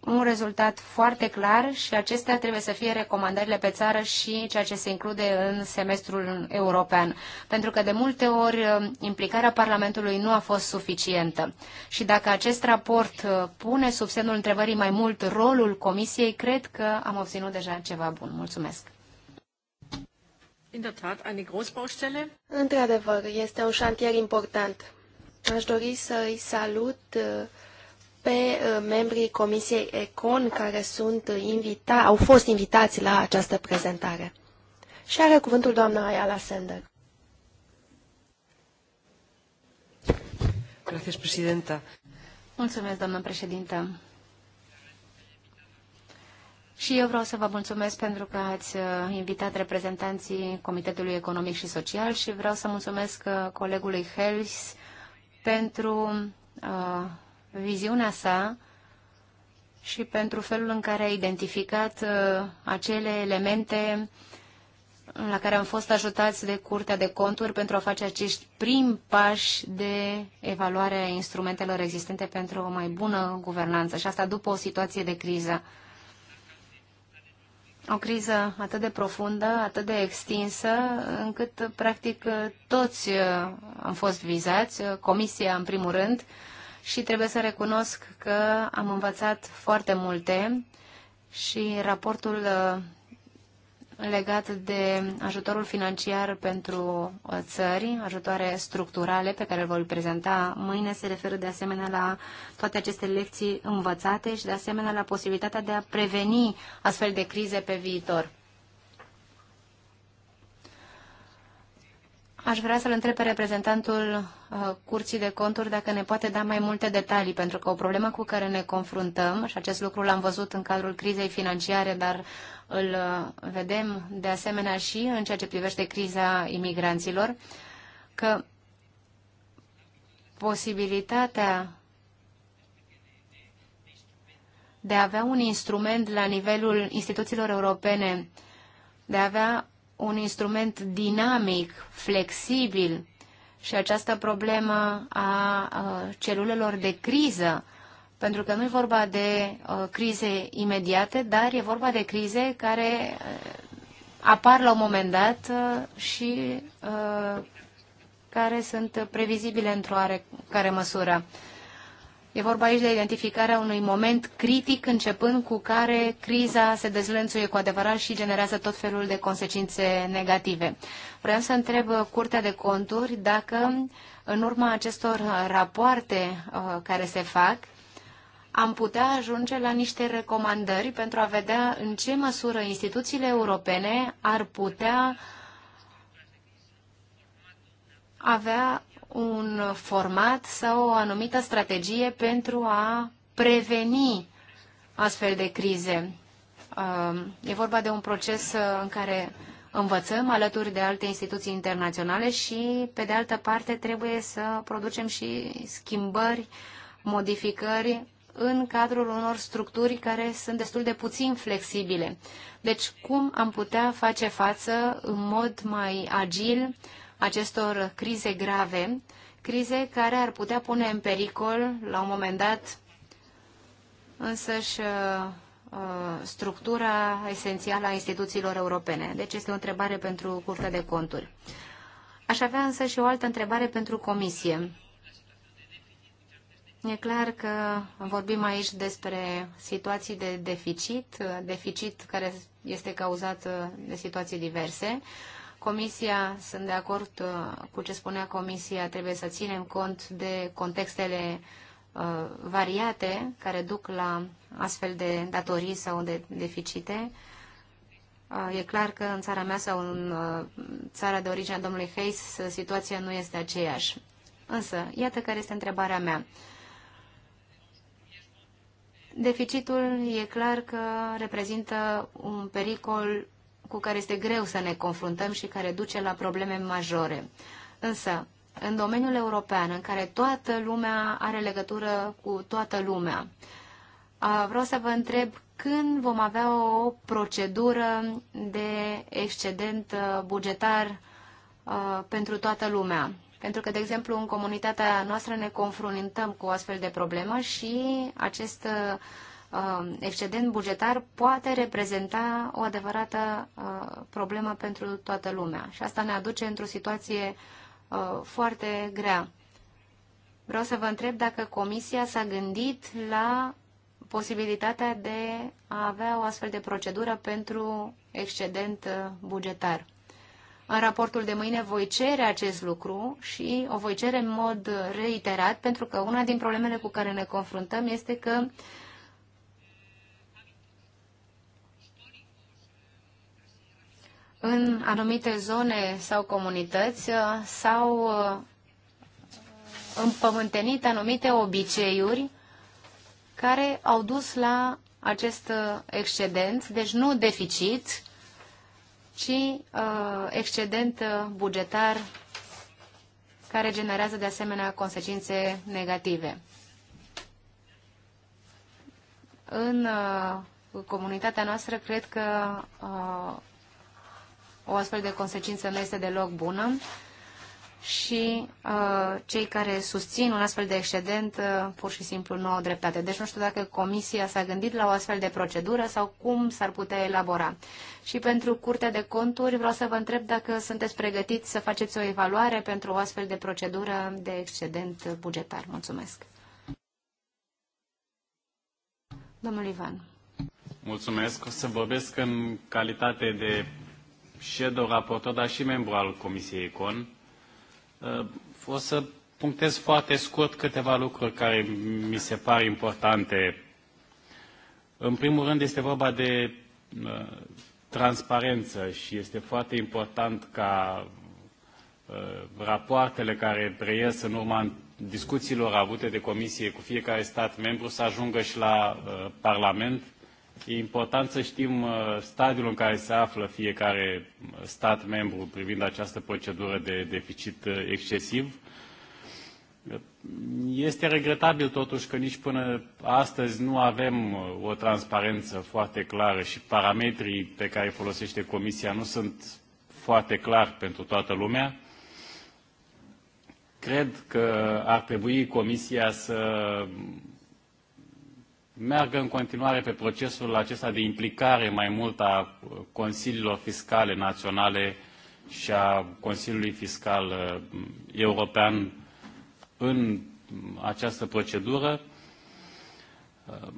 un rezultat foarte clar și acestea trebuie să fie recomandările pe țară și ceea ce se include în semestrul european. Pentru că de multe ori um, implicarea Parlamentului nu a fost suficientă. Și dacă acest raport uh, pune sub semnul întrebării mai mult rolul Comisiei, cred că am obținut deja ceva bun. Mulțumesc! Într-adevăr, este un șantier important. Aș dori să i salut uh, pe uh, membrii Comisiei Econ care sunt invita au fost invitați la această prezentare. Și are cuvântul doamna Ayala Sender. Gracias, presidenta. Mulțumesc, doamnă președintă. Și eu vreau să vă mulțumesc pentru că ați uh, invitat reprezentanții Comitetului Economic și Social și vreau să mulțumesc uh, colegului Hels pentru uh, viziunea sa și pentru felul în care a identificat uh, acele elemente la care am fost ajutați de Curtea de Conturi pentru a face acești prim pași de evaluare a instrumentelor existente pentru o mai bună guvernanță și asta după o situație de criză. O criză atât de profundă, atât de extinsă, încât practic toți uh, am fost vizați, uh, Comisia în primul rând, și trebuie să recunosc că am învățat foarte multe și raportul uh, legat de ajutorul financiar pentru uh, țări, ajutoare structurale pe care îl voi prezenta mâine, se referă de asemenea la toate aceste lecții învățate și de asemenea la posibilitatea de a preveni astfel de crize pe viitor. Aș vrea să-l întreb pe reprezentantul Uh, curții de Conturi dacă ne poate da mai multe detalii, pentru că o problemă cu care ne confruntăm, și acest lucru l-am văzut în cadrul crizei financiare, dar îl uh, vedem de asemenea și în ceea ce privește criza imigranților, că posibilitatea de a avea un instrument la nivelul instituțiilor europene, de a avea un instrument dinamic, flexibil, și această problemă a celulelor de criză, pentru că nu e vorba de crize imediate, dar e vorba de crize care apar la un moment dat și care sunt previzibile într-o oarecare măsură. E vorba aici de identificarea unui moment critic începând cu care criza se dezlănțuie cu adevărat și generează tot felul de consecințe negative. Vreau să întreb uh, Curtea de Conturi dacă în urma acestor uh, rapoarte uh, care se fac am putea ajunge la niște recomandări pentru a vedea în ce măsură instituțiile europene ar putea avea un format sau o anumită strategie pentru a preveni astfel de crize. Um, e vorba de un proces uh, în care învățăm alături de alte instituții internaționale și, pe de altă parte, trebuie să producem și schimbări, modificări în cadrul unor structuri care sunt destul de puțin flexibile. Deci, cum am putea face față în mod mai agil acestor crize grave, crize care ar putea pune în pericol, la un moment dat, însăși uh, structura esențială a instituțiilor europene. Deci este o întrebare pentru Curtea de Conturi. Aș avea însă și o altă întrebare pentru Comisie. E clar că vorbim aici despre situații de deficit, deficit care este cauzat de situații diverse. Uh, Comisia, sunt de acord uh, cu ce spunea Comisia, trebuie să ținem cont de contextele uh, variate care duc la astfel de datorii sau de deficite. Uh, e clar că în țara mea sau în țara de origine a domnului Hayes situația nu este aceeași. Însă, iată care este întrebarea mea. Deficitul e clar că reprezintă un pericol cu care este greu să ne confruntăm și care duce la probleme majore. Însă, în domeniul european, în care toată lumea are legătură cu toată lumea, vreau să vă întreb când vom avea o procedură de excedent bugetar pentru toată lumea. Pentru că, de exemplu, în comunitatea noastră ne confruntăm cu o astfel de problemă și acest uh, Um, excedent bugetar poate reprezenta o adevărată uh, problemă pentru toată lumea. Și asta ne aduce într-o situație uh, foarte grea. Vreau să vă întreb dacă Comisia s-a gândit la posibilitatea de a avea o astfel de procedură pentru excedent uh, bugetar. În raportul de mâine voi cere acest lucru și o voi cere în mod reiterat, pentru că una din problemele cu care ne confruntăm este că uh, în anumite zone sau comunități uh, s-au uh, împământenit anumite obiceiuri care au dus la acest uh, excedent, deci nu deficit, ci excedent bugetar care generează de asemenea consecințe negative. În comunitatea noastră cred că o astfel de consecință nu este deloc bună și uh, cei care susțin un astfel de excedent uh, pur și simplu nu au dreptate. Deci nu știu dacă comisia s-a gândit la o astfel de procedură sau cum s-ar putea elabora. Și pentru Curtea de Conturi vreau să vă întreb dacă sunteți pregătiți să faceți o evaluare pentru o astfel de procedură de excedent bugetar. Mulțumesc. Domnul Ivan. Mulțumesc. O să vorbesc în calitate de shadow raportor, dar și membru al Comisiei Econ. Uh, o să punctez foarte scurt câteva lucruri care mi se par importante. În primul rând este vorba de uh, transparență și este foarte important ca uh, rapoartele care preies în urma discuțiilor avute de comisie cu fiecare stat membru să ajungă și la Parlament E important să știm uh, stadiul în care se află fiecare uh, stat membru privind această procedură de deficit uh, excesiv. Este regretabil totuși că nici până astăzi nu avem o transparență foarte clară și parametrii pe care îi folosește Comisia nu sunt foarte clar pentru toată lumea. Cred că ar trebui Comisia să meargă în continuare pe procesul acesta de implicare mai mult a Consiliilor Fiscale Naționale și a Consiliului Fiscal uh, European în această procedură. Uh,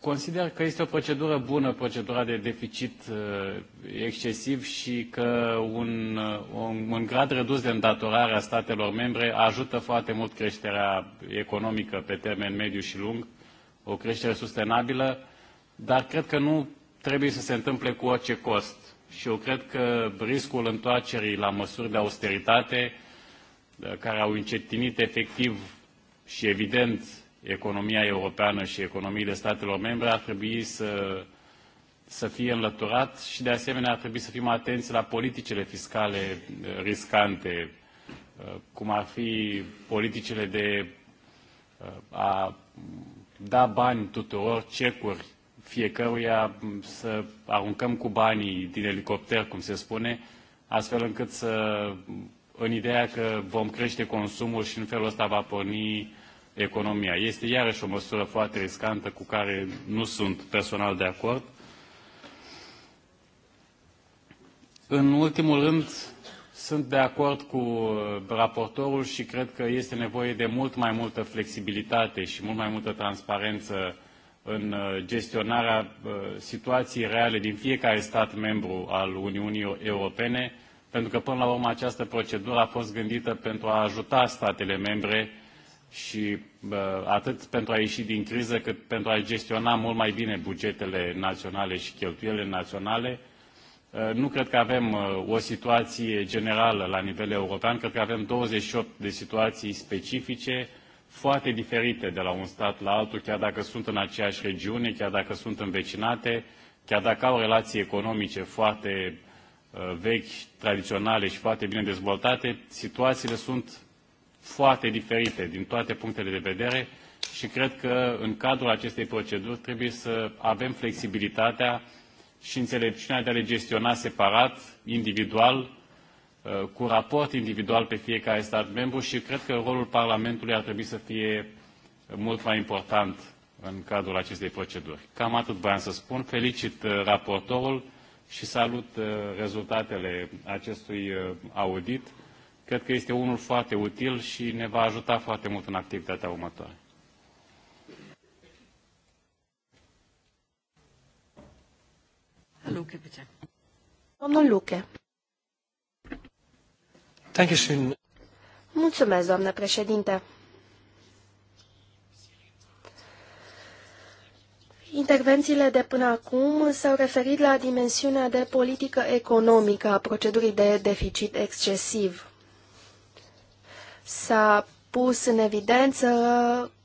Consider că este o procedură bună, procedura de deficit uh, excesiv și că un, uh, un, un grad redus de îndatorare a statelor membre ajută foarte mult creșterea economică pe termen mediu și lung, o creștere sustenabilă, dar cred că nu trebuie să se întâmple cu orice cost. Și eu cred că riscul întoarcerii la măsuri de austeritate, uh, care au încetinit efectiv și evident economia europeană și economiile statelor membre ar trebui să, să fie înlăturat și de asemenea ar trebui să fim atenți la politicile fiscale uh, riscante, uh, cum ar fi politicile de uh, a da bani tuturor, cecuri, fiecăruia mm, să aruncăm cu banii din elicopter, cum se spune, astfel încât să, mm, în ideea că vom crește consumul și în felul ăsta va porni economia. Este iarăși o măsură foarte riscantă cu care nu sunt personal de acord. În ultimul rând, sunt de acord cu uh, raportorul și cred că este nevoie de mult mai multă flexibilitate și mult mai multă transparență în uh, gestionarea uh, situației reale din fiecare stat membru al Uniunii Europene, pentru că până la urmă această procedură a fost gândită pentru a ajuta statele membre și atât pentru a ieși din criză, cât pentru a gestiona mult mai bine bugetele naționale și cheltuielile naționale. Nu cred că avem o situație generală la nivel european, cred că avem 28 de situații specifice, foarte diferite de la un stat la altul, chiar dacă sunt în aceeași regiune, chiar dacă sunt învecinate, chiar dacă au relații economice foarte vechi, tradiționale și foarte bine dezvoltate, situațiile sunt foarte diferite din toate punctele de vedere și cred că în cadrul acestei proceduri trebuie să avem flexibilitatea și înțelepciunea de a le gestiona separat, individual, uh, cu raport individual pe fiecare stat membru și cred că rolul Parlamentului ar trebui să fie mult mai important în cadrul acestei proceduri. Cam atât voiam să spun. Felicit uh, raportorul și salut uh, rezultatele acestui audit cred că este unul foarte util și ne va ajuta foarte mult în activitatea următoare. Domnul Luche. you, Mulțumesc, doamnă președinte. Intervențiile de până acum s-au referit la dimensiunea de politică economică a procedurii de deficit excesiv. S-a pus în evidență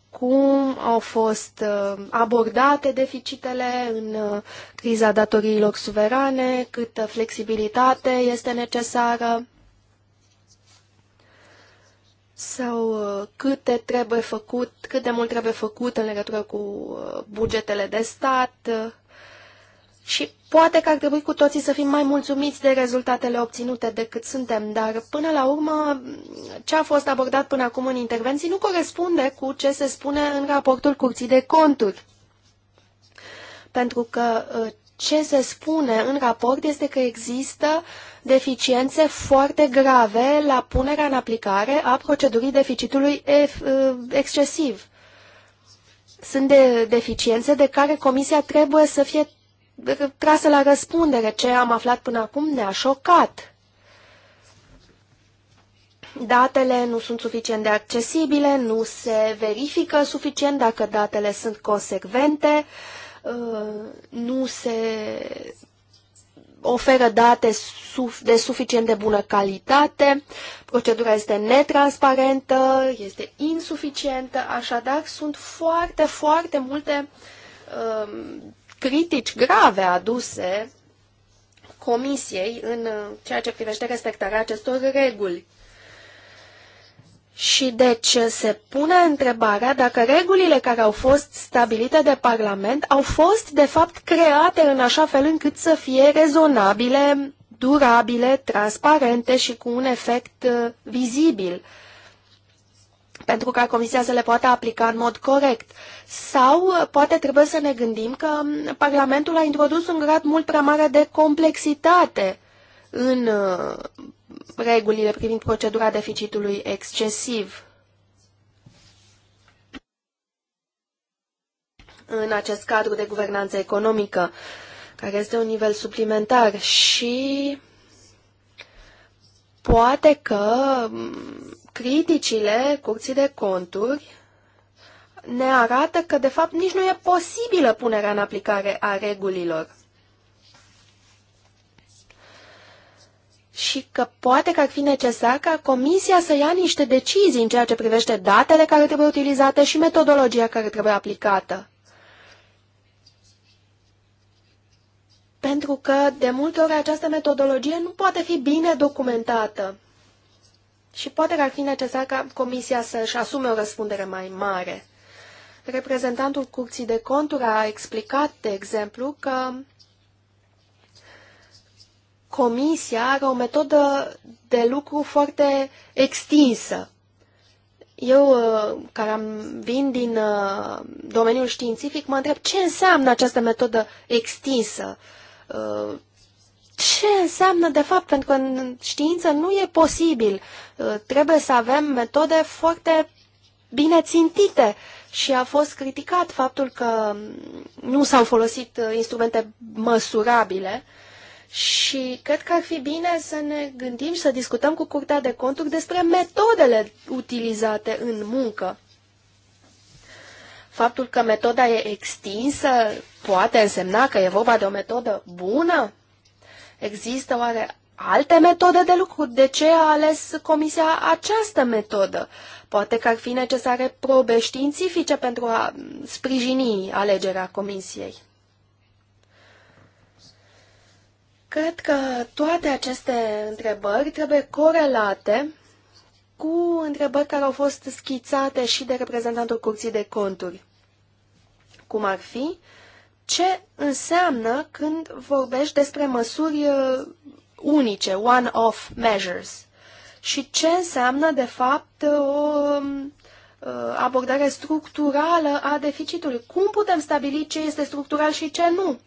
cum au fost uh, abordate deficitele în uh, criza datoriilor suverane, câtă flexibilitate este necesară sau uh, câte trebuie făcut, cât de mult trebuie făcut în legătură cu bugetele de stat, și poate că ar trebui cu toții să fim mai mulțumiți de rezultatele obținute decât suntem, dar până la urmă ce a fost abordat până acum în intervenții nu corespunde cu ce se spune în raportul Curții de Conturi. Pentru că ă, ce se spune în raport este că există deficiențe foarte grave la punerea în aplicare a procedurii deficitului ă, excesiv sunt de deficiențe de care Comisia trebuie să fie trasă la răspundere. Ce am aflat până acum ne-a șocat. Datele nu sunt suficient de accesibile, nu se verifică suficient dacă datele sunt consecvente, uh, nu se oferă date de suficient de bună calitate, procedura este netransparentă, este insuficientă, așadar sunt foarte, foarte multe uh, critici grave aduse Comisiei în ceea ce privește respectarea acestor reguli. Și deci se pune întrebarea dacă regulile care au fost stabilite de Parlament au fost de fapt create în așa fel încât să fie rezonabile, durabile, transparente și cu un efect uh, vizibil pentru ca Comisia să le poată aplica în mod corect. Sau uh, poate trebuie să ne gândim că um, Parlamentul a introdus un grad mult prea mare de complexitate în uh, regulile privind procedura deficitului excesiv. în acest cadru de guvernanță economică, care este un nivel suplimentar și poate că um, criticile curții de conturi ne arată că, de fapt, nici nu e posibilă punerea în aplicare a regulilor. și că poate că ar fi necesar ca Comisia să ia niște decizii în ceea ce privește datele care trebuie utilizate și metodologia care trebuie aplicată. Pentru că, de multe ori, această metodologie nu poate fi bine documentată. Și poate că ar fi necesar ca Comisia să-și asume o răspundere mai mare. Reprezentantul Curții de Conturi a explicat, de exemplu, că Comisia are o metodă de lucru foarte extinsă. Eu, uh, care am, vin din uh, domeniul științific, mă întreb ce înseamnă această metodă extinsă uh, ce înseamnă de fapt, pentru că în știință nu e posibil. Uh, trebuie să avem metode foarte bine țintite și a fost criticat faptul că nu s-au folosit uh, instrumente măsurabile și cred că ar fi bine să ne gândim și să discutăm cu Curtea de Conturi despre metodele utilizate în muncă. Faptul că metoda e extinsă poate însemna că e vorba de o metodă bună? Există oare alte metode de lucru? De ce a ales Comisia această metodă? Poate că ar fi necesare probe științifice pentru a sprijini alegerea Comisiei. Cred că toate aceste întrebări trebuie corelate cu întrebări care au fost schițate și de reprezentantul Curții de Conturi. Cum ar fi ce înseamnă când vorbești despre măsuri uh, unice, one-off measures, și ce înseamnă, de fapt, o um, uh, abordare structurală a deficitului. Cum putem stabili ce este structural și ce nu?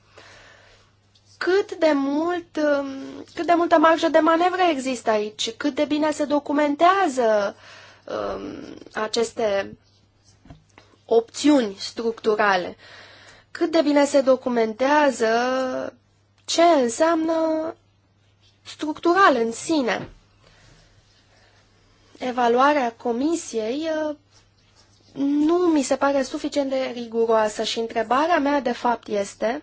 Cât de, mult, um, cât de multă marjă de manevră există aici? Cât de bine se documentează um, aceste opțiuni structurale? Uh, cât de bine se documentează ce înseamnă structural în sine. Evaluarea comisiei nu mi se pare suficient de riguroasă și întrebarea mea de fapt este,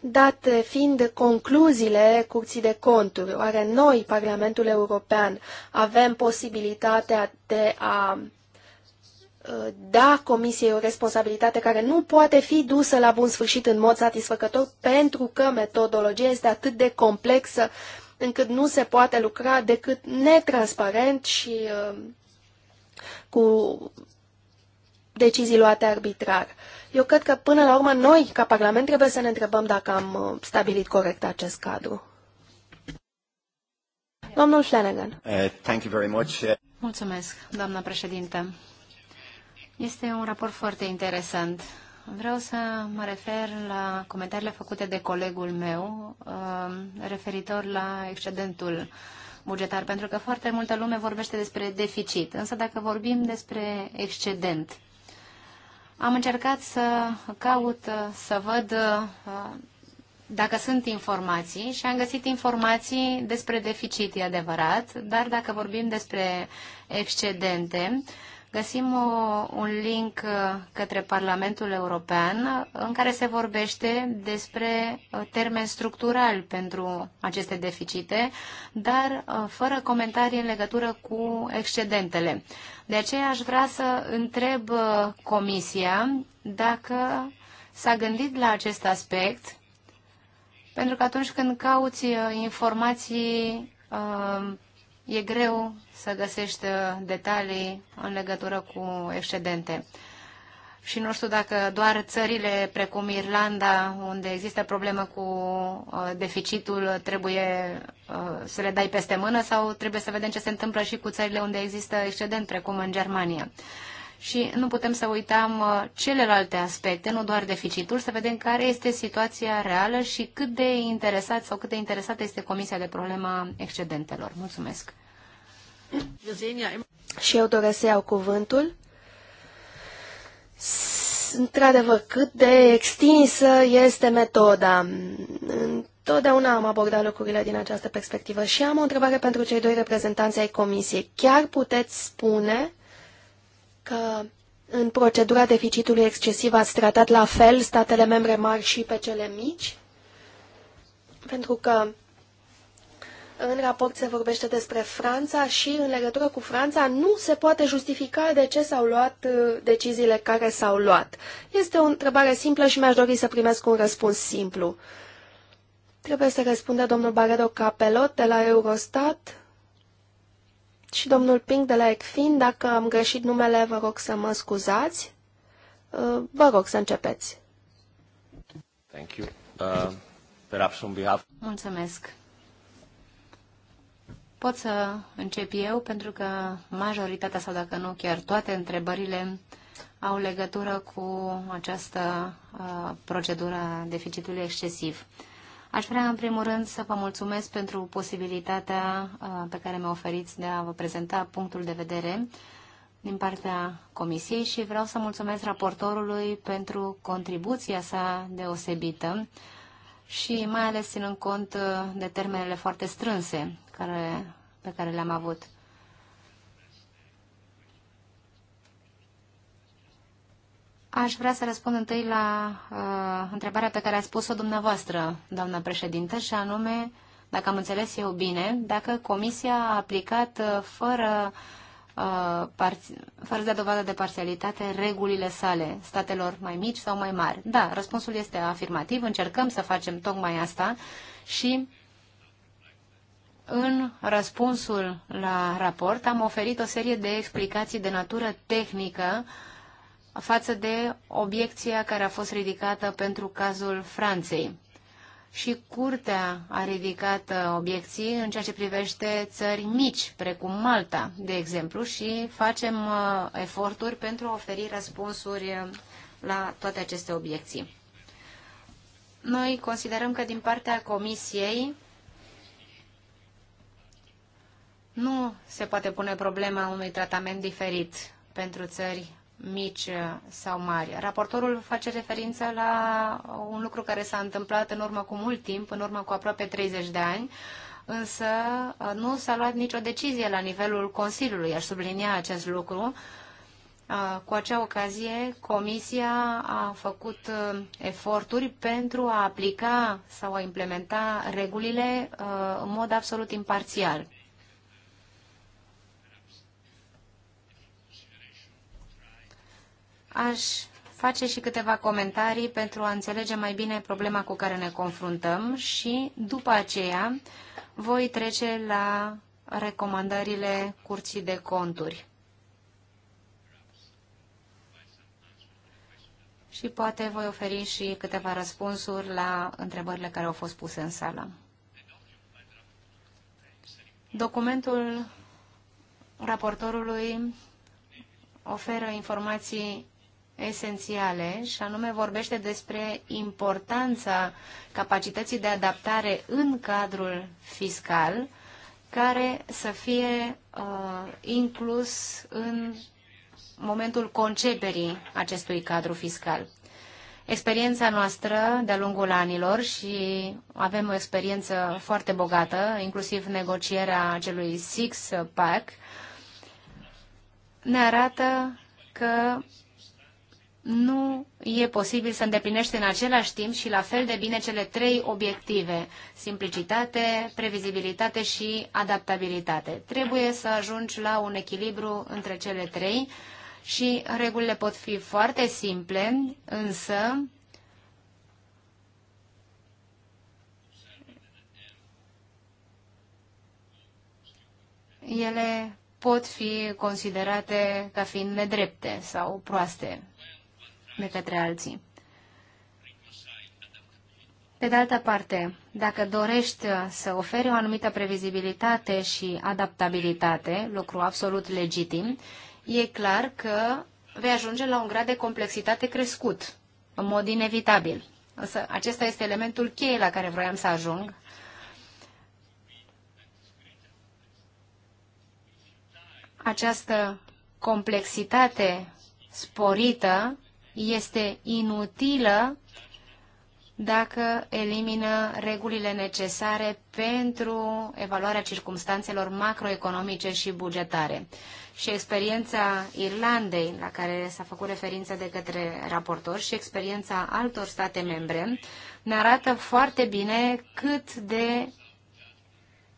dat fiind concluziile Curții de Conturi, oare noi, Parlamentul European, avem posibilitatea de a da Comisiei o responsabilitate care nu poate fi dusă la bun sfârșit în mod satisfăcător pentru că metodologia este atât de complexă încât nu se poate lucra decât netransparent și uh, cu decizii luate arbitrar. Eu cred că până la urmă noi, ca Parlament, trebuie să ne întrebăm dacă am uh, stabilit corect acest cadru. Domnul Flanagan. Uh, Mulțumesc, doamna președinte. Este un raport foarte interesant. Vreau să mă refer la comentariile făcute de colegul meu um, referitor la excedentul bugetar, pentru că foarte multă lume vorbește despre deficit. Însă dacă vorbim despre excedent, am încercat să caut, să văd uh, dacă sunt informații și am găsit informații despre deficit, e adevărat, dar dacă vorbim despre excedente, uh, găsim o, uh, un link uh, către Parlamentul European uh, în care se vorbește despre termen structural pentru aceste deficite, dar fără comentarii în legătură cu excedentele. De aceea aș vrea să întreb Comisia dacă s-a gândit la acest aspect, pentru că atunci când cauți informații e greu să găsești uh, detalii în legătură cu excedente. Și nu știu dacă doar țările precum Irlanda, unde există problemă cu uh, deficitul, trebuie uh, să le dai peste mână sau trebuie să vedem ce se întâmplă și cu țările unde există excedent, precum în Germania și nu putem să uităm uh, celelalte aspecte, nu doar deficitul, să vedem care este situația reală și cât de interesat sau cât de interesată este Comisia de problema excedentelor. Mulțumesc! Și eu doresc să iau cuvântul. Într-adevăr, cât de extinsă este metoda. Totdeauna am abordat lucrurile din această perspectivă și am o întrebare pentru cei doi reprezentanți ai Comisiei. Chiar puteți spune că în procedura deficitului excesiv ați tratat la fel statele membre mari și pe cele mici? Pentru că în raport se vorbește despre Franța și în legătură cu Franța nu se poate justifica de ce s-au luat uh, deciziile care s-au luat. Este o întrebare simplă și mi-aș dori să primesc un răspuns simplu. Trebuie să răspundă domnul Baredo Capelot de la Eurostat și domnul Pink de la ECFIN. Dacă am greșit numele, vă rog să mă scuzați. Uh, vă rog să începeți. Thank you. Uh, perhaps on behalf... Mulțumesc. Pot să încep eu, pentru că majoritatea, sau dacă nu chiar toate întrebările, au legătură cu această uh, procedură a deficitului excesiv. Uh, Aș vrea, în primul rând, să vă mulțumesc pentru posibilitatea uh, pe care mi-o oferiți de a vă prezenta punctul de vedere din partea Comisiei și vreau să mulțumesc raportorului pentru contribuția sa deosebită și mai ales ținând cont uh, de termenele foarte strânse care, pe care le-am avut. Aș vrea să răspund întâi la uh, întrebarea pe care a spus-o dumneavoastră, doamna președintă, și anume, dacă am înțeles eu bine, dacă Comisia a aplicat uh, fără, uh, parți, fără de dovadă de parțialitate regulile sale statelor mai mici sau mai mari. Da, răspunsul este afirmativ, încercăm să facem tocmai asta și în răspunsul la raport am oferit o serie de explicații de natură tehnică uh, față de obiecția care a fost ridicată pentru cazul Franței. Și curtea a ridicat uh, obiecții în ceea ce privește țări mici, precum Malta, de exemplu, și facem uh, eforturi pentru a oferi răspunsuri uh, la toate aceste obiecții. Noi considerăm că din partea Comisiei nu se poate pune problema unui tratament diferit pentru țări mici uh, sau mari. Raportorul face referință la un lucru care s-a întâmplat în urmă cu mult timp, în urmă cu aproape 30 de ani, însă uh, nu s-a luat nicio decizie la nivelul Consiliului, aș sublinia acest lucru. Uh, cu acea ocazie, Comisia a făcut eforturi pentru a aplica sau a implementa regulile în mod absolut imparțial. aș face și câteva comentarii pentru a înțelege mai bine problema cu care ne confruntăm și, după aceea, voi trece la recomandările curții de conturi. Și poate voi oferi și câteva răspunsuri la întrebările care au fost puse în sală. Documentul raportorului oferă informații esențiale și anume vorbește despre importanța capacității de adaptare în cadrul fiscal care să fie uh, inclus în momentul conceperii acestui cadru fiscal. Experiența noastră de-a lungul anilor și avem o experiență foarte bogată, inclusiv negocierea acelui six-pack, ne arată că nu e posibil să îndeplinești în același timp și la fel de bine cele trei obiective, simplicitate, previzibilitate și adaptabilitate. Trebuie să ajungi la un echilibru între cele trei și regulile pot fi foarte simple, însă ele pot fi considerate ca fiind nedrepte sau proaste de către alții. Pe de altă parte, dacă dorești să oferi o anumită previzibilitate și adaptabilitate, lucru absolut legitim, e clar că vei ajunge la un grad de complexitate crescut, în mod inevitabil. Însă acesta este elementul cheie la care vroiam să ajung. Această complexitate sporită este inutilă dacă elimină regulile necesare pentru evaluarea circumstanțelor macroeconomice și bugetare. Și experiența Irlandei, la care s-a făcut referință de către raportor, și experiența altor state membre, ne arată foarte bine cât de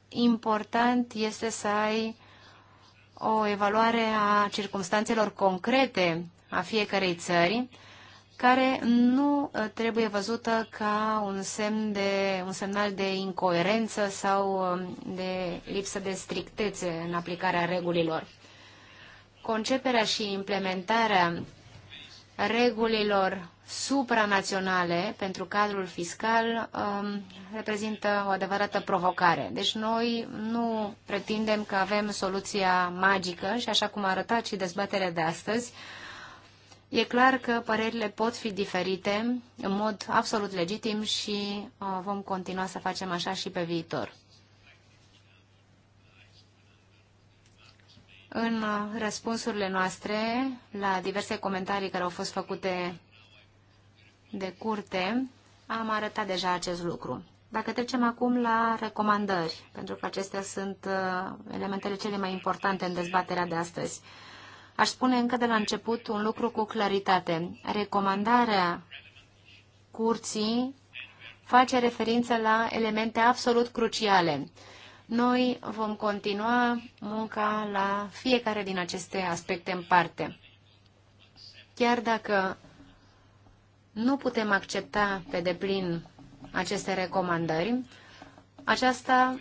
important este să ai o evaluare a circumstanțelor concrete a fiecarei țări, care nu ă, trebuie văzută ca un, semn de, un semnal de incoerență sau ă, de lipsă de strictețe în aplicarea regulilor. Conceperea și implementarea regulilor supranaționale pentru cadrul fiscal um, reprezintă o adevărată provocare. Deci noi nu pretindem că avem soluția magică și așa cum a arătat și dezbaterea de astăzi, uh, E clar că părerile pot fi diferite în mod absolut legitim și uh, vom continua să facem așa și pe viitor. În uh, răspunsurile noastre la diverse comentarii care au fost făcute de curte, am arătat deja acest lucru. Dacă trecem acum la recomandări, pentru că acestea sunt uh, elementele cele mai importante în dezbaterea de astăzi. Aș spune încă de la început un lucru cu claritate. Recomandarea curții face referință la elemente absolut cruciale. Noi vom continua munca la fiecare din aceste aspecte în parte. Chiar dacă nu putem accepta pe deplin aceste recomandări, aceasta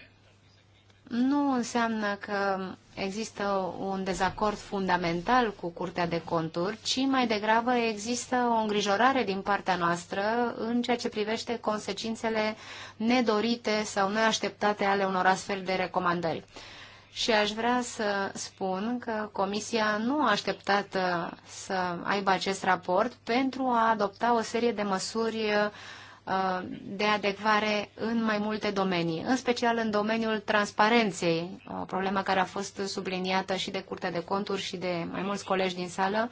nu înseamnă că există un dezacord fundamental cu Curtea de Conturi, ci mai degrabă există o îngrijorare din partea noastră în ceea ce privește consecințele nedorite sau neașteptate ale unor astfel de recomandări. Și aș vrea să spun că Comisia nu a așteptat uh, să aibă acest raport pentru a adopta o serie de măsuri uh, Uh, de adecvare în mai multe domenii, în special în domeniul transparenței, o problemă care a fost subliniată și de Curtea de Conturi și de mai mulți colegi din sală.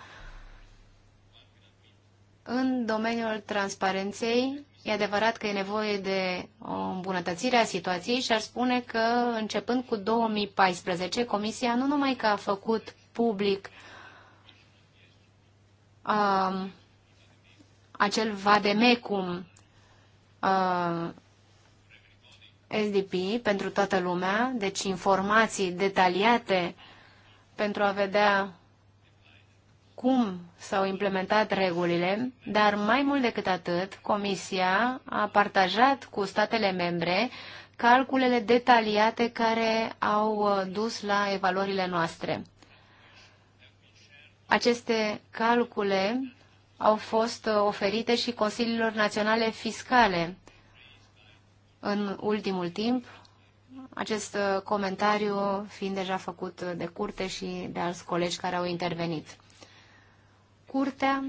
În domeniul transparenței, e adevărat că e nevoie de o îmbunătățire a situației și ar spune că, începând cu 2014, Comisia nu numai că a făcut public um, acel vademecum uh, SDP pentru toată lumea, deci informații detaliate pentru a vedea cum s-au implementat regulile, dar mai mult decât atât, Comisia a partajat cu statele membre calculele detaliate care au uh, dus la evaluările noastre. Aceste calcule au fost uh, oferite și Consiliilor Naționale Fiscale. În ultimul timp, acest uh, comentariu fiind deja făcut de curte și de alți colegi care au intervenit. Curtea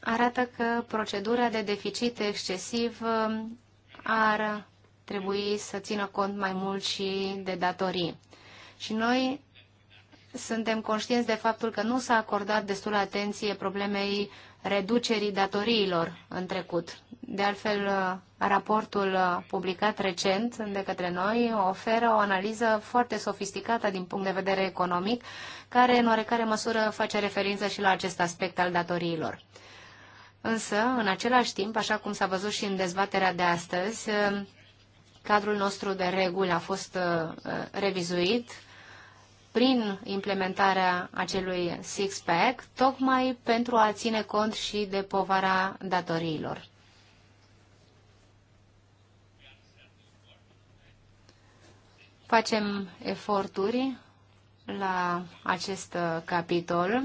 arată că procedura de deficit excesiv um, ar trebui să țină cont mai mult și de datorii. Și noi suntem conștienți de faptul că nu s-a acordat destul atenție problemei reducerii datoriilor în trecut. De altfel, raportul publicat recent de către noi oferă o analiză foarte sofisticată din punct de vedere economic, care în oarecare măsură face referință și la acest aspect al datoriilor. Însă, în același timp, așa cum s-a văzut și în dezbaterea de astăzi, cadrul nostru de reguli a fost uh, revizuit prin implementarea acelui six-pack, tocmai pentru a ține cont și de povara datoriilor. Facem eforturi la acest capitol.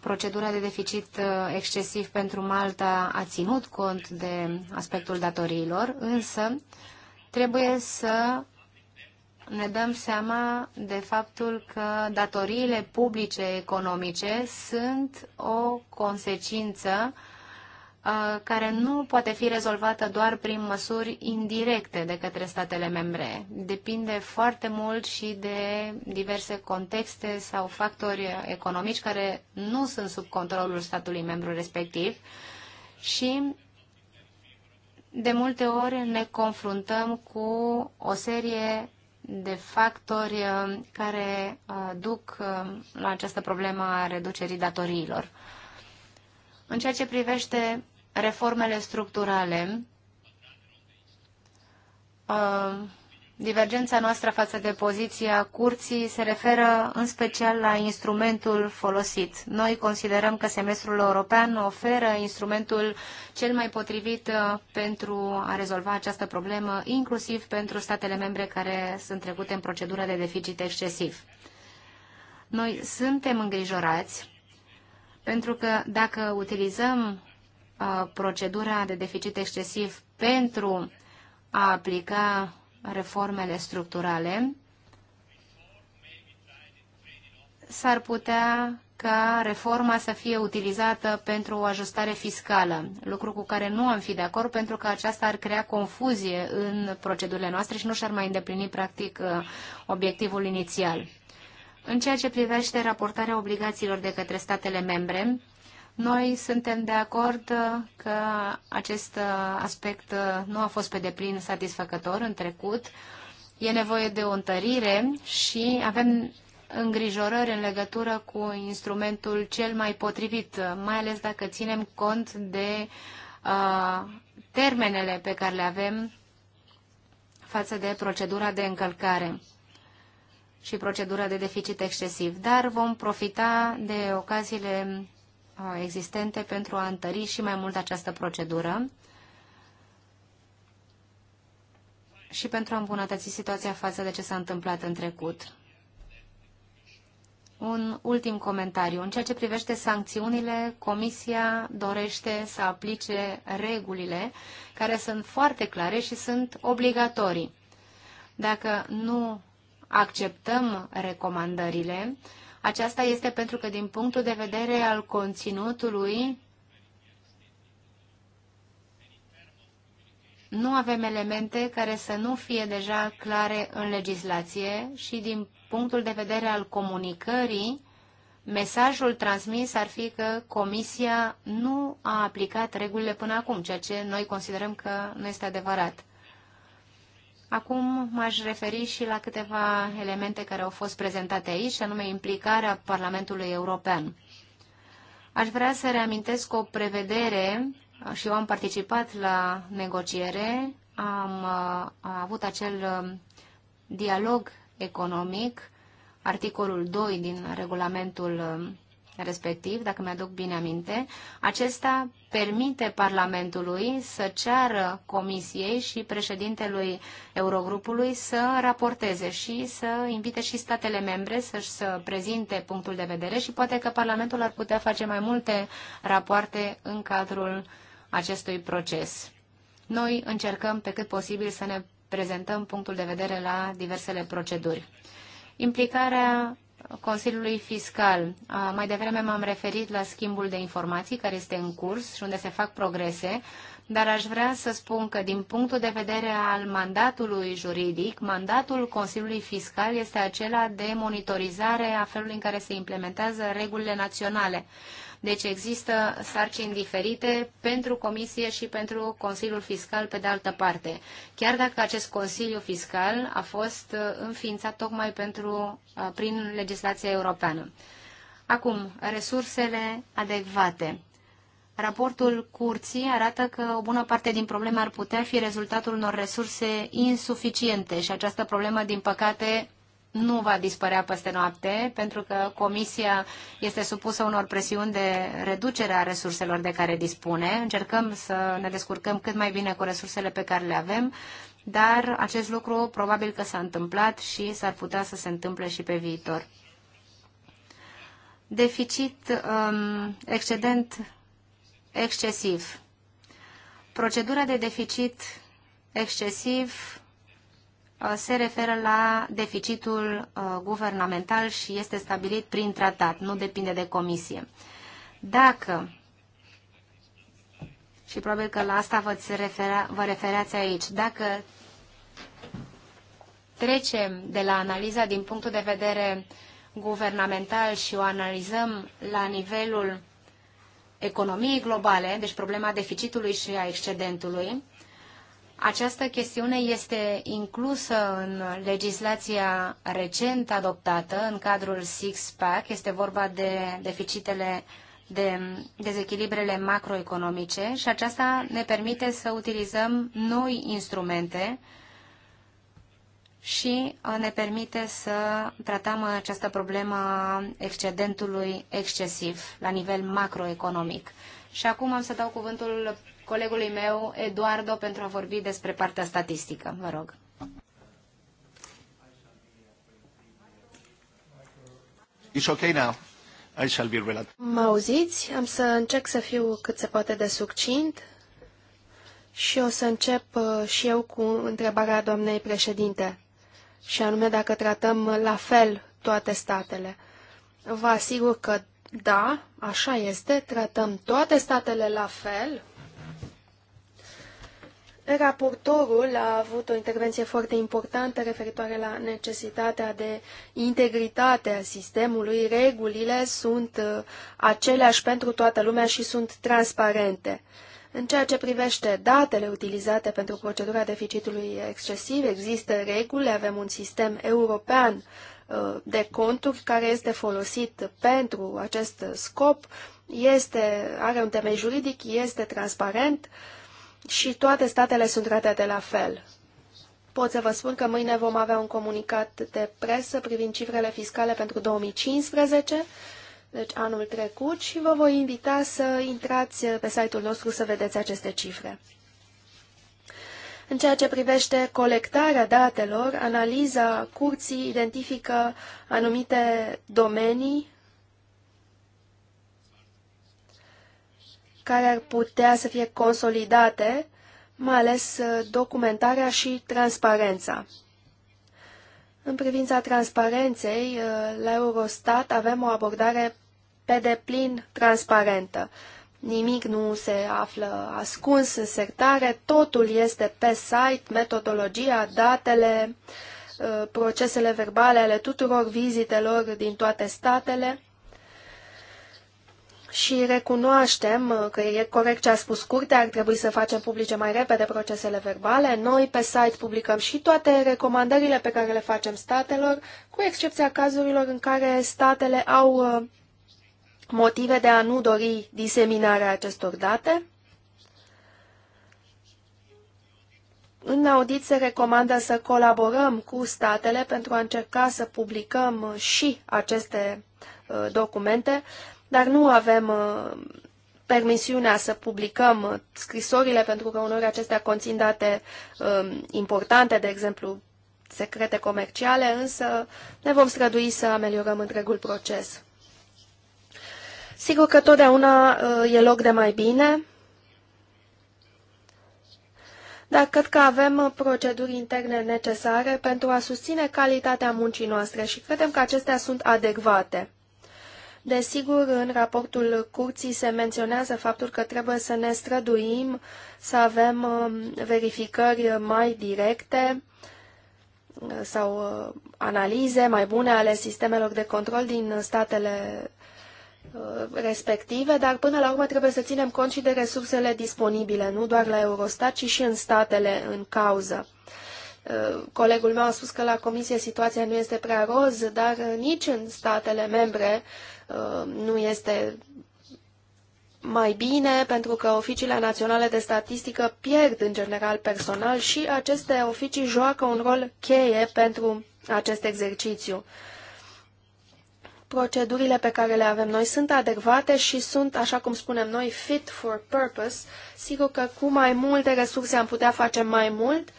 Procedura de deficit excesiv pentru Malta a ținut cont de aspectul datoriilor, însă trebuie să ne dăm seama de faptul că datoriile publice economice sunt o consecință uh, care nu poate fi rezolvată doar prin măsuri indirecte de către statele membre. Depinde foarte mult și de diverse contexte sau factori economici care nu sunt sub controlul statului membru respectiv și de multe ori ne confruntăm cu o serie de factori uh, care uh, duc uh, la această problemă a reducerii datoriilor. În ceea ce privește reformele structurale, Divergența noastră față de poziția curții se referă în special la instrumentul folosit. Noi considerăm că semestrul european oferă instrumentul cel mai potrivit uh, pentru a rezolva această problemă, inclusiv pentru statele membre care sunt trecute în procedură de deficit excesiv. Noi suntem îngrijorați pentru că dacă utilizăm uh, procedura de deficit excesiv pentru a aplica reformele structurale, s-ar putea ca reforma să fie utilizată pentru o ajustare fiscală, lucru cu care nu am fi de acord pentru că aceasta ar crea confuzie în procedurile noastre și nu și-ar mai îndeplini practic uh, obiectivul inițial. În ceea ce privește raportarea obligațiilor de către statele membre, noi suntem de acord uh, că acest uh, aspect uh, nu a fost pe deplin satisfăcător în trecut. E nevoie de o întărire și avem îngrijorări în legătură cu instrumentul cel mai potrivit, mai ales dacă ținem cont de uh, termenele pe care le avem față de procedura de încălcare și procedura de deficit excesiv. Dar vom profita de ocaziile Uh, existente pentru a întări și mai mult această procedură și pentru a îmbunătăți situația față de ce s-a întâmplat în trecut. Un ultim comentariu. În ceea ce privește sancțiunile, Comisia dorește să aplice regulile care sunt foarte clare și sunt obligatorii. Dacă nu acceptăm recomandările, uh, aceasta este pentru că din punctul de vedere al conținutului nu avem elemente care să nu fie deja clare în legislație și din punctul de vedere al comunicării, mesajul transmis ar fi că Comisia nu a aplicat regulile până acum, ceea ce noi considerăm că nu este adevărat. Acum m-aș referi și la câteva elemente care au fost prezentate aici, anume implicarea Parlamentului European. Aș vrea să reamintesc o prevedere și eu am participat la negociere, am a avut acel um, dialog economic, articolul 2 din regulamentul um, respectiv, dacă mi-aduc bine aminte, acesta permite Parlamentului să ceară Comisiei și președintelui Eurogrupului să raporteze și să invite și statele membre să-și să prezinte punctul de vedere și poate că Parlamentul ar putea face mai multe rapoarte în cadrul acestui proces. Noi încercăm pe cât posibil să ne prezentăm punctul de vedere la diversele proceduri. Implicarea Consiliului Fiscal. Mai devreme m-am referit la schimbul de informații care este în curs și unde se fac progrese, dar aș vrea să spun că din punctul de vedere al mandatului juridic, mandatul Consiliului Fiscal este acela de monitorizare a felului în care se implementează regulile naționale. Deci există sarcini diferite pentru Comisie și pentru Consiliul Fiscal pe de altă parte. Chiar dacă acest Consiliu Fiscal a fost uh, înființat tocmai pentru, uh, prin legislația europeană. Acum, resursele adecvate. Raportul curții arată că o bună parte din probleme ar putea fi rezultatul unor resurse insuficiente și această problemă, din păcate, nu va dispărea peste noapte, pentru că Comisia este supusă unor presiuni de reducere a resurselor de care dispune. Încercăm să ne descurcăm cât mai bine cu resursele pe care le avem, dar acest lucru probabil că s-a întâmplat și s-ar putea să se întâmple și pe viitor. Deficit, um, excedent excesiv. Procedura de deficit excesiv Uh, se referă la deficitul uh, guvernamental și este stabilit prin tratat, nu depinde de comisie. Dacă, și probabil că la asta vă, referea, vă referați aici, dacă trecem de la analiza din punctul de vedere guvernamental și o analizăm la nivelul economiei globale, deci problema deficitului și a excedentului, această chestiune este inclusă în legislația recent adoptată în cadrul six-pack. Este vorba de deficitele de dezechilibrele macroeconomice și aceasta ne permite să utilizăm noi instrumente și uh, ne permite să tratăm această problemă a excedentului excesiv la nivel macroeconomic. Și acum am să dau cuvântul colegului meu, Eduardo, pentru a vorbi despre partea statistică. Vă rog. It's okay now. I shall be Mă auziți? Am să încerc să fiu cât se poate de succint și o să încep uh, și eu cu întrebarea doamnei președinte, și anume dacă tratăm uh, la fel toate statele. Vă asigur că da, așa este, tratăm toate statele la fel, Raportorul a avut o intervenție foarte importantă referitoare la necesitatea de integritate a sistemului. Regulile sunt uh, aceleași pentru toată lumea și sunt transparente. În ceea ce privește datele utilizate pentru procedura deficitului excesiv, există reguli, avem un sistem european uh, de conturi care este folosit pentru acest scop, este, are un temei juridic, este transparent, uh, și toate statele sunt tratate la fel. Pot să vă spun că mâine vom avea un comunicat de presă privind cifrele fiscale pentru 2015, deci anul trecut, și vă voi invita să intrați pe site-ul nostru să vedeți aceste cifre. În ceea ce privește colectarea datelor, analiza curții identifică anumite domenii care ar putea să fie consolidate, mai ales uh, documentarea și transparența. În privința transparenței, uh, la Eurostat avem o abordare pe deplin transparentă. Nimic nu se află ascuns în sertare, totul este pe site, metodologia, datele, uh, procesele verbale ale tuturor vizitelor din toate statele și recunoaștem uh, că e corect ce a spus curtea, ar trebui să facem publice mai repede procesele verbale. Noi pe site publicăm și toate recomandările pe care le facem statelor, cu excepția cazurilor în care statele au uh, motive de a nu dori diseminarea acestor date. În audit se recomandă să colaborăm cu statele pentru a încerca să publicăm și aceste uh, documente, dar nu avem uh, permisiunea să publicăm scrisorile, pentru că uneori acestea conțin date um, importante, de exemplu secrete comerciale, însă ne vom strădui să ameliorăm întregul proces. Sigur că totdeauna uh, e loc de mai bine, dar cred că avem proceduri interne necesare pentru a susține calitatea muncii noastre și credem că acestea sunt adecvate. Desigur, în raportul curții se menționează faptul că trebuie să ne străduim, să avem um, verificări mai directe uh, sau uh, analize mai bune ale sistemelor de control din statele uh, respective, dar până la urmă trebuie să ținem cont și de resursele disponibile, nu doar la Eurostat, ci și în statele în cauză. Uh, colegul meu a spus că la Comisie situația nu este prea roz, dar uh, nici în statele membre uh, nu este mai bine, pentru că oficiile naționale de statistică pierd în general personal și aceste oficii joacă un rol cheie pentru acest exercițiu. Procedurile pe care le avem noi sunt adecvate și sunt, așa cum spunem noi, fit for purpose. Sigur că cu mai multe resurse am putea face mai mult, uh,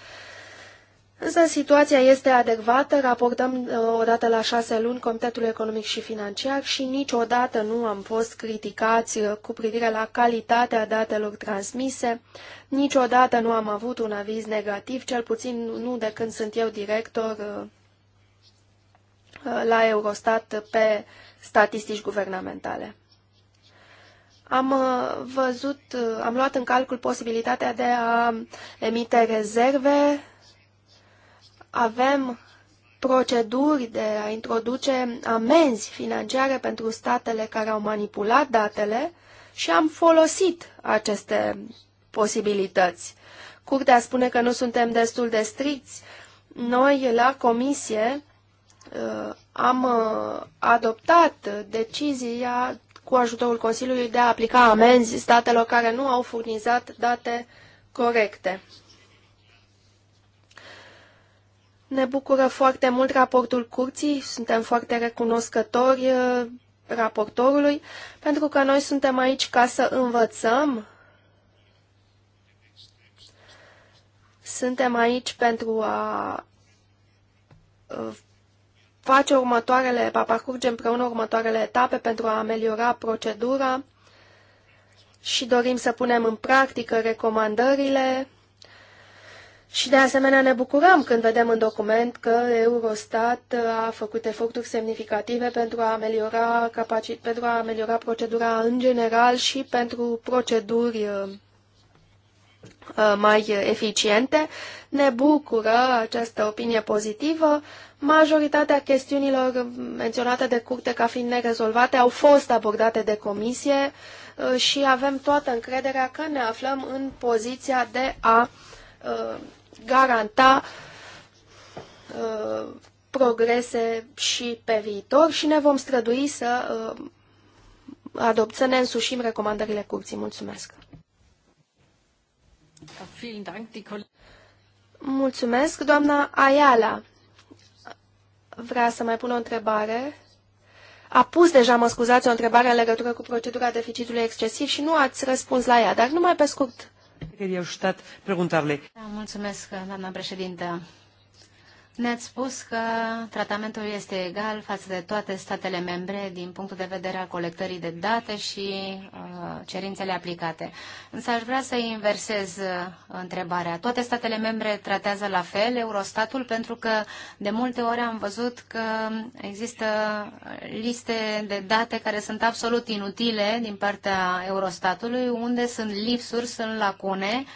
Însă situația este adecvată, raportăm uh, odată la șase luni Comitetul Economic și Financiar și niciodată nu am fost criticați uh, cu privire la calitatea datelor transmise, niciodată nu am avut un aviz negativ, cel puțin nu de când sunt eu director uh, la Eurostat pe statistici guvernamentale. Am văzut, am luat în calcul posibilitatea de a emite rezerve avem proceduri de a introduce amenzi financiare pentru statele care au manipulat datele și am folosit aceste posibilități. Curtea spune că nu suntem destul de stricți. Noi, la comisie, uh, am uh, adoptat decizia cu ajutorul Consiliului de a aplica amenzi statelor care nu au furnizat date corecte. Ne bucură foarte mult raportul curții, suntem foarte recunoscători uh, raportorului, pentru că noi suntem aici ca să învățăm. Suntem aici pentru a uh, face următoarele, a parcurge împreună următoarele etape pentru a ameliora procedura și dorim să punem în practică recomandările și de asemenea ne bucurăm când vedem în document că Eurostat a făcut eforturi semnificative pentru a ameliora, capaci- pentru a ameliora procedura în general și pentru proceduri uh, uh, mai eficiente. Ne bucură această opinie pozitivă. Majoritatea chestiunilor menționate de curte ca fiind nerezolvate au fost abordate de comisie uh, și avem toată încrederea că ne aflăm în poziția de a garanta uh, progrese și pe viitor și ne vom strădui să uh, adopt, să ne însușim recomandările curții. Mulțumesc! Mulțumesc, doamna Ayala. Vrea să mai pun o întrebare. A pus deja, mă scuzați, o întrebare în legătură cu procedura deficitului excesiv și nu ați răspuns la ea, dar numai pe scurt da, mulțumesc, doamna președintă. Ne-ați spus că tratamentul este egal față de toate statele membre din punctul de vedere al colectării de date și uh, cerințele aplicate. Însă aș vrea să inversez uh, întrebarea. Toate statele membre tratează la fel Eurostatul pentru că de multe ori am văzut că există liste de date care sunt absolut inutile din partea Eurostatului, unde sunt lipsuri, sunt lacune. Uh,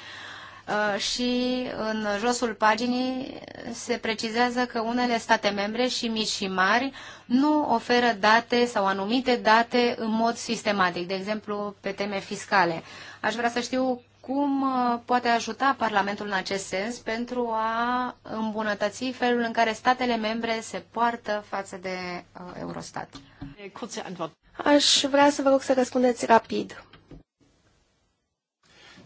Uh, și în josul paginii se precizează că unele state membre și mici și mari nu oferă date sau anumite date în mod sistematic, de exemplu pe teme fiscale. Aș vrea să știu cum uh, poate ajuta Parlamentul în acest sens pentru a îmbunătăți felul în care statele membre se poartă față de uh, Eurostat? Aș vrea să vă rog să răspundeți rapid.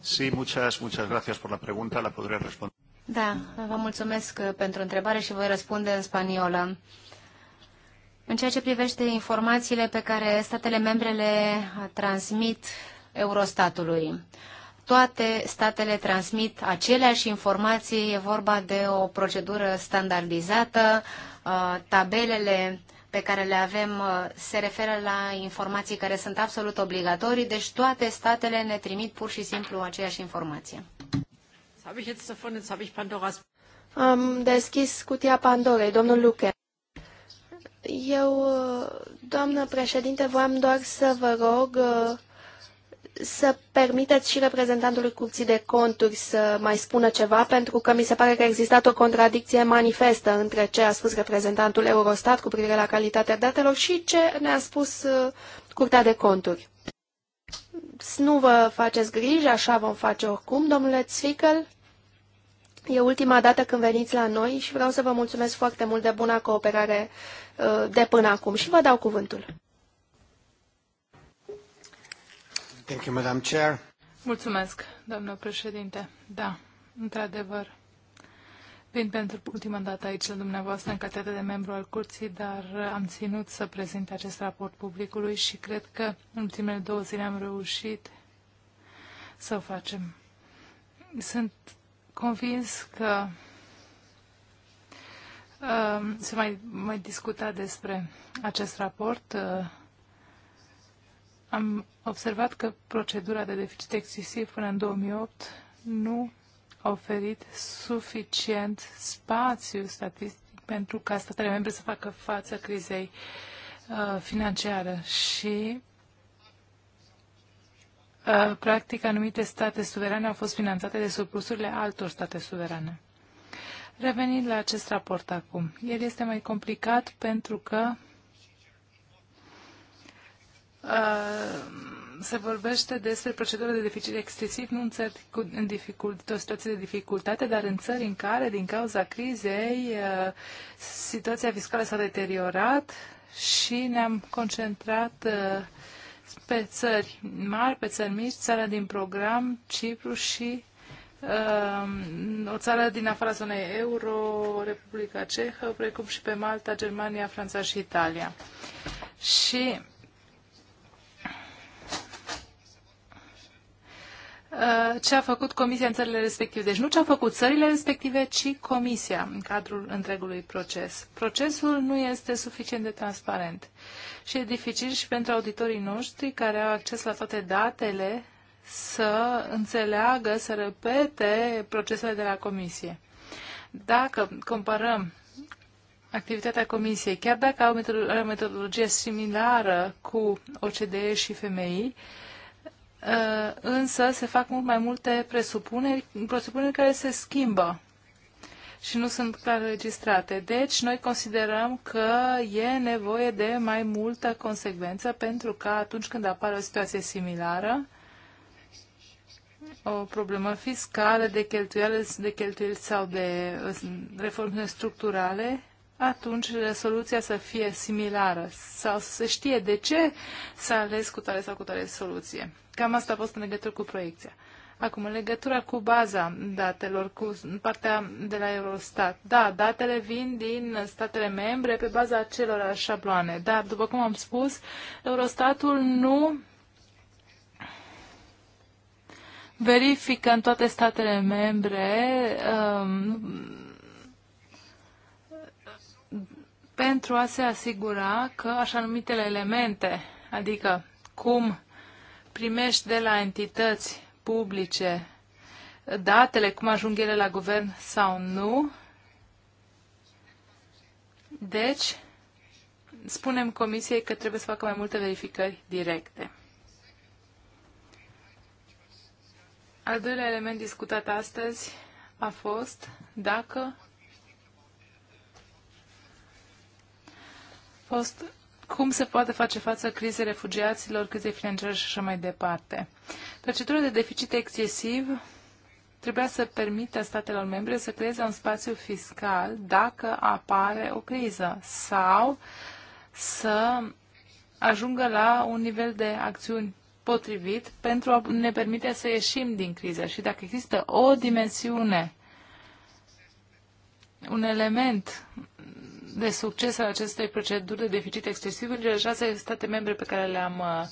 Sí, muchas, muchas gracias por la pregunta. La podré răspunde. Da, vă mulțumesc uh, pentru întrebare și voi răspunde în spaniolă. În ceea ce privește informațiile pe care statele membre le transmit Eurostatului, toate statele transmit aceleași informații, e vorba de o procedură standardizată, uh, tabelele pe care le avem uh, se referă la informații care sunt absolut obligatorii, deci toate statele ne trimit pur și simplu aceeași informație. Am deschis cutia Pandorei, domnul Luche. Eu, uh, doamnă președinte, voiam doar să vă rog uh, să permiteți și reprezentantului Curții de Conturi să mai spună ceva, pentru că mi se pare că a existat o contradicție manifestă între ce a spus reprezentantul Eurostat cu privire la calitatea datelor și ce ne-a spus uh, Curtea de Conturi. Nu vă faceți griji, așa vom face oricum, domnule Zwickel. E ultima dată când veniți la noi și vreau să vă mulțumesc foarte mult de buna cooperare uh, de până acum și vă dau cuvântul. Thank you, Madam Chair. Mulțumesc, doamnă președinte. Da, într-adevăr. Vin pentru ultima dată aici la dumneavoastră în calitate de membru al curții, dar am ținut să prezint acest raport publicului și cred că în ultimele două zile am reușit să o facem. Sunt convins că uh, se mai, mai discuta despre acest raport uh, am observat că procedura de deficit excesiv până în 2008 nu a oferit suficient spațiu statistic pentru ca statele membre să facă față crizei uh, financiară și uh, practic anumite state suverane au fost finanțate de surplusurile altor state suverane. Revenind la acest raport acum, el este mai complicat pentru că Uh, se vorbește despre procedură de deficit excesiv, nu în țări cu, în dificult, o situație de dificultate, dar în țări în care, din cauza crizei, uh, situația fiscală s-a deteriorat și ne-am concentrat uh, pe țări mari, pe țări mici, țara din program, Cipru și o țară din afara zonei euro, Republica Cehă, precum și pe Malta, Germania, Franța și Italia. Și Uh, ce a făcut Comisia în țările respective. Deci nu ce a făcut țările respective, ci Comisia în cadrul întregului proces. Procesul nu este suficient de transparent și e dificil și pentru auditorii noștri care au acces la toate datele să înțeleagă, să repete procesele de la Comisie. Dacă comparăm activitatea Comisiei, chiar dacă au o metodologie similară cu OCDE și FMI, Uh, însă se fac mult mai multe presupuneri, presupuneri care se schimbă și nu sunt clar registrate. Deci, noi considerăm că e nevoie de mai multă consecvență pentru că atunci când apare o situație similară, o problemă fiscală, de cheltuieli, de cheltuieli sau de uh, reforme structurale, atunci soluția să fie similară sau să se știe de ce s-a ales cu tare sau cu tare soluție. Cam asta a fost în legătură cu proiecția. Acum, în legătura cu baza datelor, cu partea de la Eurostat. Da, datele vin din statele membre pe baza acelor șabloane. Dar, după cum am spus, Eurostatul nu verifică în toate statele membre um, pentru a se asigura că așa numitele elemente, adică cum primești de la entități publice datele, cum ajung ele la guvern sau nu. Deci, spunem Comisiei că trebuie să facă mai multe verificări directe. Al doilea element discutat astăzi a fost dacă fost cum se poate face față crizei refugiaților, crizei financiare și așa mai departe. Procedura de deficit excesiv trebuia să permită statelor membre să creeze un spațiu fiscal dacă apare o criză sau să ajungă la un nivel de acțiuni potrivit pentru a ne permite să ieșim din criză. Și dacă există o dimensiune, un element de succes al acestei proceduri de deficit excesiv în cele șase state membre pe care le-am uh,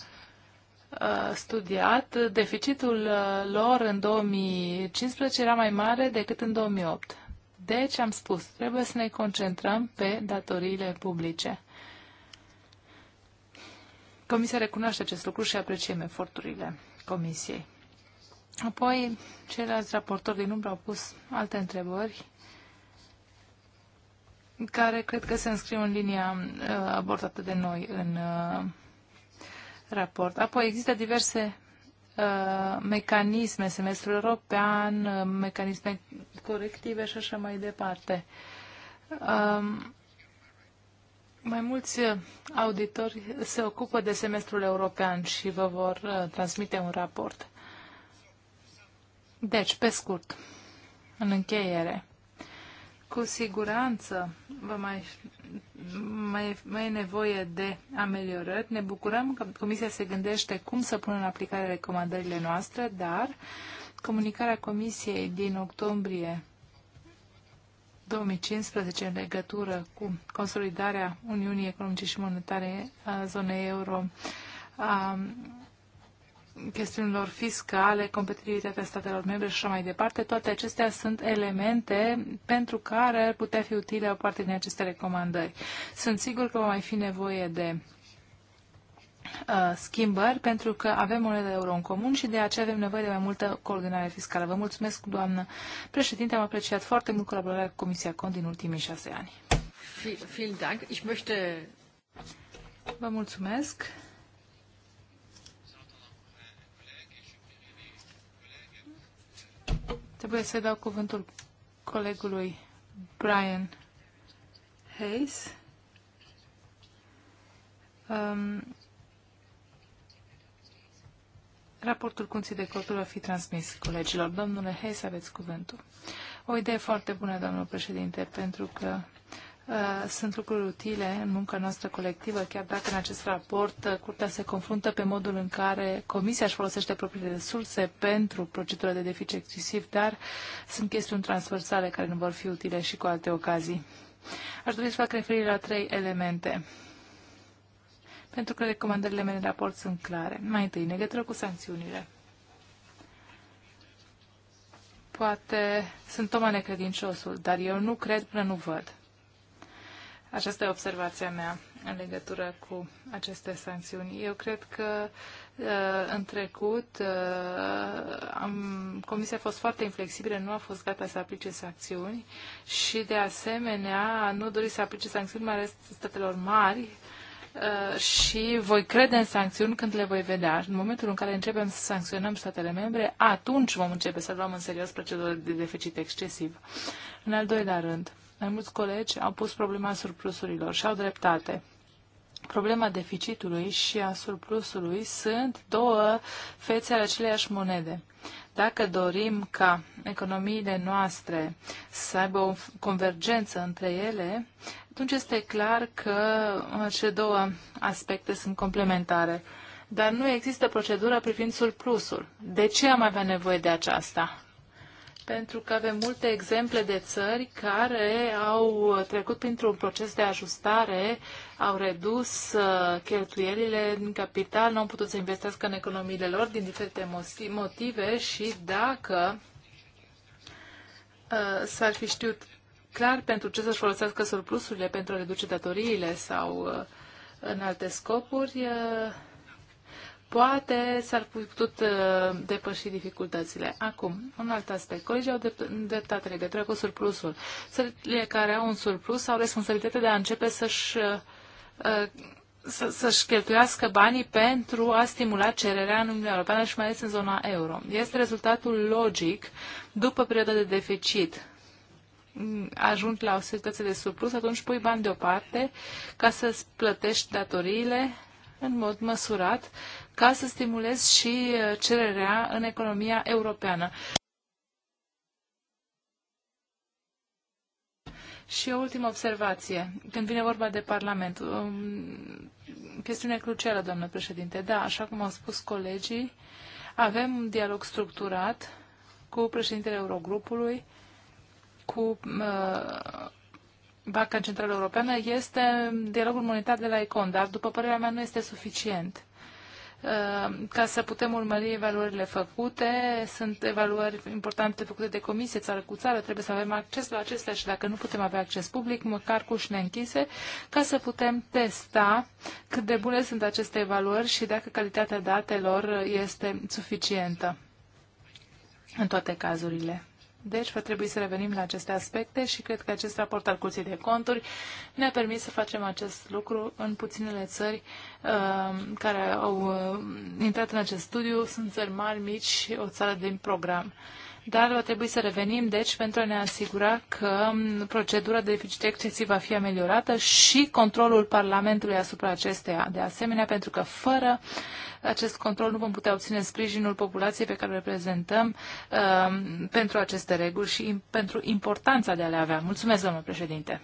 uh, studiat, deficitul uh, lor în 2015 era mai mare decât în 2008. Deci am spus, trebuie să ne concentrăm pe datoriile publice. Comisia recunoaște acest lucru și apreciem eforturile Comisiei. Apoi, ceilalți raportori din umbră au pus alte întrebări care cred că se înscriu în linia uh, abordată de noi în uh, raport. Apoi există diverse uh, mecanisme, semestrul european, mecanisme corective și așa mai departe. Um, mai mulți auditori se ocupă de semestrul european și vă vor transmite un raport. Deci, pe scurt, în încheiere, cu siguranță va mai, mai, mai e nevoie de ameliorări. Ne bucurăm că Comisia se gândește cum să pună în aplicare recomandările noastre, dar comunicarea Comisiei din octombrie 2015 în legătură cu consolidarea Uniunii Economice și Monetare a zonei euro a chestiunilor fiscale, competitivitatea statelor membre și așa mai departe, toate acestea sunt elemente pentru care ar putea fi utile o parte din aceste recomandări. Sunt sigur că va mai fi nevoie de uh, schimbări, pentru că avem moneda euro în comun și de aceea avem nevoie de mai multă coordonare fiscală. Vă mulțumesc, doamnă președinte, am apreciat foarte mult colaborarea cu Comisia Cont din ultimii șase ani. Vielen Dank. Ich möchte... Vă mulțumesc. Trebuie să dau cuvântul colegului Brian Hayes. Um, raportul Cunții de Cotul va fi transmis colegilor. Domnule Hayes, aveți cuvântul. O idee foarte bună, domnul președinte, pentru că Uh, sunt lucruri utile în munca noastră colectivă, chiar dacă în acest raport uh, Curtea se confruntă pe modul în care Comisia își folosește propriile resurse pentru procedura de deficit excesiv, dar sunt chestiuni transversale care nu vor fi utile și cu alte ocazii. Aș dori să fac referire la trei elemente, pentru că recomandările mele în raport sunt clare. Mai întâi, legătură cu sancțiunile. Poate sunt toma necredinciosul, dar eu nu cred până nu văd. Aceasta e observația mea în legătură cu aceste sancțiuni. Eu cred că uh, în trecut uh, am, Comisia a fost foarte inflexibilă, nu a fost gata să aplice sancțiuni și de asemenea nu dori să aplice sancțiuni mai ales statelor mari uh, și voi crede în sancțiuni când le voi vedea. În momentul în care începem să sancționăm statele membre, atunci vom începe să luăm în serios procedurile de deficit excesiv. În al doilea rând, mai mulți colegi au pus problema surplusurilor și au dreptate. Problema deficitului și a surplusului sunt două fețe ale aceleiași monede. Dacă dorim ca economiile noastre să aibă o convergență între ele, atunci este clar că cele două aspecte sunt complementare. Dar nu există procedură privind surplusul. De ce am avea nevoie de aceasta? pentru că avem multe exemple de țări care au trecut printr-un proces de ajustare, au redus uh, cheltuielile din capital, nu au putut să investească în economiile lor din diferite motive și dacă uh, s-ar fi știut clar pentru ce să-și folosească surplusurile pentru a reduce datoriile sau uh, în alte scopuri, poate s-ar putut uh, depăși dificultățile. Acum, un alt aspect. Colegii au dreptate legătură cu surplusul. Țările care au un surplus au responsabilitatea de a începe să-și uh, să-și cheltuiască banii pentru a stimula cererea în Uniunea Europeană și mai ales în zona euro. Este rezultatul logic după perioada de deficit ajungi la o situație de surplus, atunci pui bani deoparte ca să-ți plătești datoriile în mod măsurat ca să stimulez și uh, cererea în economia europeană. Și o ultimă observație, când vine vorba de Parlament. Um, chestiune crucială, doamnă președinte. Da, așa cum au spus colegii, avem un dialog structurat cu președintele Eurogrupului, cu uh, Banca Centrală Europeană. Este dialogul monetar de la ECON, dar, după părerea mea, nu este suficient. Ehm, ca să putem urmări evaluările făcute. Sunt evaluări importante făcute de comisie, țară cu țară, trebuie să avem acces la acestea și dacă nu putem avea acces public, măcar cu ușile închise, ca să putem testa cât de bune sunt aceste evaluări și dacă calitatea datelor este suficientă în toate cazurile. Deci va trebui să revenim la aceste aspecte și cred că acest raport al Curții de Conturi ne-a permis să facem acest lucru în puținele țări uh, care au uh, intrat în acest studiu. Sunt țări mari, mici, o țară din program. Uh, dar va trebui să revenim, deci, pentru a ne asigura că procedura de deficit excesiv va fi ameliorată și controlul Parlamentului asupra acesteia. De asemenea, pentru că fără acest control nu vom putea obține sprijinul populației pe care o reprezentăm uh, pentru aceste reguli și pentru importanța de a le avea. Mulțumesc, domnul președinte!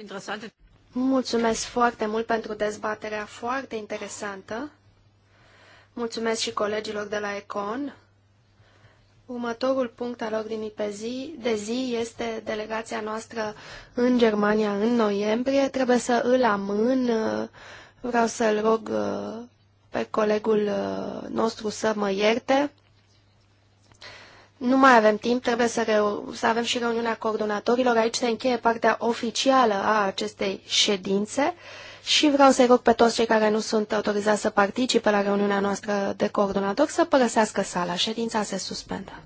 Interesante. Mulțumesc foarte mult pentru dezbaterea foarte interesantă. Mulțumesc și colegilor de la Econ Următorul punct al ordinii pe zi, de zi este delegația noastră în Germania în noiembrie. Trebuie să îl amân. Vreau să-l rog uh, pe colegul uh, nostru să mă ierte. Nu mai avem timp, trebuie să, reu- să avem și reuniunea coordonatorilor. Aici se încheie partea oficială a acestei ședințe și vreau să-i rog pe toți cei care nu sunt autorizați să participe la reuniunea noastră de coordonator să părăsească sala. Ședința se suspendă.